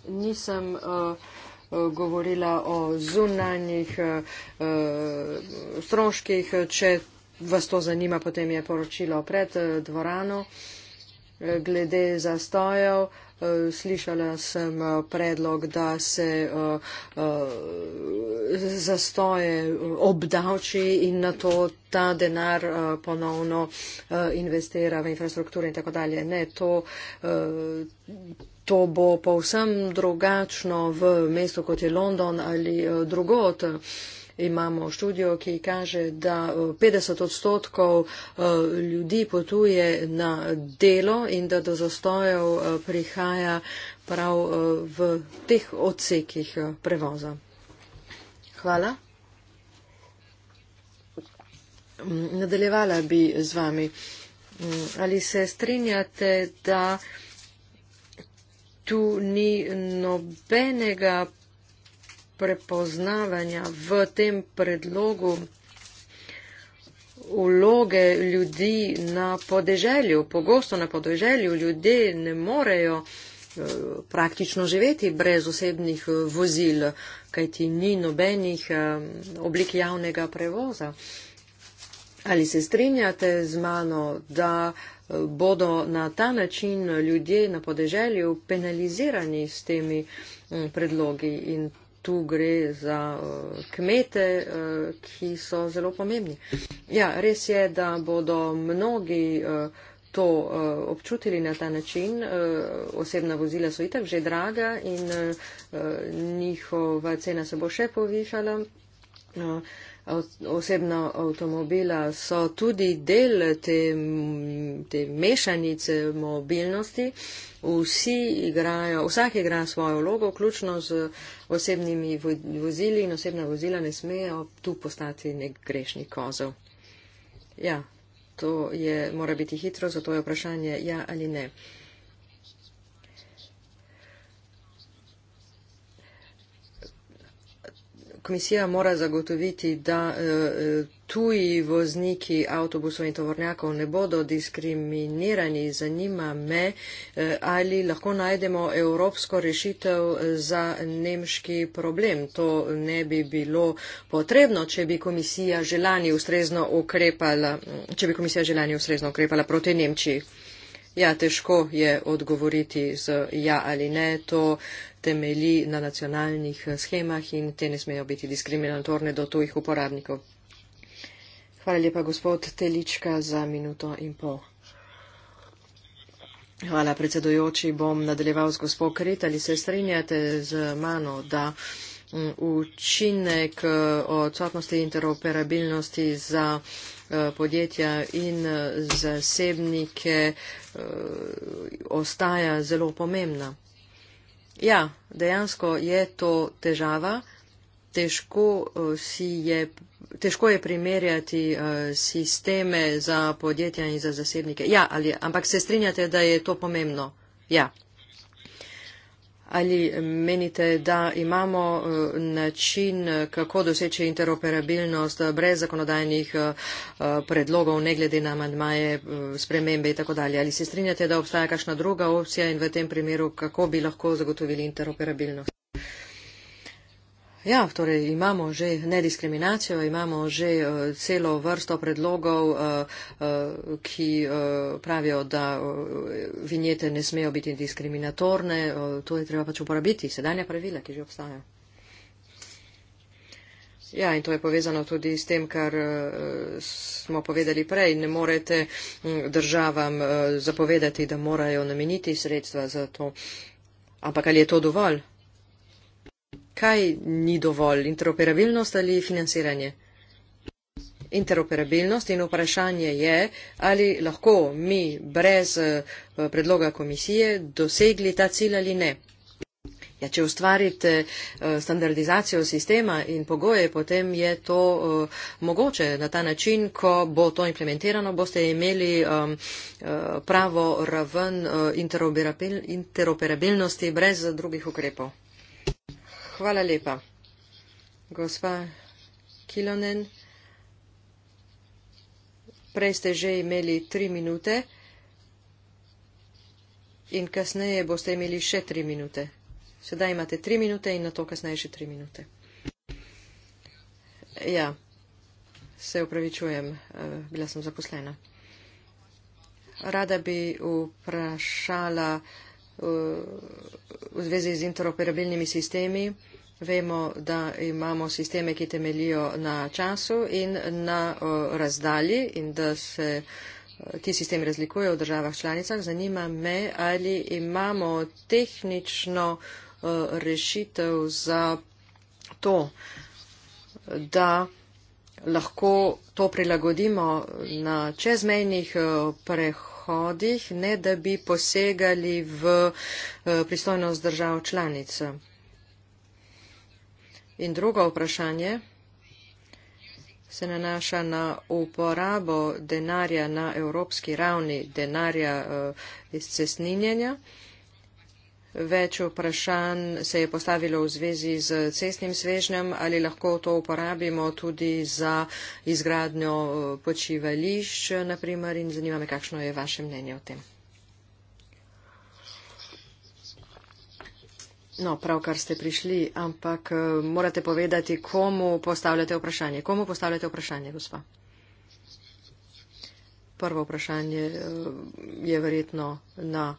Nisem uh, Eh, govorila o zunanjih eh, eh, stroških. Če vas to zanima, potem je poročilo pred dvorano. Glede zastojev, slišala sem predlog, da se zastoje obdavči in na to ta denar ponovno investira v infrastrukturo in tako dalje. Ne, to, to bo povsem drugačno v mestu kot je London ali eh, drugot. Imamo študijo, ki kaže, da 50 eh, odstotkov eh, ljudi potuje na delo in da do zastojev prihaja prav v teh odsekih prevoza. Hvala. Mm, nadaljevala bi z vami. Mm, ali se strinjate, da tu ni nobenega prepoznavanja v tem predlogu vloge ljudi na podeželju. Pogosto na podeželju ljudje ne morejo eh, praktično živeti brez osebnih eh, vozil, kajti ni nobenih eh, oblik javnega prevoza. Ali se strinjate z mano, da uh, bodo na ta način ljudje na podeželju penalizirani s temi mm, predlogi. In tu gre za eh, kmete, eh, ki so zelo pomembni. Ja, res je, da bodo mnogi eh, to občutili na ta način. Osebna vozila so itak že draga in njihova cena se bo še povišala osebna avtomobila so tudi del te, te mešanice mobilnosti. Vsi igrajo, vsak igra svojo vlogo, vključno z osebnimi vozili in osebna vozila ne smejo tu postati nek grešni kozel. Ja, to je, mora biti hitro, zato je vprašanje ja ali ne. komisija mora zagotoviti, da eh, eh, tuji vozniki avtobusov in tovornjakov ne bodo diskriminirani. Zanima me, eh, ali lahko najdemo evropsko rešitev za nemški problem. To ne bi bilo potrebno, če bi komisija želani ustrezno ukrepala, če bi komisija želani ustrezno ukrepala proti Nemčiji. Ja, težko je odgovoriti z ja ali ne. To temelji na nacionalnih eh, schemah in te ne smejo biti diskriminatorne do tujih uporabnikov. Hvala lepa, gospod Telička, za minuto in pol. Hvala, predsedojoči. Bom nadaljeval z gospod Krit. Ali se strinjate z mano, da mm, učinek eh, odsotnosti interoperabilnosti za eh, podjetja in zasebnike ostaja zelo pomembna? Ja, dejansko je to težava. Težko, eh, je, težko je primerjati uh, sisteme za podjetja in za zasebnike. Ja, ali, ampak se strinjate, da je to pomembno? Ja. Ali menite, da imamo eh, način, eh, kako doseči interoperabilnost eh, brez zakonodajnih predlogov, ne glede na amandmaje, spremembe in tako dalje? Ali se strinjate, da obstaja kakšna druga opcija in v tem primeru, kako bi lahko zagotovili interoperabilnost? Uh, Ja, torej imamo že nediskriminacijo, imamo že uh, celo vrsto predlogov, uh, uh, ki uh, pravijo, da uh, vinjete ne smejo biti diskriminatorne. Uh, to je treba pač uporabiti, sedanja pravila, ki že obstajajo. Ja, in to je povezano tudi s tem, kar uh, smo povedali prej. Ne morete mm, državam uh, zapovedati, da morajo nameniti sredstva za to. Ampak ali je to dovolj? Kaj ni dovolj, interoperabilnost ali financiranje? Interoperabilnost in vprašanje je, ali lahko mi brez eh, predloga komisije dosegli ta cilj ali ne. Ja, če ustvarite eh, standardizacijo sistema in pogoje, potem je to eh, mogoče na ta način, ko bo to implementirano, boste imeli um, pravo raven interoperabilnosti brez drugih ukrepov. Hvala lepa. Gospa Kilonen, prej ste že imeli tri minute in kasneje boste imeli še tri minute. Sedaj imate tri minute in na to kasneje še tri minute. Ja, se upravičujem, eh, bila sem zaposlena. Rada bi vprašala v zvezi z interoperabilnimi sistemi. Vemo, da imamo sisteme, ki temelijo na času in na razdalji in da se ti sistemi razlikujejo v državah članicah. Zanima me, ali imamo tehnično rešitev za to, da lahko to prilagodimo na čezmejnih prehodih prehodih, ne da bi posegali v eh, pristojnost držav članic. In drugo vprašanje se nanaša na uporabo denarja na evropski ravni, denarja eh, iz cesninjenja. Več vprašanj se je postavilo v zvezi z cestnim svežnjem, ali lahko to uporabimo tudi za izgradnjo eh, počivališč, naprimer, in zanima me, kakšno je vaše mnenje o tem. No, pravkar ste prišli, ampak eh, morate povedati, komu postavljate vprašanje. Komu postavljate vprašanje, gospa? Prvo vprašanje eh, je verjetno na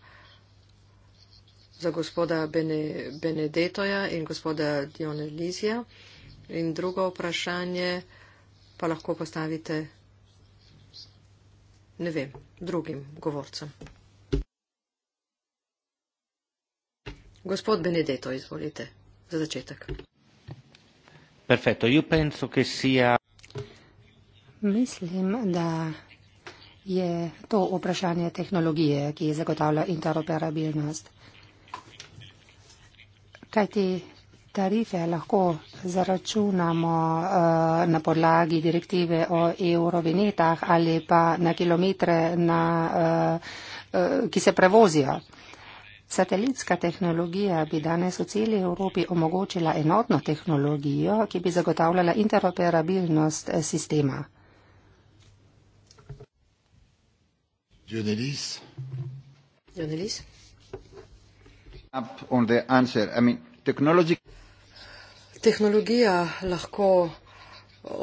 za gospoda Bene, Benedetoja in gospoda Dione Lizija. In drugo vprašanje pa lahko postavite, ne vem, drugim govorcem. Gospod Benedetto, izvolite, za začetek. Perfetto, io penso che sia. Mislim, da je to vprašanje tehnologije, ki zagotavlja interoperabilnost kajti tarife lahko zaračunamo uh, na podlagi direktive o eurovinetah ali pa na kilometre, na, uh, uh, ki se prevozijo. Satelitska tehnologija bi danes v celi Evropi omogočila enotno tehnologijo, ki bi zagotavljala interoperabilnost sistema. Jonelis. Jonelis technology. Tehnologija lahko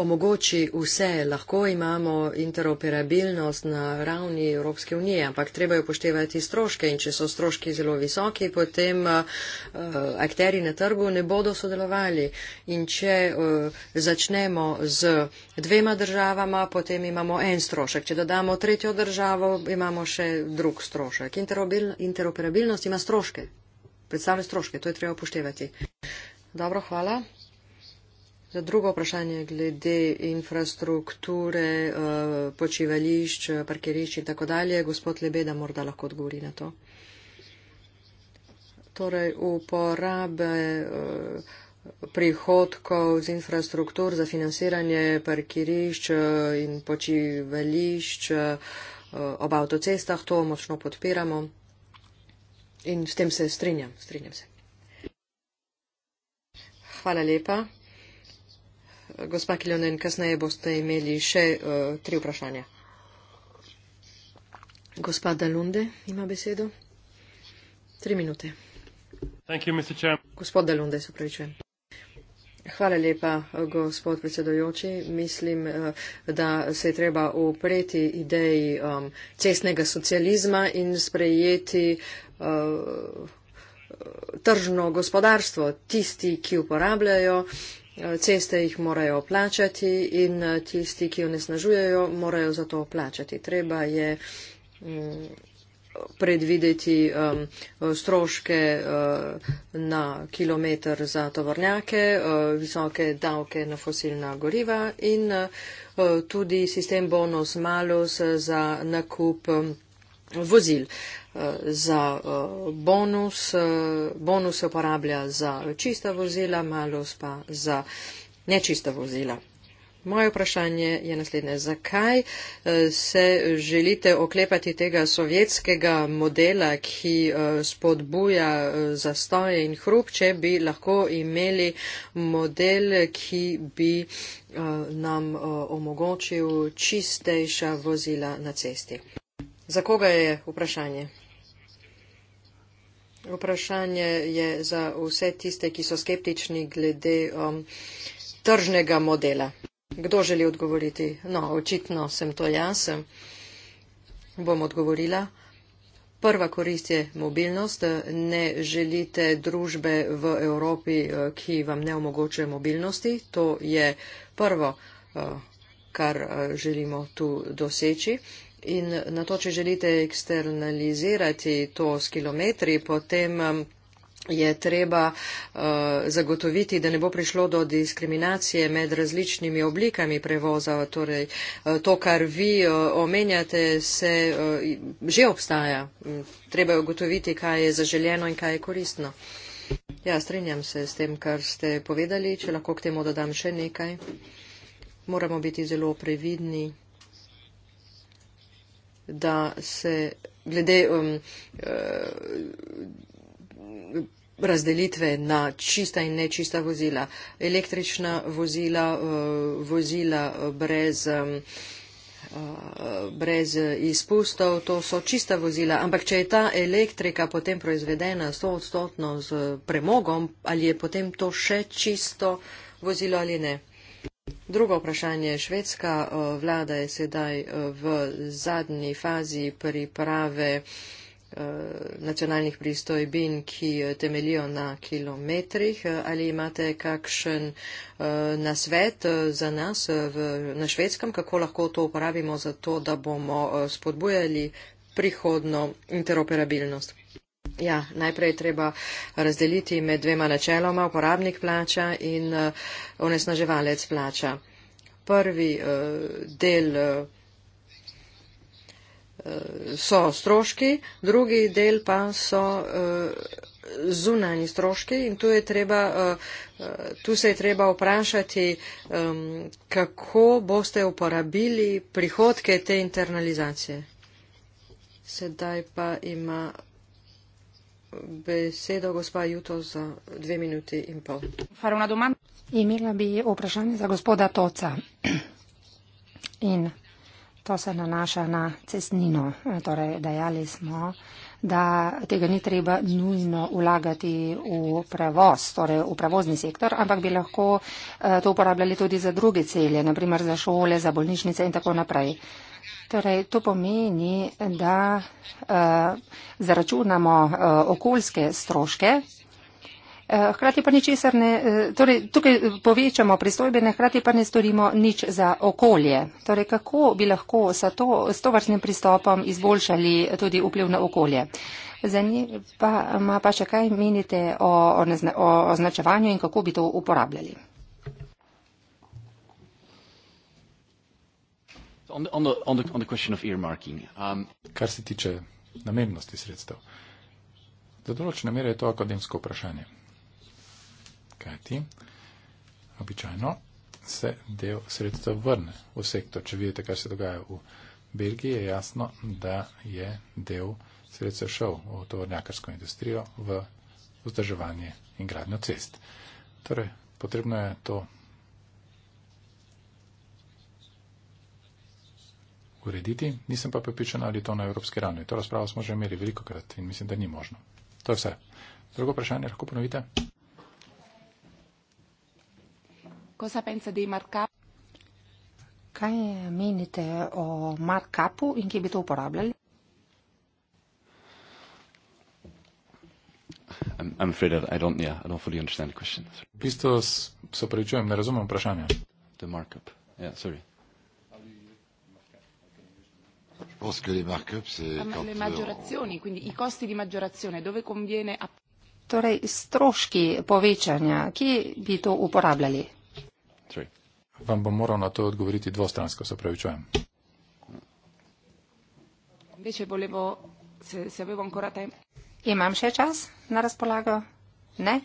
omogoči vse, lahko imamo interoperabilnost na ravni Evropske unije, ampak treba je upoštevati stroške in če so stroški zelo visoki, potem uh, akteri na trgu ne bodo sodelovali. In če uh, začnemo z dvema državama, potem imamo en strošek. Če dodamo tretjo državo, imamo še drug strošek. Interoperabilnost ima stroške predstavljajo stroške, to je treba upoštevati. Dobro, hvala. Za drugo vprašanje glede infrastrukture, eh, počivališč, parkirišč in tako dalje, gospod Lebeda morda lahko odgovori na to. Torej, uporabe eh, prihodkov z infrastruktur za financiranje parkirišč eh, in počivališč ob avtocestah, to močno podpiramo. In s tem se strinjam, strinjam se. Hvala lepa. Gospa Kiljonen, kasneje boste imeli še uh, tri vprašanja. Gospa Dalunde ima besedo. Tri minute. Gospod Dalunde, se upravičujem. Hvala lepa, gospod predsedojoči. Mislim, eh, da se je treba opreti ideji um, cestnega socializma in sprejeti uh, tržno gospodarstvo. Tisti, ki uporabljajo eh, ceste, jih morajo plačati in tisti, ki jo nesnažujejo, morajo za to plačati. Treba je. Um, predvideti um, stroške uh, na kilometr za tovornjake, uh, visoke davke na fosilna goriva in uh, tudi sistem bonus malus uh, za nakup um, vozil. Uh, za uh, bonus, bonus se uporablja za čista vozila, malus pa za nečista vozila. Moje vprašanje je naslednje. Zakaj eh, se želite oklepati tega sovjetskega modela, ki eh, spodbuja eh, zastoje in hrup, če bi lahko imeli model, ki bi nam omogočil čistejša vozila na cesti? Za koga je vprašanje? Vprašanje je za vse tiste, ki so skeptični glede um, tržnega modela. Kdo želi odgovoriti? No, očitno sem to jaz. Bom odgovorila. Prva korist je mobilnost. Ne želite družbe v Evropi, eh, ki vam ne omogočuje mobilnosti. To je prvo, eh, kar eh, želimo tu doseči. In na to, če želite eksternalizirati to s kilometri, potem je treba uh, zagotoviti, da ne bo prišlo do diskriminacije med različnimi oblikami prevoza. Torej, uh, to, kar vi uh, omenjate, se uh, že obstaja. Mm, treba je ugotoviti, kaj je zaželjeno in kaj je koristno. Ja, strinjam se s tem, kar ste povedali. Če lahko k temu dodam še nekaj. Moramo biti zelo previdni, da se glede. Um, uh, razdelitve na čista in nečista vozila, električna vozila, eh, vozila eh, brez, eh, brez izpustov, to so čista vozila. Ampak če je ta elektrika potem proizvedena 100-odstotno z premogom, ali je potem to še čisto vozilo ali ne? Drugo vprašanje. Švedska vlada je sedaj v zadnji fazi priprave Eh, nacionalnih pristojbin, ki eh, temelijo na kilometrih. Eh, ali imate kakšen nasvet za nas v, na švedskem, kako lahko to uporabimo za to, da bomo spodbujali prihodno interoperabilnost? Ja, najprej treba razdeliti med dvema načeloma, uporabnik plača in onesnaževalec plača. Prvi del so stroški, drugi del pa so eh, zunani stroški in tu, je treba, eh, eh, tu se je treba vprašati, kako boste uporabili prihodke te internalizacije. Sedaj pa ima besedo gospa Juto za dve minuti in pol. Imela bi vprašanje za gospoda Toca. In To se nanaša na cestnino. Torej, dejali smo, da tega ni treba nujno vlagati v prevoz, torej v prevozni sektor, ampak bi lahko eh, to uporabljali tudi za druge celje, naprimer za šole, za bolnišnice in tako naprej. Torej, to pomeni, da uh, zaračunamo uh, okoljske stroške, Eh, hkrati pa ničesar ne, eh, torej tukaj povečamo pristojbene, hkrati pa ne storimo nič za okolje. Torej, kako bi lahko to, s to vrstnim pristopom izboljšali tudi vpliv na okolje? Zanima pa še, kaj menite o, o označevanju in kako bi to uporabljali. On the, on the, on the um, Kar se tiče namennosti sredstev, za določene mere je to akademsko vprašanje kajti običajno se del sredstev vrne v sektor. Če vidite, kaj se dogaja v Belgiji, je jasno, da je del sredstev šel v tovornjakarsko industrijo v vzdrževanje in gradnjo cest. Torej, potrebno je to urediti, nisem pa pripričan, ali to na evropski ravni. To razpravo smo že imeli veliko krat in mislim, da ni možno. To je vse. Drugo vprašanje lahko ponovite. Cosa pensa di markup? Kaj menite o markupu in kje bi to uporabljali? I'm afraid I don't, yeah, I don't fully understand the question. V bistvu se opravičujem, ne razumem vprašanja. The markup, yeah, sorry. Je pense que les markups, le maggiorazioni, quindi i costi di maggiorazione, dove conviene... Torej, stroški povečanja, kje bi to uporabljali? three. Vam bom moral na to odgovoriti dvostransko, se pravi, čujem. Imam še čas na razpolago? Ne?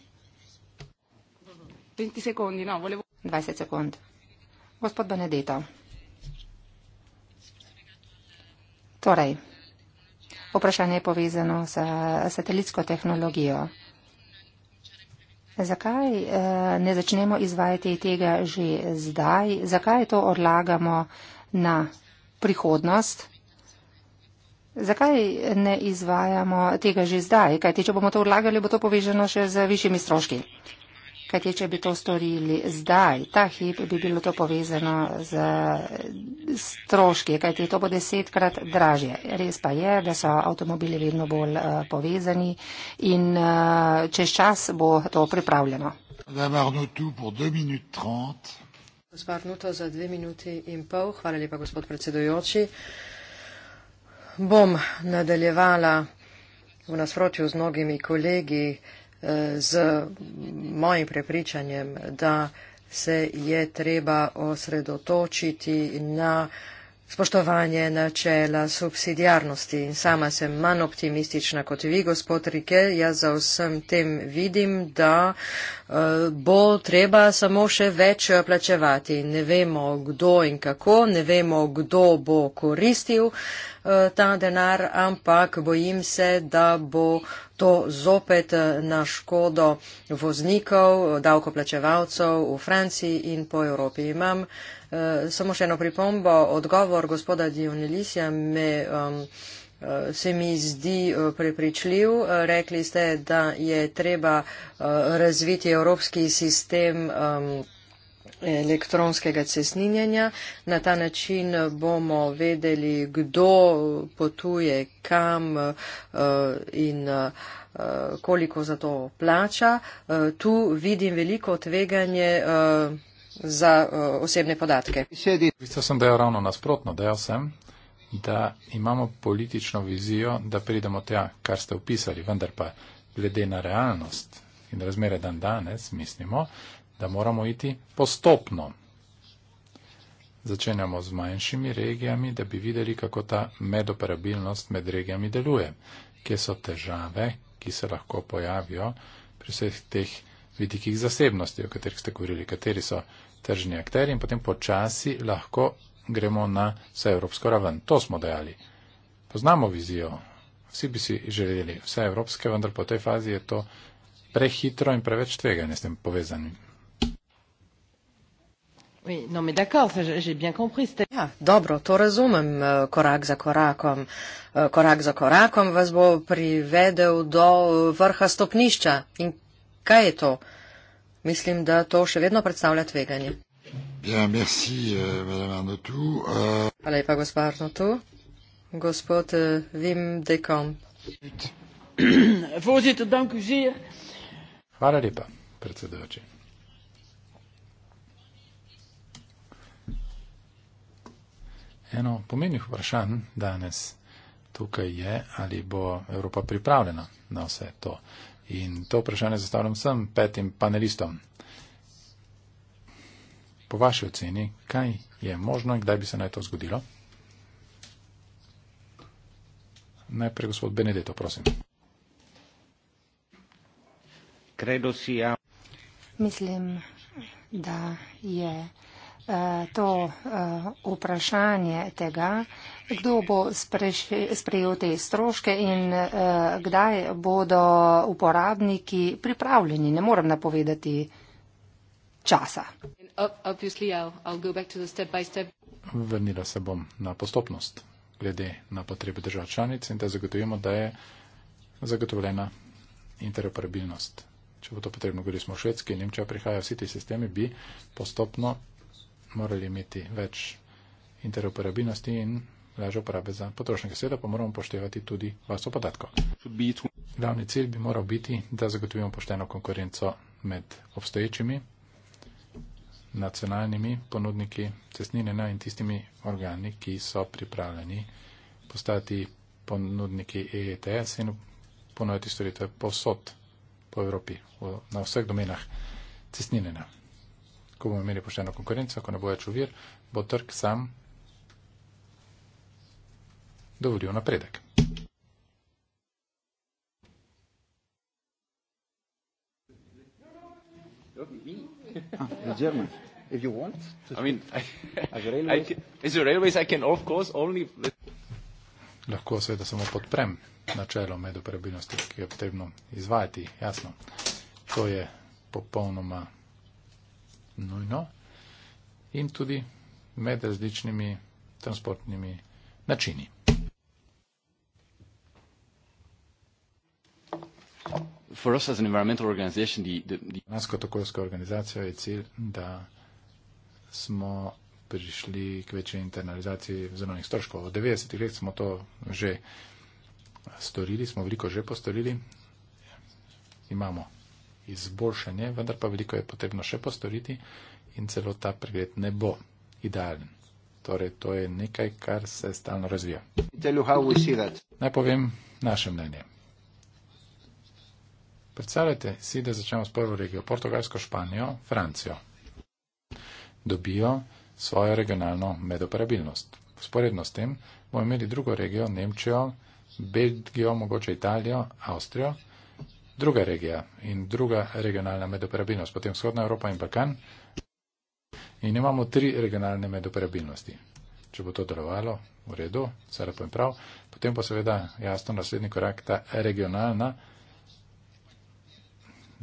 20 sekund. No, volevo... 20 sekund. Gospod Benedito. Torej, vprašanje je povezano s satelitsko tehnologijo. Zakaj eh, ne začnemo izvajati tega že zdaj? Zakaj to odlagamo na prihodnost? Zakaj ne izvajamo tega že zdaj? Kajti, če bomo to odlagali, bo to povežano še z višjimi stroški kajte če bi to storili zdaj, ta hip bi bilo to povezano z stroški, kajte to bo desetkrat dražje. Res pa je, da so avtomobili vedno bolj uh, povezani in uh, čez čas bo to pripravljeno. Gospa Arnuto za dve minuti in pol. Hvala lepa, gospod predsedujoči. Bom nadaljevala v nasprotju z mnogimi kolegi z mojim prepričanjem, da se je treba osredotočiti na spoštovanje načela subsidiarnosti. In sama sem manj optimistična kot vi, gospod Rike. Jaz za vsem tem vidim, da eh, bo treba samo še več eh, plačevati. Ne vemo, kdo in kako, ne vemo, kdo bo koristil eh, ta denar, ampak bojim se, da bo uh, to zopet eh, na škodo voznikov, davkoplačevalcev v Franciji in po Evropi. Imam uh, samo še eno pripombo. Odgovor gospoda Dionilisija me. Um, eh, Se mi zdi prepričljiv. Rekli ste, da je treba razviti evropski sistem um, elektronskega cesninjenja. Na ta način bomo vedeli, kdo potuje kam in kdo. Eh, koliko za to plača. Eh, tu vidim veliko tveganje eh, za osebne podatke. Mislil sem, da je ravno nasprotno, da sem, da imamo politično vizijo, da pridemo tja, kar ste opisali, vendar pa glede na realnost in razmere dan danes, mislimo, da moramo iti postopno. Začenjamo z manjšimi regijami, da bi videli, kako ta medoperabilnost med regijami deluje, kje so težave, ki se lahko pojavijo pri vseh teh vidikih zasebnosti, o katerih ste govorili, kateri so tržni akteri in potem počasi lahko gremo na vse evropsko raven. To smo dejali. Poznamo vizijo. Vsi bi si želeli vse evropske, vendar po tej fazi je to prehitro in preveč tveganje s tem povezanim. Ja, dobro, to razumem eh, korak za korakom. Eh, korak za korakom vas bo privedel do eh, vrha stopnišča. In kaj je to? Mislim, da to še vedno predstavlja tveganje. Bien, merci, Hvala lepa, gospod Arnotu. Gospod Vim Dekom. Hvala lepa, predsedujoči. Eno pomembnih vprašanj danes tukaj je, ali bo Evropa pripravljena na vse to. In to vprašanje zastavljam vsem petim panelistom. Po vaši oceni, kaj je možno in kdaj bi se naj to zgodilo? Najprej gospod Benedetto, prosim. Mislim, da je. Eh, to eh, vprašanje tega, kdo bo sprejel te stroške in eh, kdaj bodo uporabniki pripravljeni. Ne morem napovedati časa. Vrnila se bom na postopnost glede na potrebe držav članic in da zagotovimo, da je zagotovljena interoperabilnost. Če bo to potrebno, govorimo o Švedski, Nemčija prihaja, vsi ti sistemi bi postopno morali imeti več interoperabilnosti in lažje uporabe za potrošnike. Seveda pa moramo poštevati tudi vaso podatkov. Glavni cilj bi moral biti, da zagotovimo pošteno konkurenco med obstoječimi nacionalnimi ponudniki cestninjenja no, in tistimi organi, ki so pripravljeni postati ponudniki EETS in ponuditi storitve povsod po Evropi, na vseh domenah cestninjenja. No ko bomo imeli pošteno konkurenco, ko ne bo več uvir, bo trg sam dovolil napredek. Lahko seveda samo podprem načelo medoperabilnosti, ki je potrebno izvajati, jasno. To je popolnoma nujno in tudi med različnimi transportnimi načini. Nas kot okoljsko organizacijo je cilj, da smo prišli k večji internalizaciji zelenih stroškov. Od 90-ih let smo to že storili, smo veliko že postorili. Imamo izboljšanje, vendar pa veliko je potrebno še postoriti in celo ta pregled ne bo idealen. Torej, to je nekaj, kar se stalno razvija. Naj povem naše mnenje. Predstavljajte si, da začnemo s prvo regijo, Portugalsko, Španijo, Francijo. Dobijo svojo regionalno medoperabilnost. Sporedno s tem bomo imeli drugo regijo, Nemčijo, Belgijo, mogoče Italijo, Avstrijo druga regija in druga regionalna medoperabilnost, potem vzhodna Evropa in Balkan. In imamo tri regionalne medoperabilnosti. Če bo to delovalo, v redu, vse lepo in prav, potem pa seveda jasno naslednji korak ta regionalna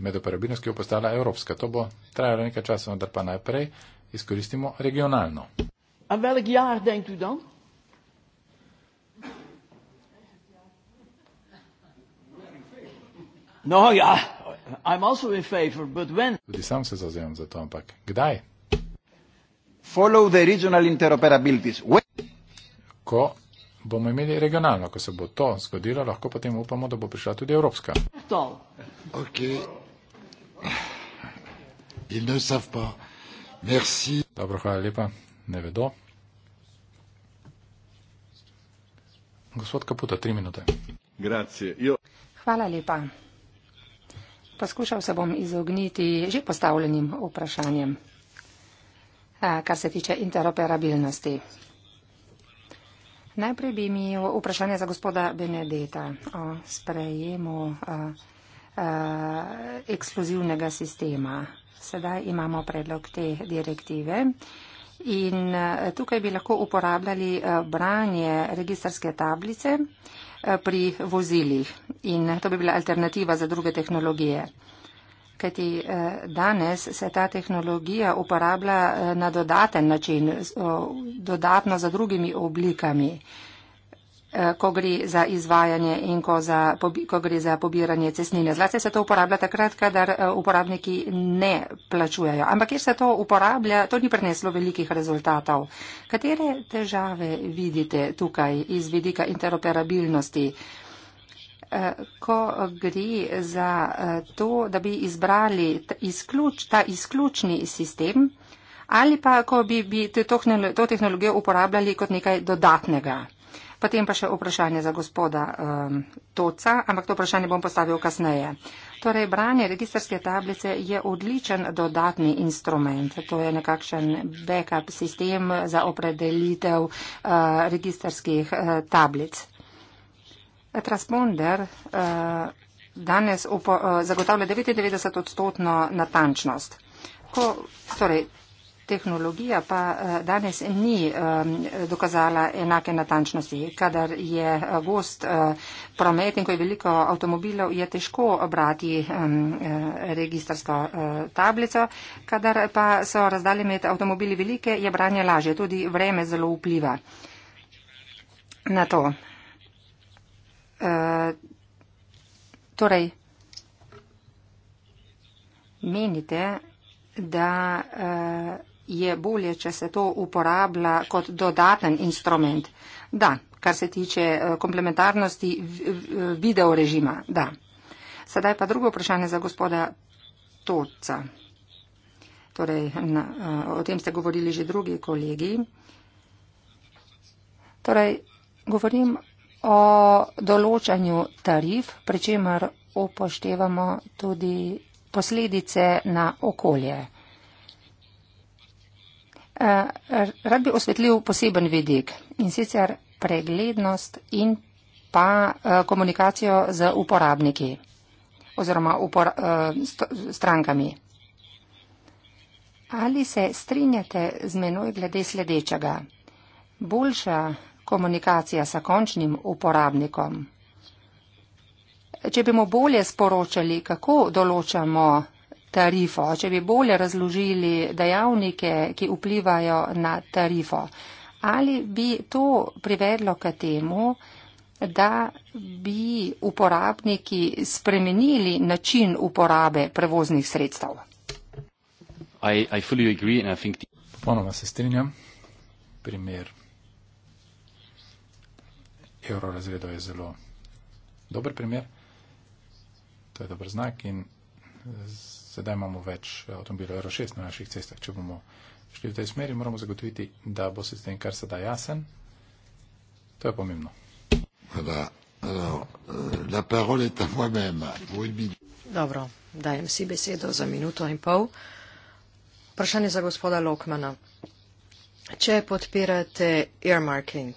medoperabilnost, ki bo postala evropska. To bo trajalo nekaj časa, vendar pa najprej izkoristimo regionalno. A velik jar, denk tu dan? No, ja, I'm also in favor, but when? Tudi sam se zauzemam za to, ampak kdaj? Follow the regional interoperabilities. When? Ko bomo imeli regionalno, ko se bo to zgodilo, lahko potem upamo, da bo prišla tudi evropska. To. Ok. Il ne sav pa. Merci. Dobro, hvala lepa. Ne vedo. Gospod Kaputa, tri minute. Grazie. Io... Hvala lepa. Poskušal se bom izogniti že postavljenim vprašanjem, kar se tiče interoperabilnosti. Najprej bi imel vprašanje za gospoda Benedeta o sprejemu a, a, ekskluzivnega sistema. Sedaj imamo predlog te direktive in a, tukaj bi lahko uporabljali a, branje registarske tablice. A, Eh, pri vozilih in to bi bila alternativa za druge tehnologije. Kajti eh, danes se ta tehnologija uporablja eh, na dodaten način, dodatno za drugimi oblikami. Eh, ko gre za izvajanje in ko, za, ko gre za pobiranje cestnine. Zlasti se to uporablja takrat, kadar eh, uporabniki ne plačujejo. Ampak kjer se to uporablja, to ni preneslo velikih rezultatov. Katere težave vidite tukaj iz vidika interoperabilnosti? Eh, ko gre za to, da bi izbrali ta, izključ, ta izključni sistem ali pa, ko bi, bi te, to, to tehnologijo uporabljali kot nekaj dodatnega. Potem pa še vprašanje za gospoda um, Toca, ampak to vprašanje bom postavil kasneje. Torej, branje registerske tablice je odličen dodatni instrument. To je nekakšen backup sistem za opredelitev uh, eh, registerskih uh, eh, tablic. Transponder. Uh, danes upo, zagotavlja 99-odstotno natančnost. Ko, torej, tehnologija pa eh, danes ni ehm, dokazala enake natančnosti. Kadar je eh, gost eh, promet in ko je veliko avtomobilov, je težko obrati ehm, registarsko tablico. Kadar pa so razdalje med avtomobili velike, je branje lažje. Tudi vreme zelo vpliva na to. Torej, menite, da uh, je bolje, če se to uporablja kot dodaten instrument. Da, kar se tiče eh, komplementarnosti video režima. Da. Sedaj pa drugo vprašanje za gospoda Toca. Torej, na, eh, o tem ste govorili že drugi kolegi. Torej, govorim o določanju tarif, pri čemer upoštevamo tudi posledice na okolje. Eh, rad bi osvetlil poseben vidik in sicer preglednost in pa eh, komunikacijo z uporabniki oziroma upor, eh, strankami. Ali se strinjate z menoj glede sledečega? Boljša komunikacija sa končnim uporabnikom. Če bi mu bolje sporočali, kako določamo tarifo, če bi bolje razložili dejavnike, ki vplivajo na tarifo, ali bi to privedlo k temu, da bi uporabniki spremenili način uporabe prevoznih sredstev. Ponovno se strinjam. Primer evrorazredov je zelo dober primer. To je dober znak in sedaj imamo več eh, avtomobilov Euro 6 na naših cestah. Če bomo šli v tej smeri, moramo zagotoviti, da bo sistem kar sedaj jasen. To je pomembno. Euh, Dobro, dajem si besedo za minuto in pol. Vprašanje za gospoda Lokmana. Če podpirate earmarking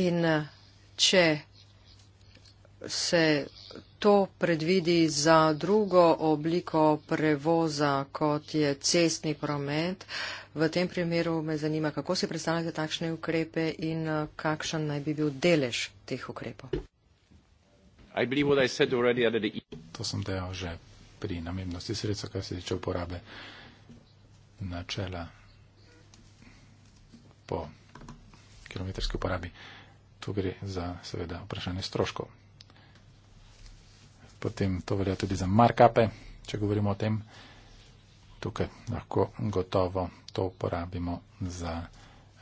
in eh, če se to predvidi za drugo obliko prevoza, kot je cestni promet. V tem primeru me zanima, kako si predstavljate takšne ukrepe in eh, kakšen naj bi bil delež teh ukrepov. E- to sem dejal že pri namembnosti sredstva, kar se tiče uporabe načela po kilometrski uporabi. Tu gre za seveda vprašanje stroškov. Potem to velja tudi za markape, če govorimo o tem. Tukaj lahko gotovo to uporabimo za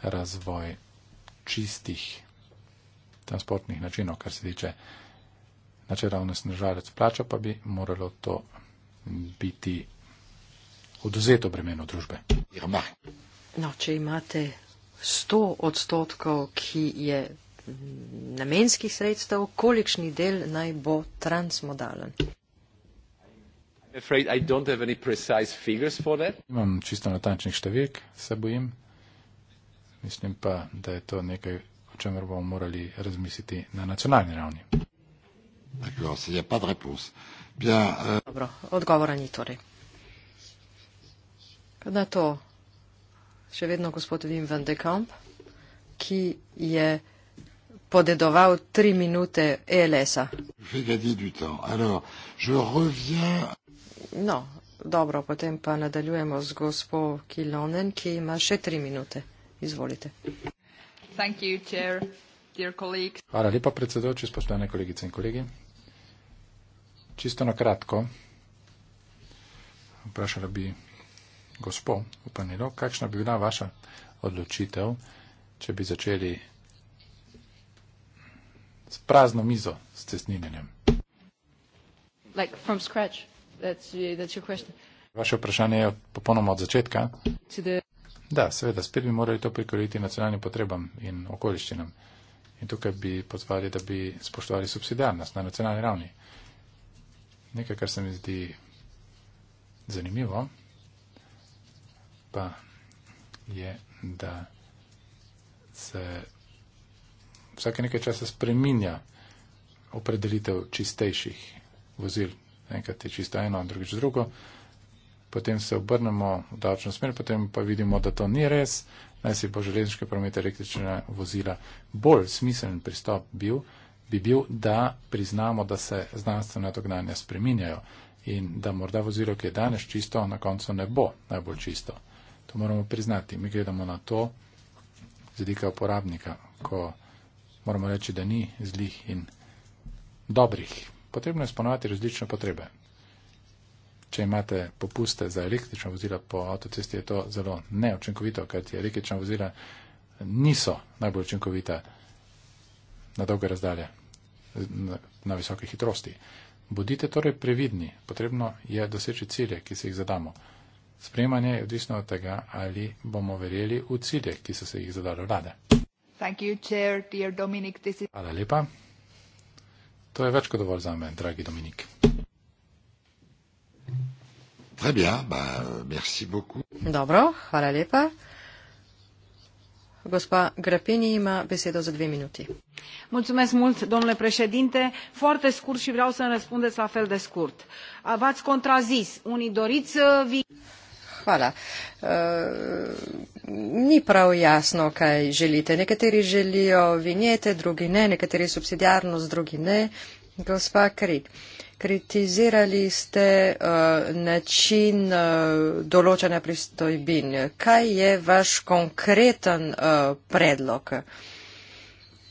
razvoj čistih transportnih načinov, kar se tiče načelavno snežalec plača, pa bi moralo to biti oduzeto bremeno družbe. No, če imate 100 odstotkov, ki je namenskih sredstev, kolikšni del naj bo transmodalen. Imam čisto natančnih številk, se bojim. Mislim pa, da je to nekaj, o čemer bomo morali razmisliti na nacionalni ravni. Euh, Dobro, odgovora ni torej. Na to še vedno gospod Wim van de Kamp, ki je podedoval tri minute ELS-a. Reviens... No, dobro, potem pa nadaljujemo z gospo Kilonen, ki ima še tri minute. Izvolite. You, chair, Hvala lepa, predsedoči, spoštovane kolegice in kolegi. Čisto na kratko, vprašala bi gospo v panelu, kakšna bi bila vaša odločitev, če bi začeli s prazno mizo, s cestninjenjem. Like from scratch, that's, uh, that's your question. Vaše vprašanje je popolnoma od začetka. The... Da, seveda, spet bi morali to prikoriti nacionalnim potrebam in okoliščinam. In tukaj bi pozvali, da bi spoštovali subsidijarnost na nacionalni ravni. Nekaj, kar se mi zdi zanimivo, pa je, da se vsake nekaj časa spreminja opredelitev čistejših vozil. Enkrat je čisto eno, drugič drugo. Potem se obrnemo v davčno smer, potem pa vidimo, da to ni res. Naj si bo železniške promete električne vozila bolj smiseln pristop bil, bi bil, da priznamo, da se znanstvene dognanja spreminjajo in da morda vozilo, ki je danes čisto, na koncu ne bo najbolj čisto. To moramo priznati. Mi gledamo na to z vidika uporabnika, ko moramo reči, da ni zlih in dobrih. Potrebno je spoznati različne potrebe. Če imate popuste za električna vozila po avtocesti, je to zelo neučinkovito, ker ti električna vozila niso najbolj učinkovita na dolge razdalje, na visoke hitrosti. Bodite torej previdni, potrebno je doseči cilje, ki se jih zadamo. Sprejemanje je odvisno od tega, ali bomo verjeli v cilje, ki so se jih zadali vlade. Hvala lepa. To je več kot dovolj za me, dragi Dominik. Dobro, hvala lepa. Gospa Grapini ima besedo za dve minuti. Mulțumesc mult, domnule președinte. Foarte scurt și vreau să ne răspundeți la fel de scurt. V-ați contrazis. Unii doriți să vi... Hvala. Uh ni prav jasno, kaj želite. Nekateri želijo vinjete, drugi ne, nekateri subsidijarnost, drugi ne. Gospa Krik, kritizirali ste uh, način uh, določanja pristojbin. Kaj je vaš konkreten uh, predlog? Uh,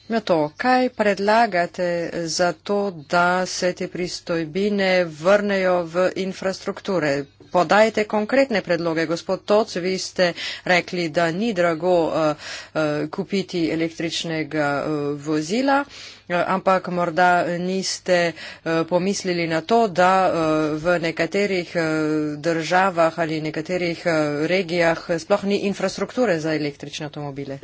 Na to, kaj predlagate za to, da se te pristojbine vrnejo v infrastrukture? Podajte konkretne predloge. Gospod Toc, vi ste rekli, da ni drago uh, uh, kupiti električnega uh, vozila, uh, ampak morda niste uh, pomislili na to, da uh, v nekaterih uh, državah ali nekaterih uh, regijah sploh ni infrastrukture za električne avtomobile.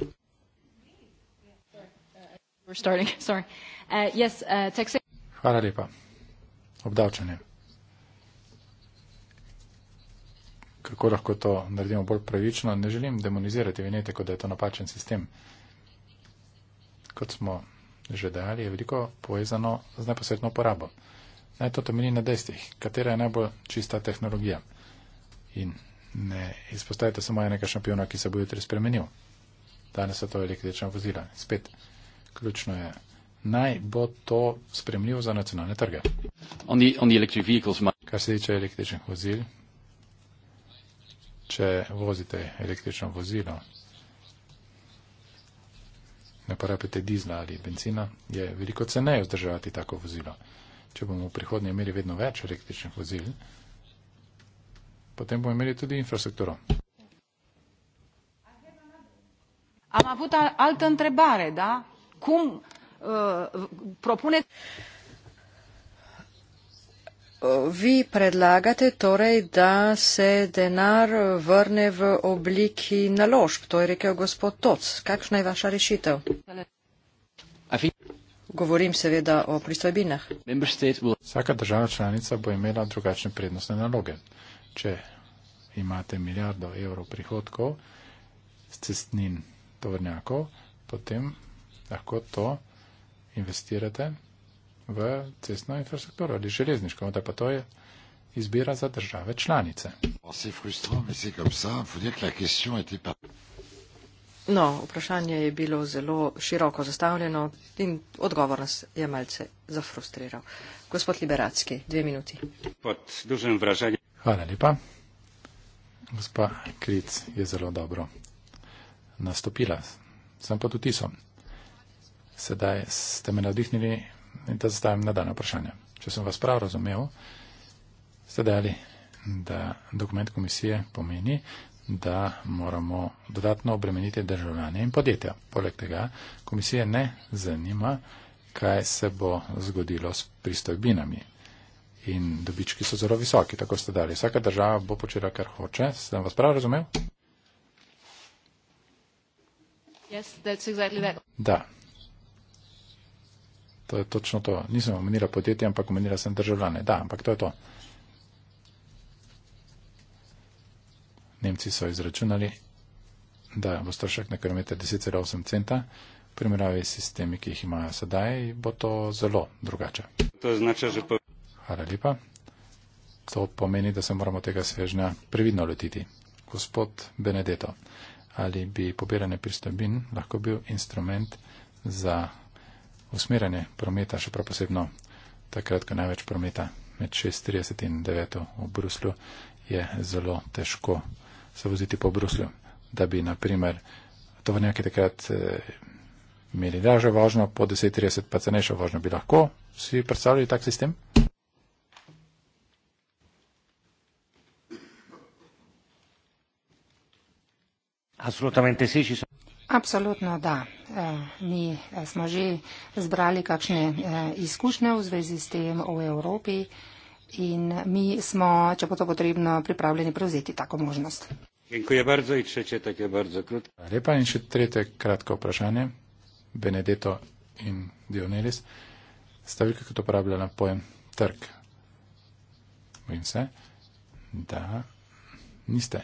We're starting, sorry. Uh, yes, uh, taxation. Hvala lepa. Obdavčenje. Kako lahko to naredimo bolj pravično? Ne želim demonizirati vinete, kot da je to napačen sistem. Kot smo že dejali, je veliko povezano z neposredno uporabo. Naj to temelji na dejstvih, katera je najbolj čista tehnologija. In ne izpostavite samo enega šampiona, ki se bo jutri spremenil. Danes so to električna vozila. Spet ključno je, naj bo to spremljivo za nacionalne trge. On the, on the Kar se tiče električnih vozil, če vozite električno vozilo, ne porabite dizla ali benzina, je veliko ceneje vzdrževati tako vozilo. Če bomo v prihodnje imeli vedno več električnih vozil, potem bomo imeli tudi infrastrukturo. Ampak bo ta alten trebare, da? cum uh, propuneți. Vi predlagate torej, da se denar vrne v obliki naložb, to je rekel gospod Toc. Kakšna je vaša rešitev? Govorim seveda o pristojbinah. Vsaka država članica bo imela drugačne prednostne naloge. Če imate milijardo evrov prihodkov z cestnin tovrnjakov, potem lahko to investirate v cestno infrastrukturo ali železniško, da pa to je izbira za države članice. Oh, no, vprašanje je bilo zelo široko zastavljeno in odgovor nas je malce zafrustriral. Gospod Liberacki, dve minuti. Hvala lepa. Gospa Kric je zelo dobro nastopila. Sem pod vtisom sedaj ste me navdihnili in da zastavim nadaljne vprašanja. Če sem vas prav razumel, ste dali, da dokument komisije pomeni, da moramo dodatno obremeniti državljane in podjetja. Poleg tega komisije ne zanima, kaj se bo zgodilo s pristojbinami. In dobički so zelo visoki, tako ste dali. Vsaka država bo počela, kar hoče. Sem vas prav razumel? Yes, exactly da to je točno to. Nisem omenila podjetja, ampak omenila sem državljane. Da, ampak to je to. Nemci so izračunali, da bo strošek na kilometr 10,8 centa. V primerjavi s temi, ki jih imajo sedaj, bo to zelo drugače. To znači, že po... Hvala lepa. To pomeni, da se moramo tega svežnja previdno lotiti. Gospod Benedetto, ali bi pobiranje pristojbin lahko bil instrument za usmerjanje prometa, še prav posebno takrat, ko največ prometa med 6.30 in 9. v Bruslju, je zelo težko se voziti po Bruslju, da bi, naprimer, to v nekaj takrat eh, imeli dražjo vožnjo, po 10.30 pa cenejšo vožnjo bi lahko. Vsi predstavljali tak sistem? Absolutamente sì, ci sono. Absolutno da. E, mi e, smo že zbrali kakšne e, izkušnje v zvezi s tem v Evropi in mi smo, če bo to potrebno, pripravljeni prevzeti tako možnost. Lepa in še tretje kratko vprašanje. Benedetto in Dionelis. Ste vi, kako to uporabljala pojem trg? Bojim se, da niste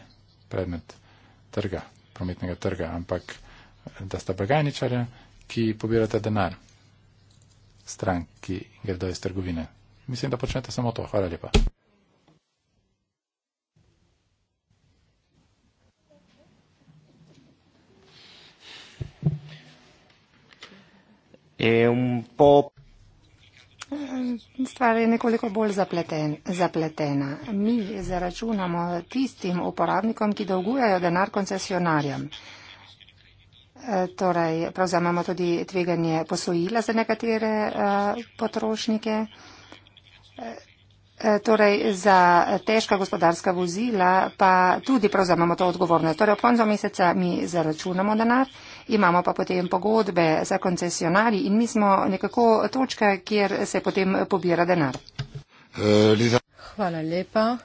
predmet trga, prometnega trga, ampak da sta blagajničarja, ki pobirata denar strank, ki gredo iz trgovine. Mislim, da počnete samo to. Hvala lepa. Stvar je nekoliko bolj zapleten, zapletena. Mi zaračunamo tistim uporabnikom, ki dolgujejo denar koncesionarjem torej pravzaprav imamo tudi tveganje posojila za nekatere eh, potrošnike. Eh, torej, za težka gospodarska vozila pa tudi pravzaprav imamo to odgovornost. Torej, ob koncu meseca mi zaračunamo denar, imamo pa potem pogodbe za koncesionarji in mi smo nekako točka, kjer se potem pobira denar. Eh, Hvala lepa.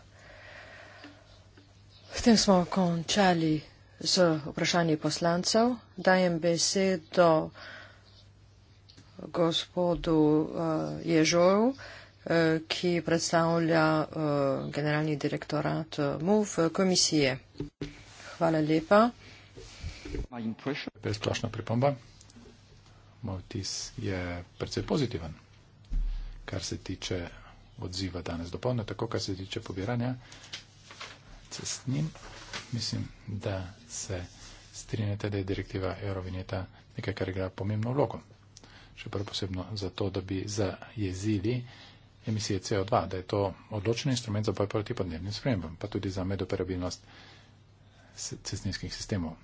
S tem smo končali z vprašanji poslancev. Dajem besedo gospodu uh, eh, Ježov, uh, eh, ki predstavlja uh, generalni direktorat uh, MUV komisije. Hvala lepa. Besplašna pripomba. Moj vtis je predvsej pozitiven, kar se tiče odziva danes do polne, tako kar se tiče pobiranja cestnin mislim, da se strinjate, da je direktiva Eurovineta nekaj, kar igra pomembno vlogo. Še prav posebno zato, da bi zajezili emisije CO2, da je to odločen instrument za boj proti podnebnim spremembam, pa tudi za medoperabilnost cestninskih sistemov.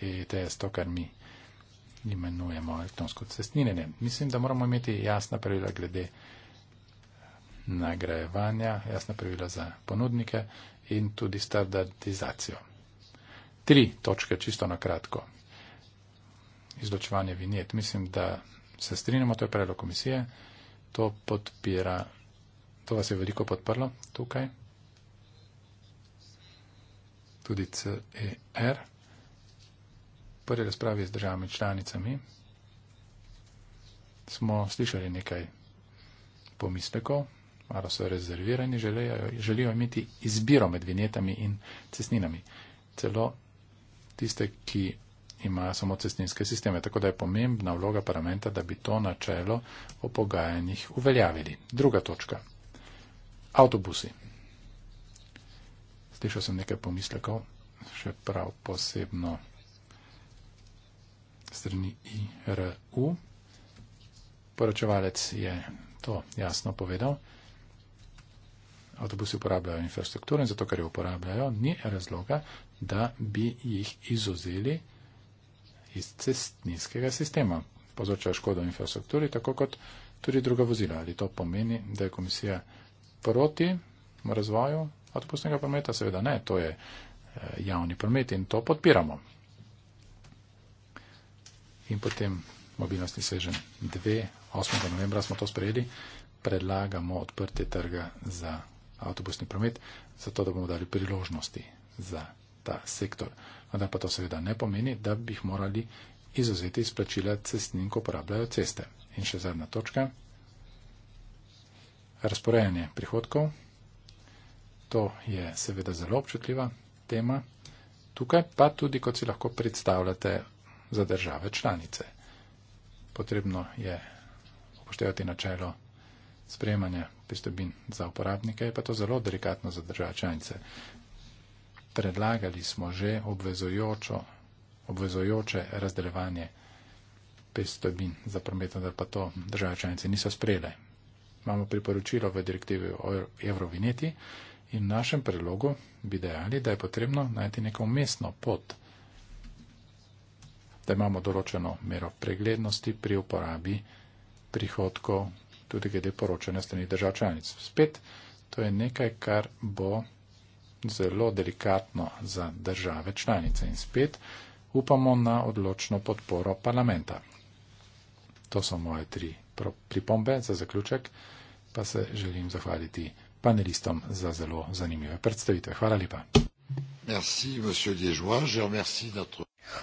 ETS, to, kar mi imenujemo elektronsko cestninjenje. Mislim, da moramo imeti jasna pravila glede nagrajevanja, jasna pravila za ponudnike, in tudi standardizacijo. Tri točke čisto na kratko. Izločevanje vinjet. Mislim, da se strinjamo, to je predlog komisije. To podpira, to vas je veliko podprlo tukaj. Tudi CER. Prvi razpravi z državami članicami smo slišali nekaj pomislekov, ali so rezervirani, želejo, želijo imeti izbiro med vinjetami in cestninami. Celo tiste, ki imajo samo cestninske sisteme. Tako da je pomembna vloga parlamenta, da bi to načelo o pogajanjih uveljavili. Druga točka. Avtobusi. Slišal sem nekaj pomislekov, še prav posebno strani IRU. Poročevalec je to jasno povedal avtobusi uporabljajo infrastrukturo in zato, ker jo uporabljajo, ni razloga, da bi jih izuzeli iz cestninskega sistema. Pozročajo škodo infrastrukturi, tako kot tudi druga vozila. Ali to pomeni, da je komisija proti razvoju avtobusnega prometa? Seveda ne, to je eh, javni promet in to podpiramo. In potem mobilnostni sežen 2, 8. novembra smo to sprejeli, predlagamo odprte trga za avtobusni promet, zato da bomo dali priložnosti za ta sektor. Vendar pa to seveda ne pomeni, da bi jih morali izuzeti iz plačila cestnin, ko uporabljajo ceste. In še zadnja točka. Razporejanje prihodkov. To je seveda zelo občutljiva tema. Tukaj pa tudi, kot si lahko predstavljate, za države članice. Potrebno je upoštevati načelo sprejemanja pristojbin za uporabnike, je pa to zelo delikatno za državčanice. Predlagali smo že obvezojoče razdelevanje pristojbin za prometno, da pa to državčanice niso sprejele. Imamo priporočilo v direktivi o evrovineti in v našem predlogu bi dejali, da je potrebno najti neko umestno pot, da imamo določeno mero preglednosti pri uporabi prihodkov tudi glede poročanja strani držav članic. Spet, to je nekaj, kar bo zelo delikatno za države članice in spet upamo na odločno podporo parlamenta. To so moje tri pripombe za zaključek, pa se želim zahvaliti panelistom za zelo zanimive predstavitve. Hvala lepa. Merci,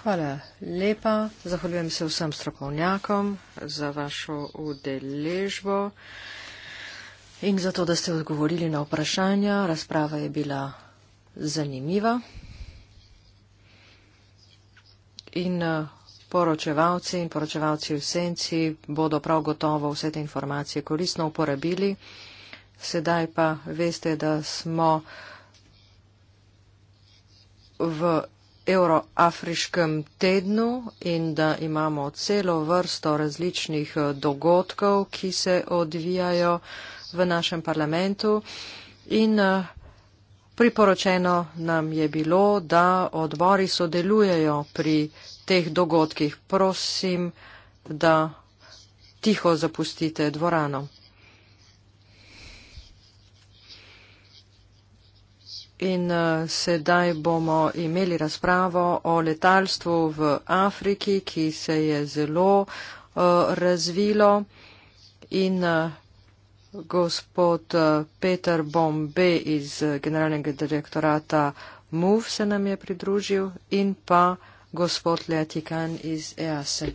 Hvala lepa. Zahvaljujem se vsem strokovnjakom za vašo udeležbo in za to, da ste odgovorili na vprašanja. Razprava je bila zanimiva. In eh, poročevalci in poročevalci v senci bodo prav gotovo vse te informacije koristno uporabili. Sedaj pa veste, da smo v Euroafriškem tednu in da imamo celo vrsto različnih eh, dogodkov, ki se odvijajo v našem parlamentu. In eh, priporočeno nam je bilo, da odbori sodelujejo pri teh dogodkih. Prosim, da tiho zapustite dvorano. In eh, sedaj bomo imeli razpravo o letalstvu v Afriki, ki se je zelo uh, razvilo. In uh, gospod uh, Peter Bombe iz generalnega direktorata MUV se nam je pridružil in pa gospod Leatikan iz EASE.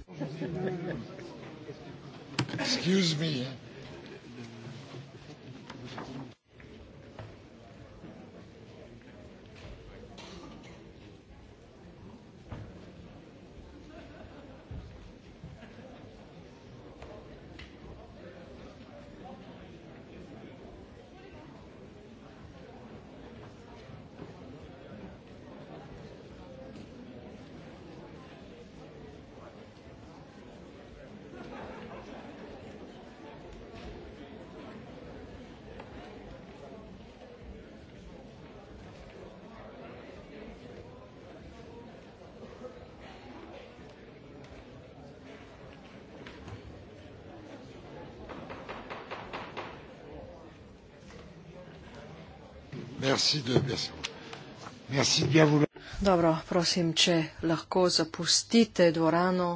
Dobro, prosim, če lahko zapustite dvorano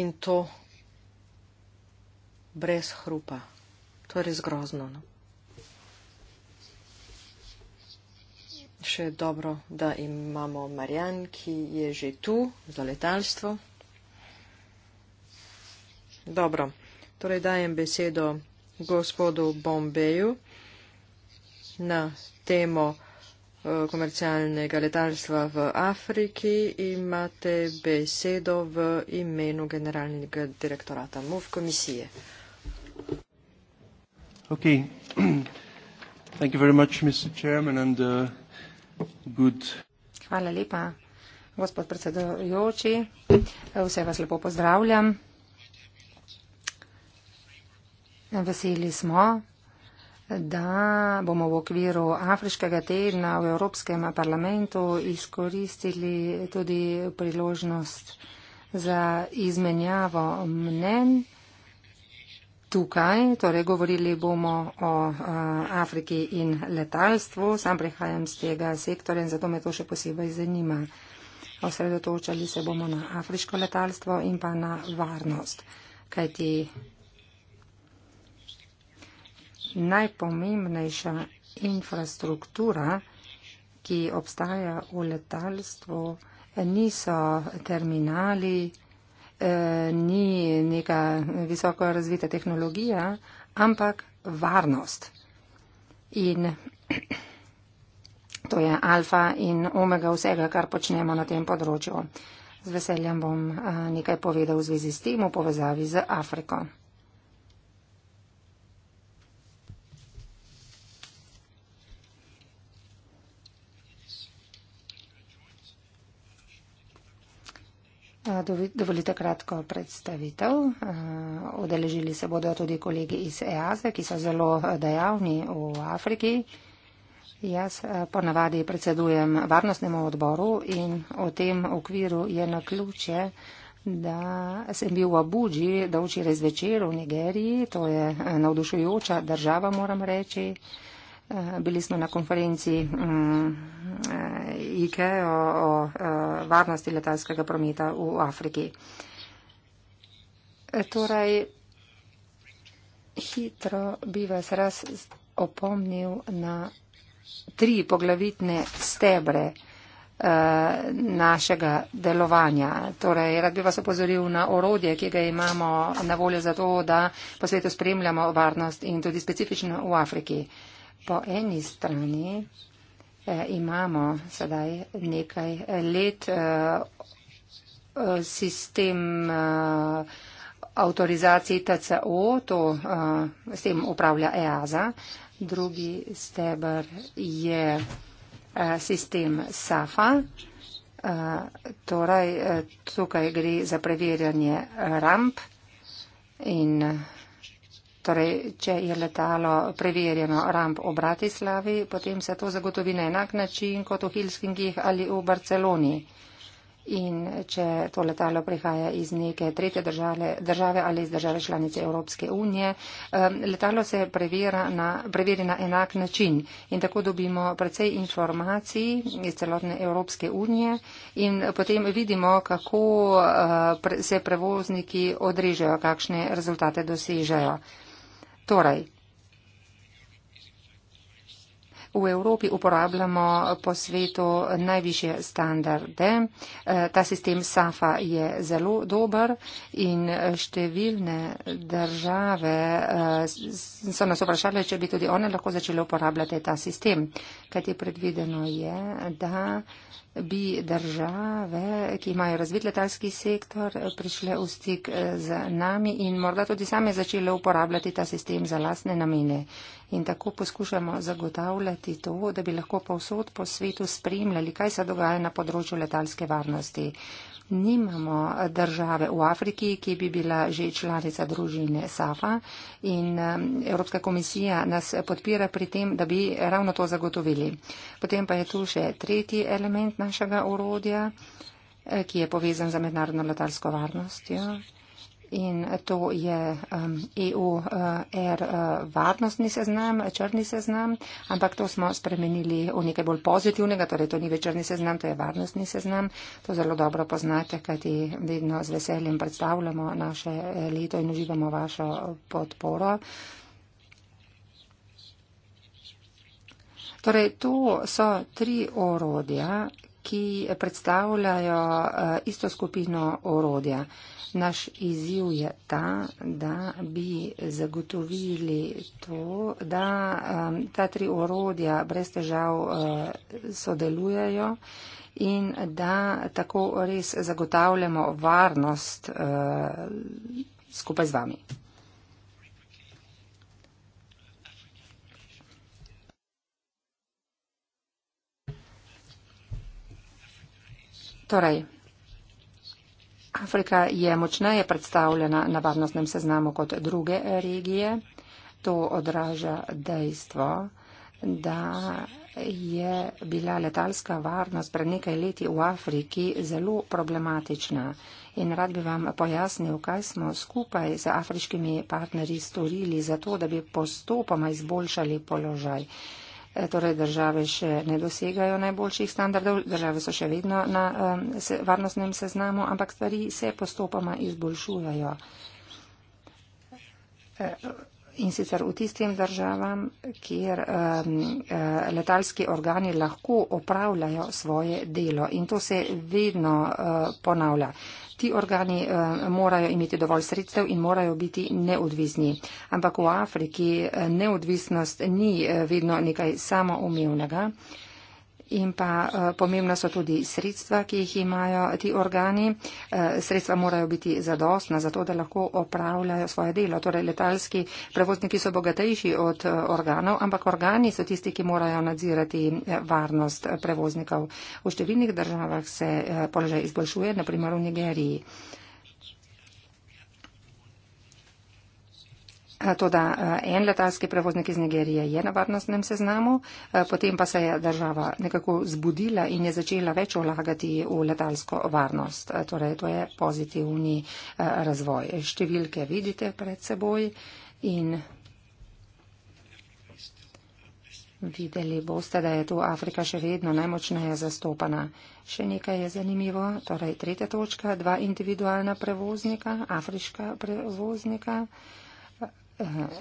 in to brez hrupa. To je res grozno. No? Še dobro, da imamo Marjan, ki je že tu za letalstvo. Dobro, torej dajem besedo gospodu Bombeju na temo eh, komercialnega letalstva v Afriki, imate besedo v imenu generalnega direktorata MUF komisije. Ok. Thank you very much, Mr. Chairman, and uh, good. Hvala lepa, gospod predsedujoči. Vse vas lepo pozdravljam. Veseli smo, da bomo v okviru Afriškega tedna v Evropskem parlamentu izkoristili tudi priložnost za izmenjavo mnen tukaj. Torej, govorili bomo o Afriki in letalstvu. Sam prihajam z tega sektorja in zato me to še posebej zanima. Osredotočali se bomo na afriško letalstvo in pa na varnost. Kajti najpomembnejša infrastruktura, ki obstaja v letalstvu, niso terminali, eh, ni neka visoko razvita tehnologija, ampak varnost. In to je alfa in omega vsega, kar počnemo na tem področju. Z veseljem bom eh, nekaj povedal v zvezi s tem v povezavi z Afriko. Dovolite kratko predstavitev. Odeležili se bodo tudi kolegi iz EASE, e, ki so zelo dejavni v Afriki. Jaz ponavadi predsedujem varnostnemu odboru in v tem okviru je na ključe, da sem bil v Abuđi, da včeraj zvečer v Nigeriji, to je navdušujoča država, moram reči. Eh, bili smo na konferenci mm, eh, IKE o, o eh, varnosti letalskega prometa v Afriki. Torej, hitro bi vas raz opomnil na tri poglavitne stebre našega delovanja. Torej, rad bi vas opozoril na orodje, ki ga imamo na voljo za to, da po svetu spremljamo varnost in tudi specifično v Afriki. Uh, po eni strani eh, imamo sedaj nekaj let eh, sistem eh, avtorizacije TCO, to eh, s tem upravlja EASA, drugi stebr je eh, sistem SAFA. Uh, eh, torej, eh, tukaj gre za preverjanje ramp in uh, Torej, če je letalo preverjeno ramp v Bratislavi, potem se to zagotovi na enak način kot v Hilskingih ali v Barceloni. In če to letalo prihaja iz neke tretje države, države ali iz države članice Evropske unije, letalo se na, preveri na enak način. In tako dobimo precej informacij iz celotne Evropske unije in potem vidimo, kako eh, se prevozniki odrežejo, kakšne rezultate dosežejo. Torej, v Evropi uporabljamo po svetu najviše standarde. Eh, ta sistem SAFA je zelo dober in številne države eh, so nas vprašale, če bi tudi one lahko začele uporabljati ta sistem. Kajti predvideno je, da bi države, ki imajo razvit letalski sektor, prišle v stik eh, z nami in morda tudi same začele uporabljati ta sistem za lasne namene. In tako poskušamo zagotavljati to, da bi lahko povsod po svetu spremljali, kaj se dogaja na področju letalske varnosti. Nimamo države v Afriki, ki bi bila že članica družine SAFA in um, Evropska komisija nas podpira pri tem, da bi ravno to zagotovili. Potem pa je tu še tretji element našega urodja, eh, ki je povezan za mednarodno letalsko varnostjo. Ja in to je um, EUR uh, uh, varnostni seznam, črni seznam, ampak to smo spremenili v nekaj bolj pozitivnega, torej to ni več črni seznam, to je varnostni seznam. To zelo dobro poznate, kajti vedno z veseljem predstavljamo naše eh, leto in uživamo vašo podporo. Torej, to so tri orodja, ki predstavljajo uh, isto skupino orodja. Uh, Naš izziv je ta, da bi zagotovili to, da um, ta tri orodja brez težav uh, sodelujejo in da tako res zagotavljamo varnost uh, skupaj z vami. Torej, Afrika je močneje predstavljena na varnostnem seznamu kot druge regije. To odraža dejstvo, da je bila letalska varnost pred nekaj leti v Afriki zelo problematična. In rad bi vam pojasnil, kaj smo skupaj z afriškimi partnerji storili za to, da bi postopoma izboljšali položaj. Eh, torej države še ne dosegajo najboljših standardov, države so še vedno na um, se, varnostnem seznamu, ampak stvari se postopoma izboljšujajo. Eh, in sicer v tistim državam, kjer um, letalski organi lahko opravljajo svoje delo. In to se vedno uh, ponavlja ti organi eh, morajo imeti dovolj sredstev in morajo biti neodvisni. Ampak v Afriki eh, neodvisnost ni eh, vedno nekaj samoumevnega in pa eh, pomembna so tudi sredstva, ki jih imajo ti organi. Eh, sredstva morajo biti zadostna za to, da lahko opravljajo svoje delo. Torej, letalski prevozniki so bogatejši od eh, organov, ampak organi so tisti, ki morajo nadzirati varnost prevoznikov. V številnih državah se položaj izboljšuje, naprimer v Nigeriji. Toda en letalski prevoznik iz Nigerije je na varnostnem seznamu, potem pa se je država nekako zbudila in je začela več vlagati v letalsko varnost. Torej, to je pozitivni razvoj. Številke vidite pred seboj in videli boste, da je tu Afrika še vedno najmočneje zastopana. Še nekaj je zanimivo, torej tretja točka, dva individualna prevoznika, afriška prevoznika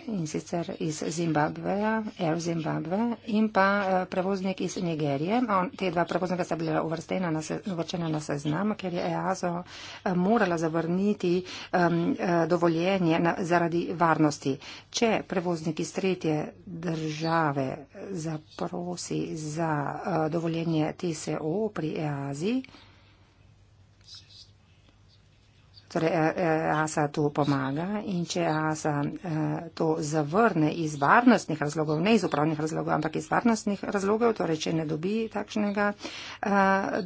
in sicer iz Zimbabveja, Air Zimbabve in pa eh, prevoznik iz Nigerije. On, te dva prevoznika sta bila uvrstena na, se, na seznam, ker je EASO eh, morala zavrniti um, dovoljenje na, zaradi varnosti. Če prevoznik iz tretje države zaprosi za uh, dovoljenje TSO pri EASI, Torej, e, e, Asa tu pomaga in če Asa e, to zavrne iz varnostnih razlogov, ne iz upravnih razlogov, ampak iz varnostnih razlogov, torej, če ne dobi takšnega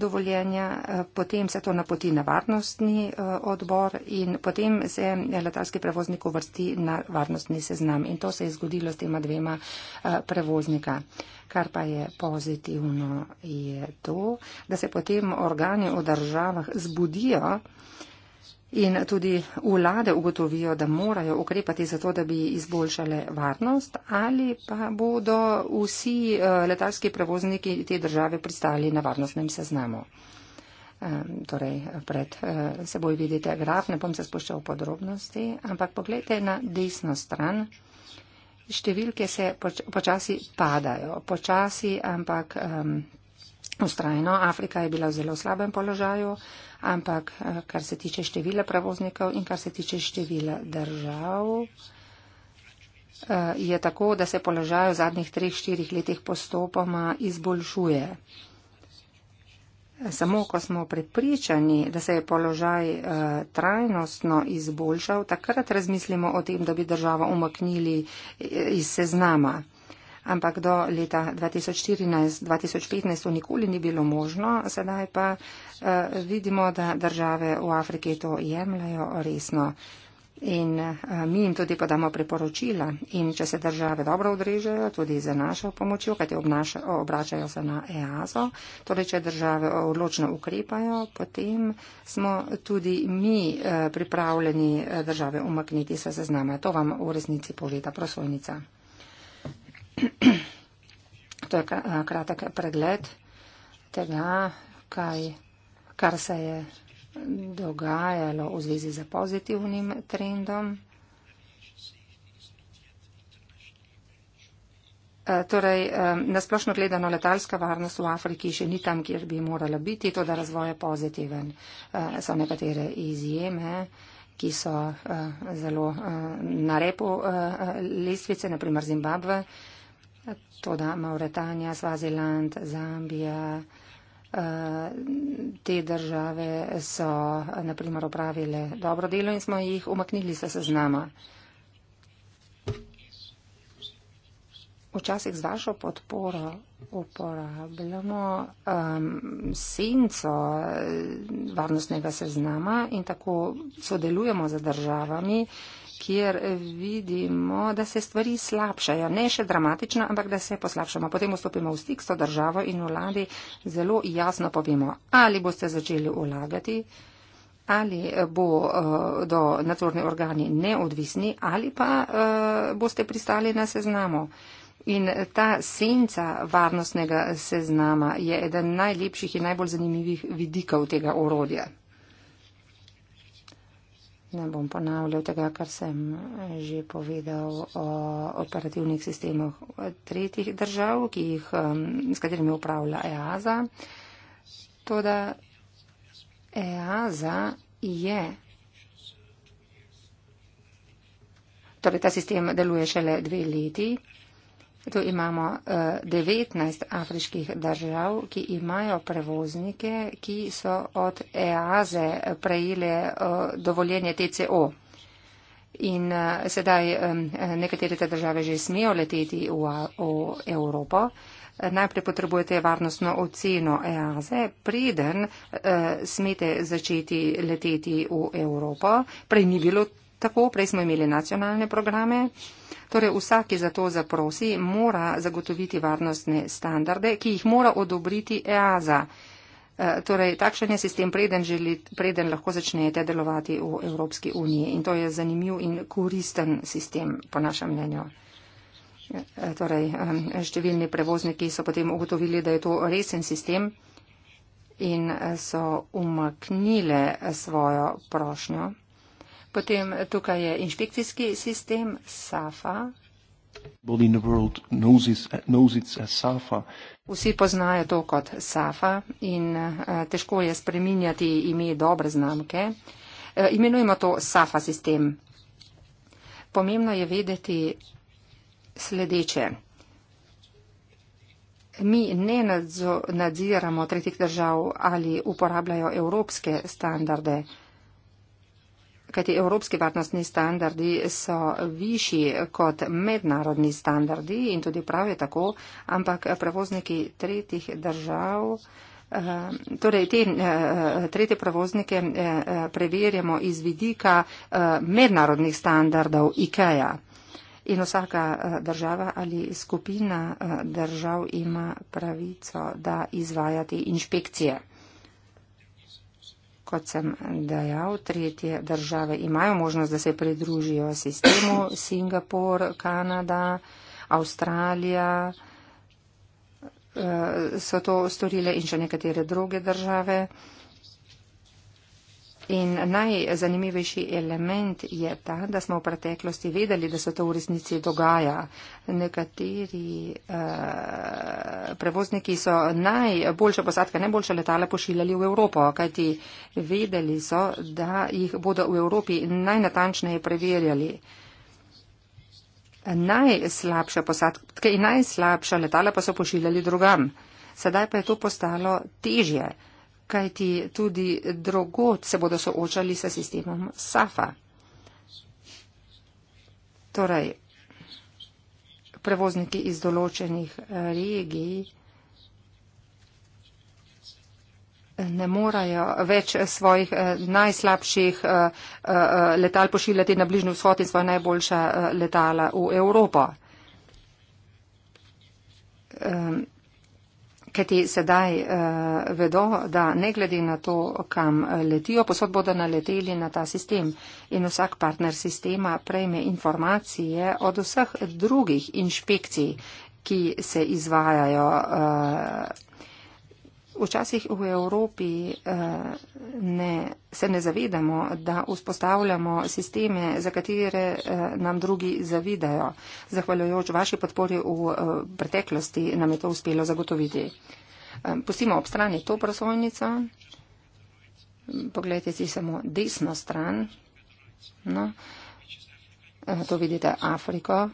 dovoljenja, potem se to napoti na varnostni odbor in potem se letalski prevoznik uvrsti na varnostni seznam. In to se je zgodilo s tema dvema prevoznika. Kar pa je pozitivno, je to, da se potem organi v državah zbudijo In tudi vlade ugotovijo, da morajo ukrepati zato, da bi izboljšale varnost, ali pa bodo vsi eh, letalski prevozniki te države pristali na varnostnem seznamu. Ehm, torej, pred eh, seboj vidite graf, ne bom se spuščal v podrobnosti, ampak pogledajte na desno stran. Številke se počasi padajo, počasi, ampak um, ustrajno. Afrika je bila v zelo slabem položaju, ampak eh, kar se tiče števila prevoznikov in kar se tiče števila držav, eh, je tako, da se položaj v zadnjih treh, štirih letih postopoma izboljšuje. Samo ko smo prepričani, da se je položaj eh, trajnostno izboljšal, takrat razmislimo o tem, da bi državo umaknili iz seznama ampak do leta 2014-2015 to nikoli ni bilo možno, sedaj pa uh, vidimo, da države v Afriki to jemljajo resno. In uh, mi jim tudi podamo priporočila in če se države dobro odrežejo, tudi za našo pomočjo, kajte obračajo se na EASO, torej če države odločno ukrepajo, potem smo tudi mi uh, pripravljeni države umakniti se zazname. To vam v resnici poveda prosojnica. To je eh, kratek pregled tega, kaj, kar se je dogajalo v zvezi z pozitivnim trendom. Eh, torej, eh, nasplošno gledano letalska varnost v Afriki še ni tam, kjer bi morala biti, to da razvoj je pozitiven. So nekatere izjeme, ki so zelo na repu lestvice, naprimer Zimbabve. Toda Mauretanija, Svaziland, Zambija, eh, te države so naprimer opravile dobro delo in smo jih umaknili se seznama. Včasih z vašo podporo uporabljamo um, senco eh, varnostnega seznama in tako sodelujemo z državami, uh, kjer vidimo, da se stvari slabšajo. Ne še dramatično, ampak da se poslabšamo. Potem vstopimo v stik s to državo in vladi zelo jasno povemo, ali boste začeli ulagati, ali bo uh, do nadzorni organi neodvisni, ali pa uh, boste pristali na seznamu. In ta senca varnostnega seznama je eden najlepših in najbolj zanimivih vidikov tega orodja. Ne bom ponavljal tega, kar sem že povedal o operativnih sistemih tretjih držav, jih, um, s katerimi upravlja EASA. Toda EASA je. Torej, ta sistem deluje šele dve leti. Tu imamo uh, eh, 19 afriških držav, ki imajo prevoznike, ki so od EAZE prejele uh, dovoljenje TCO. In uh, sedaj um, nekatere te države že smejo leteti v, v Evropo. Najprej potrebujete varnostno oceno EAZE, preden uh, smete začeti leteti v Evropo. Prej ni bilo tako, prej smo imeli nacionalne programe. Uh, Torej vsak, ki za to zaprosi, mora zagotoviti varnostne standarde, ki jih mora odobriti EASA. E, torej, takšen je sistem, preden, želi, preden lahko začnete delovati v Evropski uniji. In to je zanimiv in koristen sistem, po našem mnenju. E, torej, številni prevozniki so potem ugotovili, da je to resen sistem in e, so umaknile svojo prošnjo. Potem tukaj je inšpekcijski sistem SAFA. Vsi poznajo to kot SAFA in eh, težko je spreminjati ime dobre znamke. Eh, imenujemo to SAFA sistem. Pomembno je vedeti sledeče. Mi ne nadziramo tretjih držav ali uporabljajo evropske standarde kajti evropski varnostni standardi so višji kot mednarodni standardi in tudi prav je tako, ampak prevozniki tretjih držav. Eh, torej, te eh, eh, tretje prevoznike preverjamo iz vidika mednarodnih standardov IKEA. In vsaka država ali skupina držav ima pravico, da izvajati inšpekcije kot sem dejal, tretje države imajo možnost, da se pridružijo sistemu Singapur, Kanada, Avstralija. Eh, so to storile in še nekatere druge države. In najzanimivejši element je ta, da smo v preteklosti vedeli, da se to v resnici dogaja. Nekateri uh, prevozniki so najboljše posadke, najboljše letale pošiljali v Evropo, kajti vedeli so, da jih bodo v Evropi najnatančneje preverjali. Najslabše posadke in najslabša letala pa so pošiljali drugam. Sedaj pa je to postalo težje kajti tudi drugot se bodo soočali s sistemom SAFA. Torej, prevozniki iz določenih eh, regij ne morajo več eh, svojih eh, najslabših letal pošiljati na bližnji vzhod in svoje najboljša letala v Evropo. Ehm, Ker ti sedaj uh, vedo, da ne glede na to, kam eh, letijo, posod bodo naleteli na ta sistem in vsak partner sistema prejme informacije od vseh drugih inšpekcij, ki se izvajajo. Uh, Včasih v Evropi eh, ne, se ne zavedamo, da vzpostavljamo sisteme, za katere eh, nam drugi zavidajo. Zahvaljujoč vaši podpori v eh, preteklosti nam je to uspelo zagotoviti. Pustimo ob strani to prosojnico. Poglejte si samo desno stran. No. To vidite Afriko,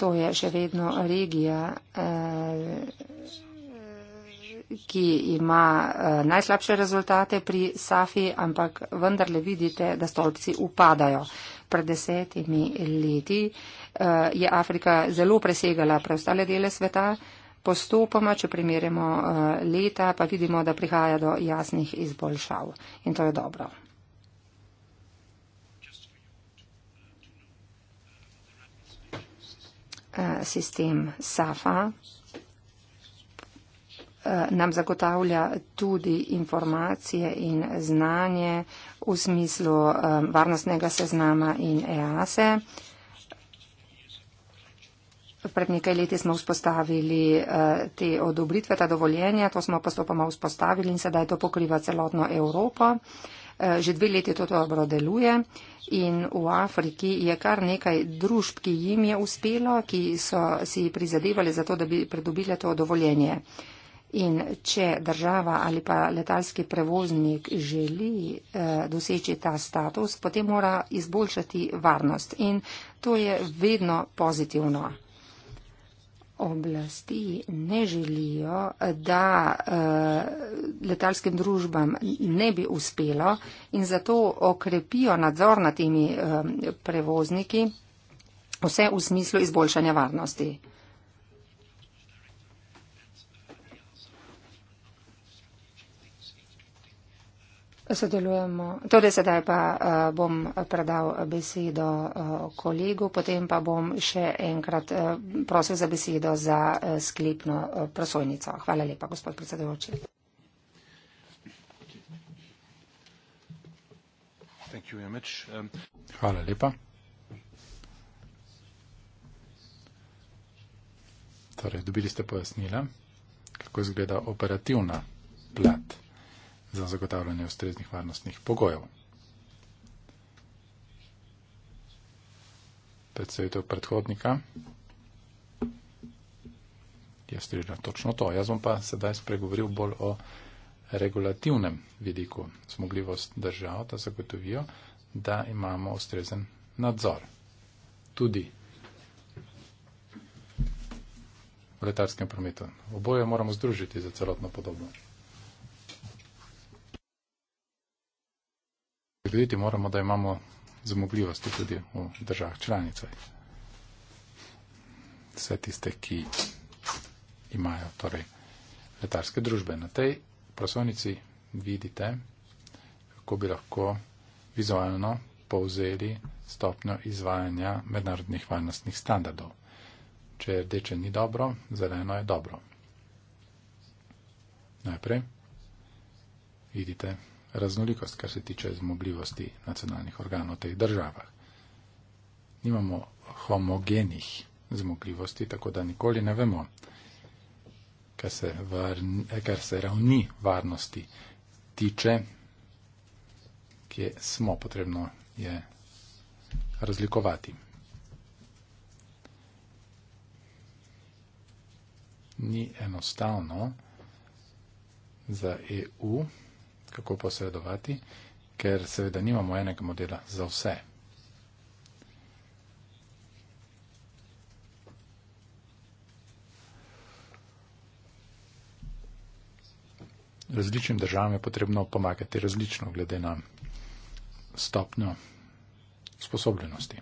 To je še vedno regija, eh, ki ima eh, najslabše rezultate pri Safi, ampak vendarle vidite, da stolpci upadajo. Pred desetimi leti eh, je Afrika zelo presegala preostale dele sveta. Postopoma, če primerjamo leta, pa vidimo, da prihaja do jasnih izboljšav. In to je dobro. Eh, sistem SAFA eh, nam zagotavlja tudi informacije in znanje v smislu eh, varnostnega seznama in EASE. E. Pred nekaj leti smo vzpostavili te odobritve, ta dovoljenja, to smo postopoma vzpostavili in sedaj to pokriva celotno Evropo. Že dve leti to dobro deluje. In v Afriki je kar nekaj družb, ki jim je uspelo, ki so si prizadevali za to, da bi predobile to dovoljenje. In če država ali pa letalski prevoznik želi eh, doseči ta status, potem mora izboljšati varnost. In to je vedno pozitivno oblasti ne želijo, da eh, letalskim družbam ne bi uspelo in zato okrepijo nadzor nad temi eh, prevozniki, vse v smislu izboljšanja varnosti. Sodelujemo. Torej, sedaj pa uh, bom predal besedo uh, kolegu, potem pa bom še enkrat uh, prosil za besedo za uh, sklepno uh, prosojnico. Hvala lepa, gospod predsedujoči. Um, Hvala lepa. Torej, dobili ste pojasnila, kako izgleda operativna plat za zagotavljanje ustreznih varnostnih pogojev. Predstavitev predhodnika je storila točno to. Jaz bom pa sedaj spregovoril bolj o regulativnem vidiku zmogljivost držav, da zagotovijo, da imamo ustrezen nadzor. Tudi v letarskem prometu. Oboje moramo združiti za celotno podobo. Videti moramo, da imamo zmogljivosti tudi v državah članicah. Vse tiste, ki imajo torej, letarske družbe. Na tej prosovnici vidite, kako bi lahko vizualno povzeli stopnjo izvajanja mednarodnih varnostnih standardov. Če je rdeče ni dobro, zeleno je dobro. Najprej vidite raznolikost, kar se tiče zmogljivosti nacionalnih organov v teh državah. Nimamo homogenih zmogljivosti, tako da nikoli ne vemo, kar se, varne, eh, kar se ravni varnosti tiče, kje smo potrebno je razlikovati. Ni enostavno za EU kako posredovati, ker seveda nimamo enega modela za vse. Različnim državam je potrebno pomagati različno glede na stopnjo sposobnosti.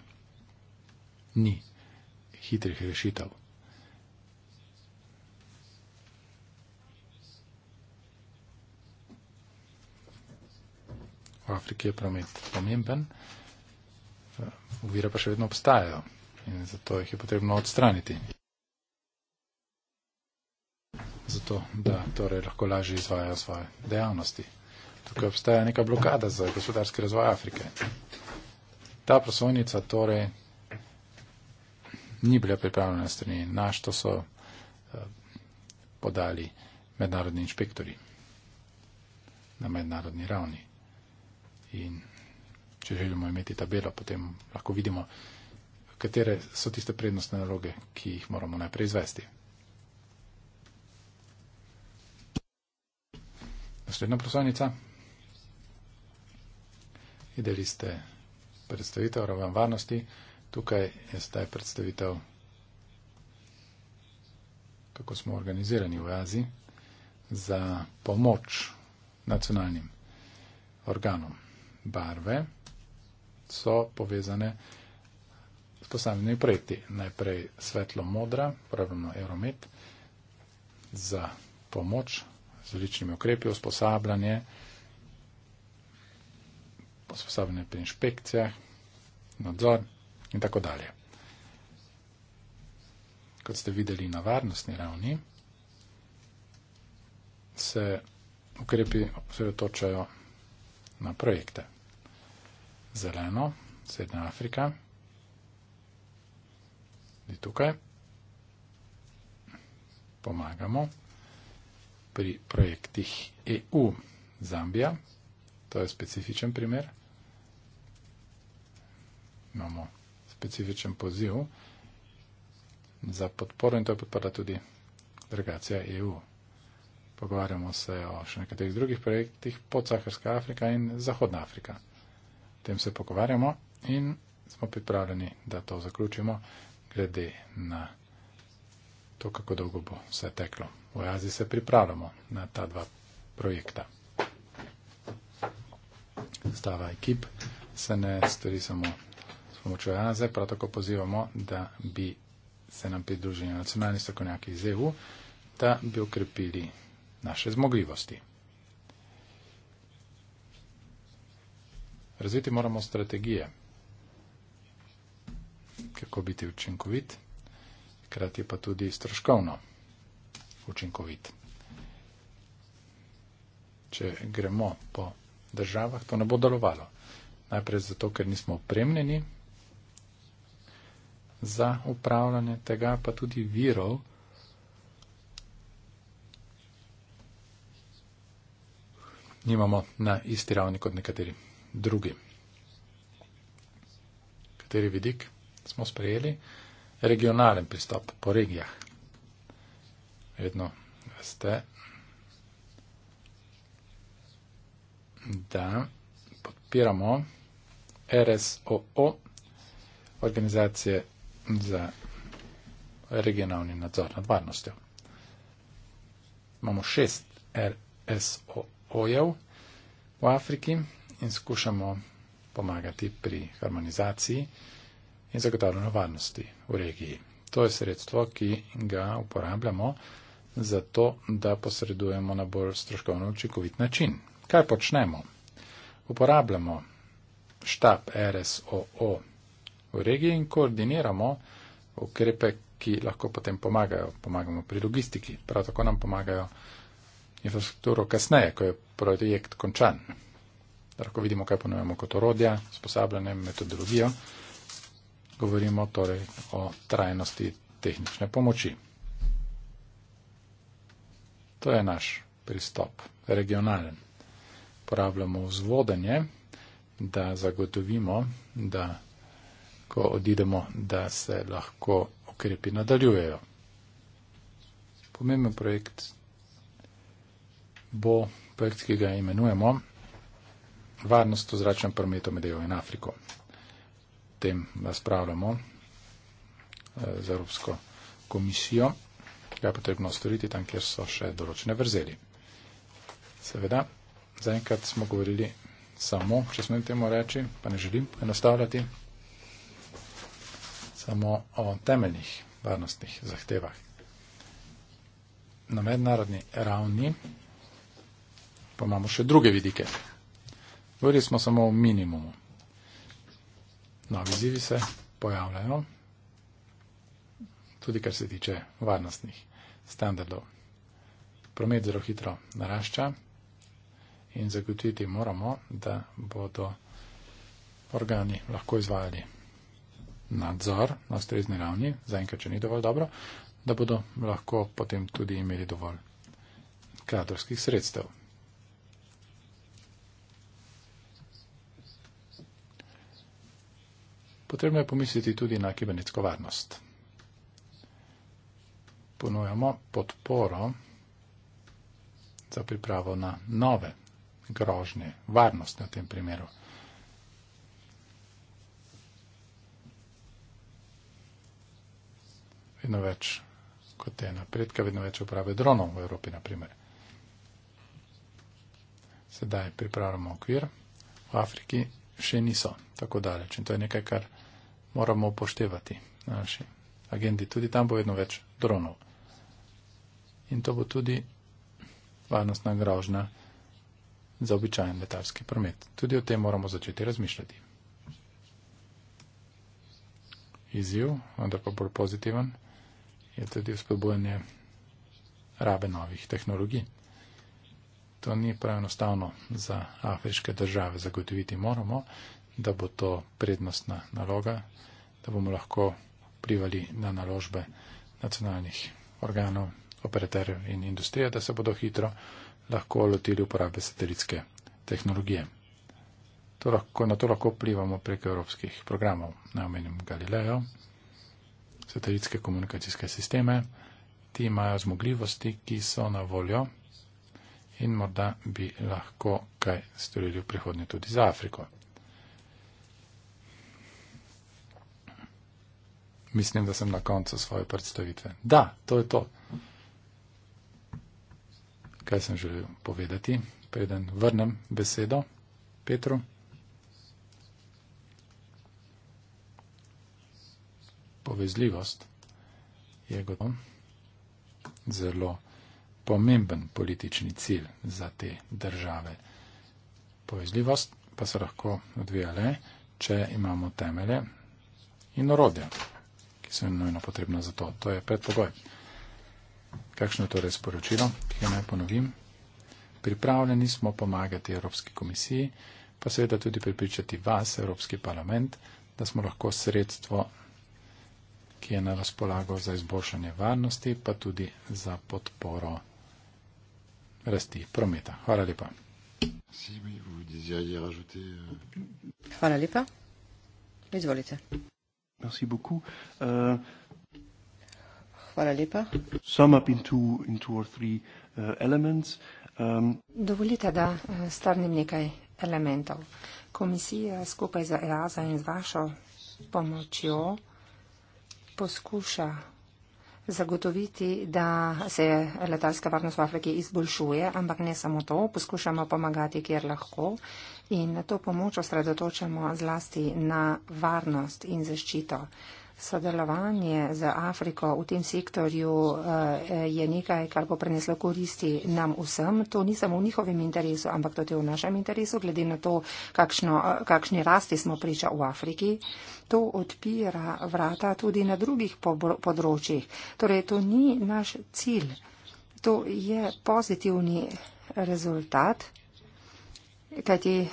Ni hitrih rešitev. Afriki je promet pomemben, uvira eh, pa še vedno obstajajo in zato jih je potrebno odstraniti. Zato, da torej lahko lažje izvajajo svoje dejavnosti. Tukaj obstaja neka blokada za gospodarski razvoj Afrike. Ta prosojnica torej ni bila pripravljena na strani naš, to so eh, podali mednarodni inšpektori na mednarodni ravni. In če želimo imeti tabelo, potem lahko vidimo, katere so tiste prednostne naloge, ki jih moramo najprej izvesti. Naslednja prosojnica. Videli ste predstavitev raven varnosti. Tukaj je zdaj predstavitev, kako smo organizirani v Aziji za pomoč nacionalnim organom barve so povezane s posameznimi projekti. Najprej svetlo modra, pravilno Euromet, za pomoč z različnimi ukrepi, usposabljanje, usposabljanje pri inšpekcijah, nadzor in tako dalje. Kot ste videli na varnostni ravni, se ukrepi osredotočajo na projekte. Zeleno, Srednja Afrika, tudi tukaj pomagamo pri projektih EU. Zambija, to je specifičen primer. Imamo specifičen poziv za podporo in to je podporla tudi delegacija EU pogovarjamo se o še nekaterih drugih projektih, podsaharska Afrika in zahodna Afrika. O tem se pogovarjamo in smo pripravljeni, da to zaključimo, glede na to, kako dolgo bo vse teklo. V Aziji se pripravljamo na ta dva projekta. Stava ekip se ne stori samo s pomočjo Aze, prav tako pozivamo, da bi se nam pridružili nacionalni strokovnjaki iz EU, da bi okrepili naše zmogljivosti. Razviti moramo strategije, kako biti učinkovit, krati pa tudi stroškovno učinkovit. Če gremo po državah, to ne bo delovalo. Najprej zato, ker nismo opremljeni za upravljanje tega, pa tudi virov, nimamo na isti ravni kot nekateri drugi. Kateri vidik smo sprejeli? Regionalen pristop po regijah. Vedno veste, da podpiramo RSOO, organizacije za regionalni nadzor nad varnostjo. Imamo šest RSOO ojev v Afriki in skušamo pomagati pri harmonizaciji in zagotavljanju varnosti v regiji. To je sredstvo, ki ga uporabljamo za to, da posredujemo na bolj stroškovno učinkovit način. Kaj počnemo? Uporabljamo štab RSOO v regiji in koordiniramo ukrepe, ki lahko potem pomagajo. Pomagamo pri logistiki, prav tako nam pomagajo infrastrukturo kasneje, ko je projekt končan. Lahko vidimo, kaj ponujemo kot orodja, sposabljanje, metodologijo. Govorimo torej o trajnosti tehnične pomoči. To je naš pristop, regionalen. Uporabljamo vzvodenje, da zagotovimo, da ko odidemo, da se lahko ukrepi nadaljujejo. Pomemben projekt bo projekt, ki ga imenujemo Varnost v zračnem prometu med EU in Afriko. O tem razpravljamo eh, z Evropsko komisijo, ga je potrebno storiti tam, kjer so še določene vrzeli. Seveda, zaenkrat smo govorili samo, če smem temu reči, pa ne želim enostavljati, samo o temeljnih varnostnih zahtevah. Na mednarodni ravni pa imamo še druge vidike. Govorili smo samo o minimumu. Novi izzivi se pojavljajo, tudi kar se tiče varnostnih standardov. Promet zelo hitro narašča in zagotoviti moramo, da bodo organi lahko izvajali nadzor na ustrezni ravni, zaenkrat, če ni dovolj dobro, da bodo lahko potem tudi imeli dovolj kadrovskih sredstev. potrebno je pomisliti tudi na kibernetsko varnost. Ponujamo podporo za pripravo na nove grožnje, varnostne v tem primeru. Vedno več kot te napredke, vedno več uprave dronov v Evropi, na primer. Sedaj pripravljamo okvir, v Afriki še niso tako daleč in to je nekaj, kar moramo upoštevati na naši agendi. Tudi tam bo vedno več dronov. In to bo tudi varnostna grožnja za običajen letalski promet. Tudi o tem moramo začeti razmišljati. Izziv, vendar pa bolj pozitiven, je tudi vzpodbojanje rabe novih tehnologij. To ni prav enostavno za afriške države zagotoviti. Moramo da bo to prednostna naloga, da bomo lahko vplivali na naložbe nacionalnih organov, operaterjev in industrije, da se bodo hitro lahko lotili uporabe satelitske tehnologije. To lahko, na to lahko vplivamo prek evropskih programov. Najomenim Galileo, satelitske komunikacijske sisteme, ti imajo zmogljivosti, ki so na voljo in morda bi lahko kaj storili v prihodnje tudi za Afriko. mislim, da sem na koncu svoje predstavitve. Da, to je to. Kaj sem želel povedati, preden vrnem besedo Petru? Povezljivost je gotovo zelo pomemben politični cilj za te države. Povezljivost pa se lahko odvija le, če imamo temelje in orodja ki so jim nujno potrebna za to. To je predpogoj. Kakšno je torej sporočilo, ki ga naj ponovim? Pripravljeni smo pomagati Evropski komisiji, pa seveda tudi pripričati vas, Evropski parlament, da smo lahko sredstvo, ki je na razpolago za izboljšanje varnosti, pa tudi za podporo rasti prometa. Hvala lepa. Euh? Hvala lepa. Izvolite. Merci beaucoup. Euh, Hvala lepa. Sum up in two, in two or three uh, elements. Um, Dovolite, da uh, strnem nekaj elementov. Komisija skupaj z EASA in z vašo pomočjo poskuša zagotoviti, da se letalska varnost v Afriki izboljšuje, ampak ne samo to, poskušamo pomagati, kjer lahko in to pomoč osredotočamo zlasti na varnost in zaščito. Sodelovanje z Afriko v tem sektorju eh, je nekaj, kar bo preneslo koristi nam vsem. To ni samo v njihovem interesu, ampak to je v našem interesu, glede na to, kakšno, eh, kakšni rasti smo priča v Afriki. To odpira vrata tudi na drugih področjih. Torej, to ni naš cilj. To je pozitivni rezultat. Kajti eh,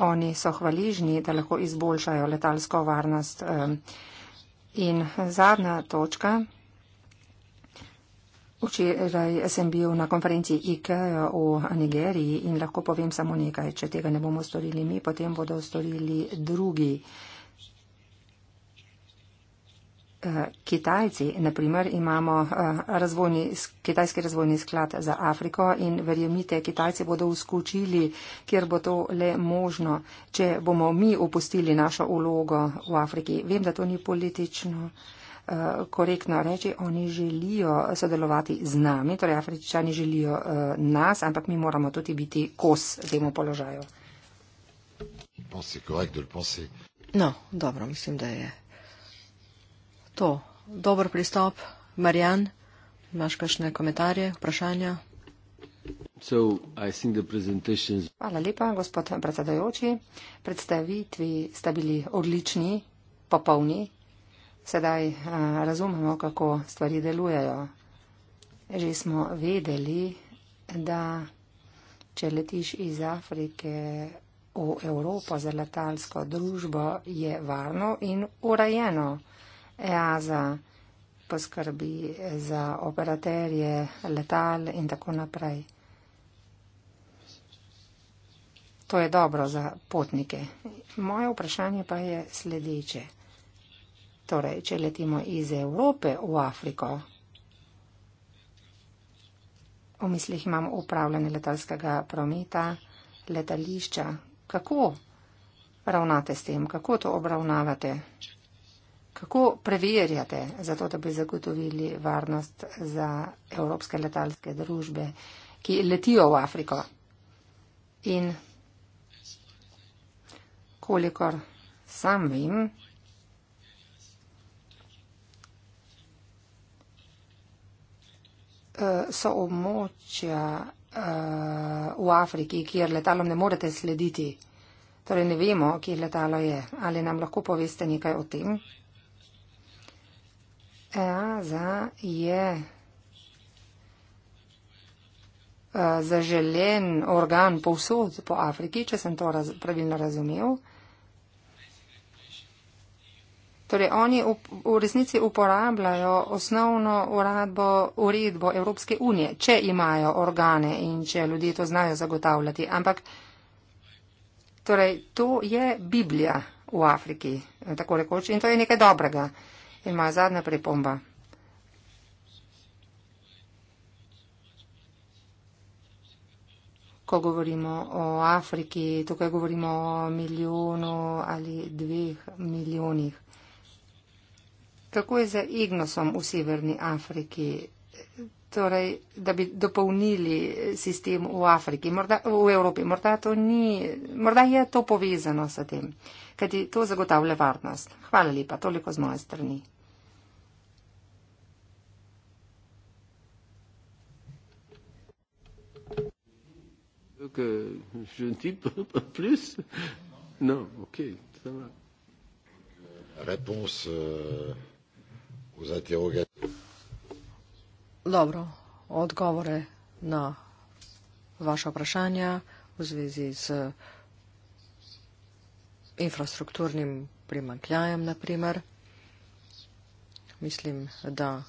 oni so hvaležni, da lahko izboljšajo letalsko varnost. Eh, In zadnja točka. Včeraj sem bil na konferenci IKEA v Nigeriji in lahko povem samo nekaj. Če tega ne bomo storili mi, potem bodo storili drugi. Eh, Kitajci, naprimer, imamo eh, razvojni, Kitajski razvojni sklad za Afriko in verjemite, Kitajci bodo uskočili, kjer bo to le možno, če bomo mi opustili našo ulogo v Afriki. Vem, da to ni politično eh, korektno reči, oni želijo sodelovati z nami, torej Afričani želijo nas, ampak mi moramo tudi biti kos temu položaju. No, dobro, mislim, da je To, dober pristop. Marjan, imaš kakšne komentarje, vprašanja? So, presentations... Hvala lepa, gospod predsedajoči. Predstavitvi ste bili odlični, popolni. Sedaj a, eh, razumemo, kako stvari delujejo. Že smo vedeli, da če letiš iz Afrike v Evropo za letalsko družbo, je varno in urejeno. EASA poskrbi za operaterje letal in tako naprej. To je dobro za potnike. Moje vprašanje pa je sledeče. Torej, če letimo iz Evrope v Afriko, v mislih imam upravljanje letalskega prometa, letališča, kako ravnate s tem, kako to obravnavate? Kako preverjate za to, da bi zagotovili varnost za evropske letalske družbe, ki letijo v Afriko? In kolikor sam vem, eh, so območja eh, v Afriki, kjer letalom ne morete slediti. Torej ne vemo, kje letalo je. Ali nam lahko poveste nekaj o tem? E A za je e, zaželen organ povsod po Afriki, če sem to raz, pravilno razumel. Torej, oni v, v resnici uporabljajo osnovno uradbo, uredbo Evropske unije, če imajo organe in če ljudje to znajo zagotavljati. Ampak torej, to je Biblija v Afriki, tako rekoč, in to je nekaj dobrega. In moja zadnja pripomba. Ko govorimo o Afriki, tukaj govorimo o milijonu ali dveh milijonih. Kako je za Ignosom v Severni Afriki? Torej, da bi dopolnili sistem v Afriki, morda, v Evropi. Morda, ni, morda je to povezano s tem, kajti to zagotavlja varnost. Hvala lepa, toliko z moje strani. que je ne dis pas, pas plus Non, ok, ça va. Réponse euh, aux interrogations. Dobro, odgovore na vaša vprašanja v zvezi z infrastrukturnim primankljajem, na primer. Mislim, da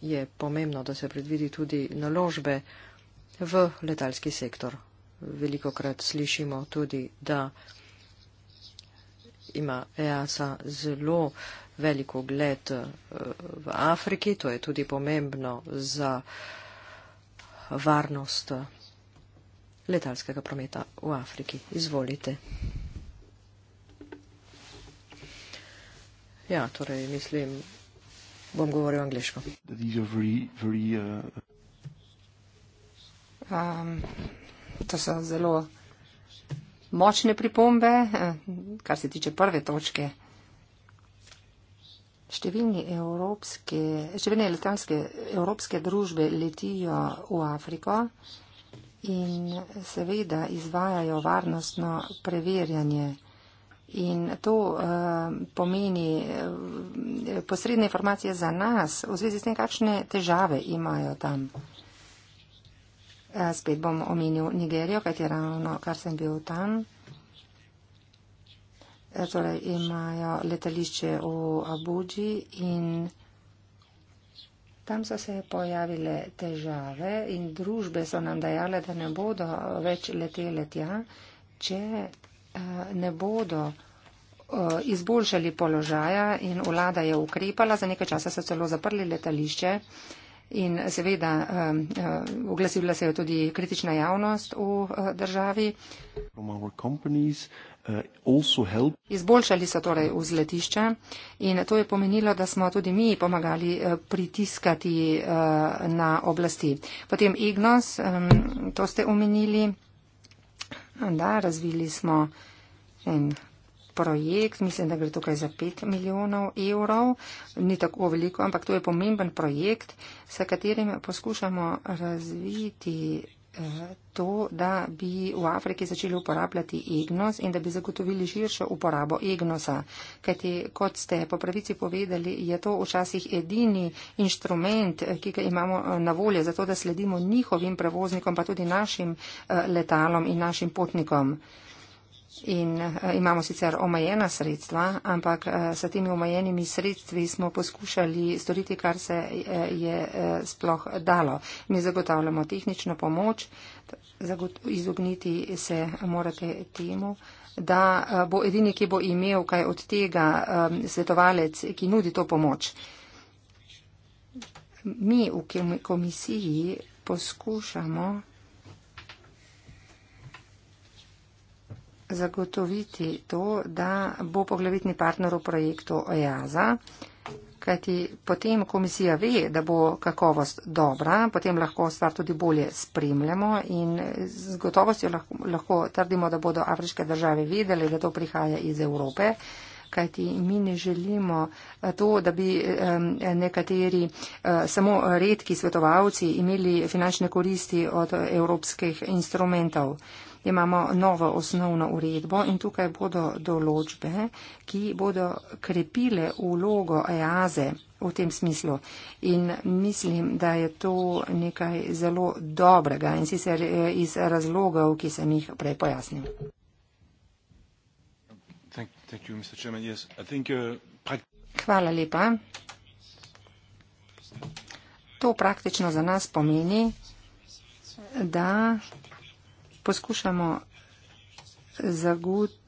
je pomembno, da se predvidi tudi naložbe v letalski sektor veliko krat slišimo tudi, da ima EASA zelo veliko gled eh, v Afriki, to je tudi pomembno za varnost eh, letalskega prometa v Afriki. Izvolite. Ja, torej mislim, bom govoril angliško. Uh, um, To so zelo močne pripombe, eh, kar se tiče prve točke. Številne evropske, številne letalske evropske družbe letijo v Afriko in seveda izvajajo varnostno preverjanje. In to uh, pomeni eh, posredne informacije za nas v zvezi s tem, kakšne težave imajo tam. Eh, spet bom omenil Nigerijo, kajti ravno kar sem bil tam. Eh, torej imajo letališče v Abuji in tam so se pojavile težave in družbe so nam dajale, da ne bodo več letele tja, če eh, ne bodo izboljšali položaja in vlada je ukrepala, za nekaj časa so celo zaprli letališče. In seveda um, uh, oglasila se je tudi kritična javnost v uh, državi. Uh, Izboljšali so torej vzletišče in to je pomenilo, da smo tudi mi pomagali pritiskati na oblasti. Potem Ignos, um, to ste omenili. Da, razvili smo en projekt, mislim, da gre tukaj za 5 milijonov evrov, ni tako veliko, ampak to je pomemben projekt, s katerim poskušamo razviti eh, to, da bi v Afriki začeli uporabljati EGNOS in da bi zagotovili širšo uporabo EGNOS-a. Kajti, kot ste po pravici povedali, je to včasih edini inštrument, eh, ki ga imamo eh, na voljo, zato da sledimo njihovim prevoznikom, pa tudi našim letalom in našim potnikom. In eh, imamo sicer omajena sredstva, ampak eh, s temi omajenimi sredstvi smo poskušali storiti, kar se eh, je sploh dalo. Mi zagotavljamo tehnično pomoč, izogniti se morate temu, da bo edini, ki bo imel kaj od tega svetovalec, ki nudi to pomoč. Mi v komisiji poskušamo zagotoviti to, da bo poglavitni partner v projektu OJAZA, e kajti potem komisija ve, da bo kakovost dobra, potem lahko stvar tudi bolje spremljamo in z gotovostjo lahko, lahko trdimo, da bodo afriške države vedele, da to prihaja iz Evrope. Kajti mi ne želimo eh, to, da bi nekateri, eh, samo redki svetovalci, imeli finančne koristi od evropskih instrumentov imamo novo osnovno uredbo in tukaj bodo določbe, ki bodo krepile ulogo EAZE v tem smislu. In mislim, da je to nekaj zelo dobrega in sicer eh, iz razlogov, ki sem jih prej pojasnil. Thank you, Mr. Chairman. Yes, I think, uh, Hvala lepa. To praktično za nas pomeni, da poskušamo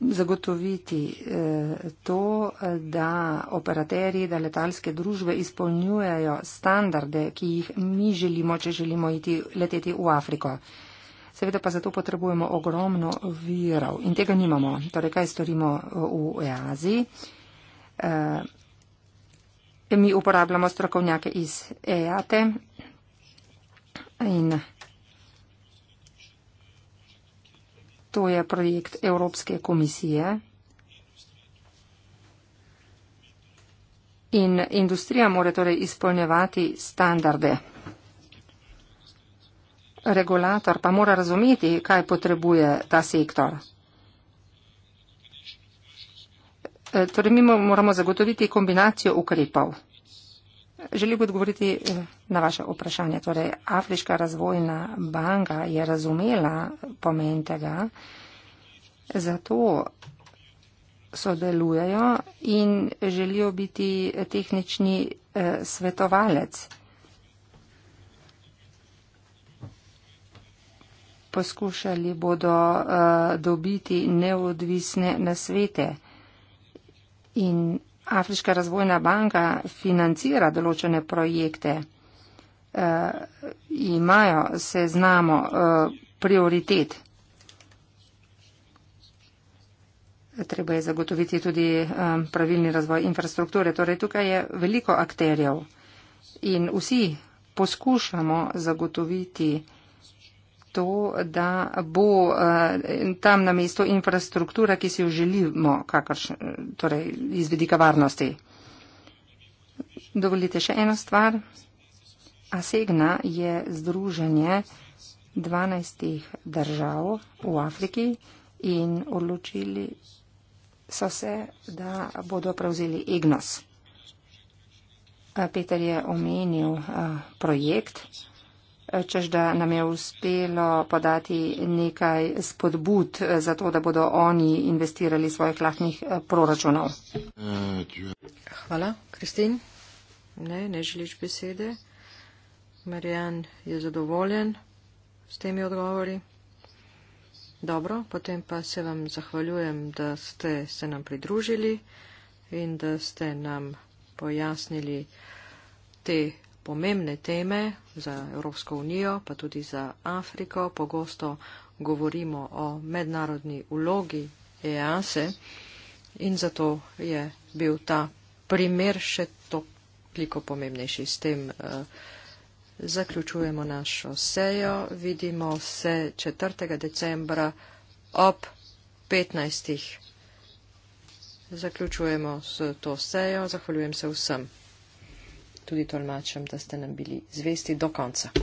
zagotoviti eh, to, da operaterji, da letalske družbe izpolnjujejo standarde, ki jih mi želimo, če želimo iti leteti v Afriko. Seveda pa zato potrebujemo ogromno virov in tega nimamo. Torej, kaj storimo eh, v Eaziji? Eh, mi uporabljamo strokovnjake iz EAT in To je projekt Evropske komisije. In industrija mora torej izpolnjevati standarde. Regulator pa mora razumeti, kaj potrebuje ta sektor. E, torej mi moramo zagotoviti kombinacijo ukrepov. Želim odgovoriti eh, na vaše vprašanje. Torej, Afriška razvojna banka je razumela pomen tega, zato sodelujejo in želijo biti tehnični eh, svetovalec. Poskušali bodo eh, dobiti neodvisne nasvete in Afriška razvojna banka financira določene projekte, uh, imajo se znamo uh, eh, prioritet. Treba je zagotoviti tudi um, pravilni razvoj infrastrukture. Torej, tukaj je veliko akterjev in vsi poskušamo zagotoviti uh, to, da bo eh, tam na mesto infrastruktura, ki si jo želimo, kakrš, eh, torej iz vidika varnosti. Dovolite še eno stvar. ASEGNA je združenje 12 držav v Afriki in odločili so se, da bodo prevzeli EGNOS. Eh, Peter je omenil projekt čež da nam je uspelo podati nekaj spodbud za to, da bodo oni investirali svojih lahnih eh, proračunov. Hvala, Kristin. Ne, ne želiš besede. Marjan je zadovoljen s temi odgovori. Dobro, potem pa se vam zahvaljujem, da ste se nam pridružili in da ste nam pojasnili te pomembne teme, za Evropsko unijo, pa tudi za Afriko. Pogosto govorimo o mednarodni ulogi EASE in zato je bil ta primer še toliko pomembnejši. S tem uh, zaključujemo našo sejo. Vidimo se 4. decembra ob 15. Zaključujemo s to sejo. Zahvaljujem se vsem tudi tolmačem, da ste nam bili zvesti do konca.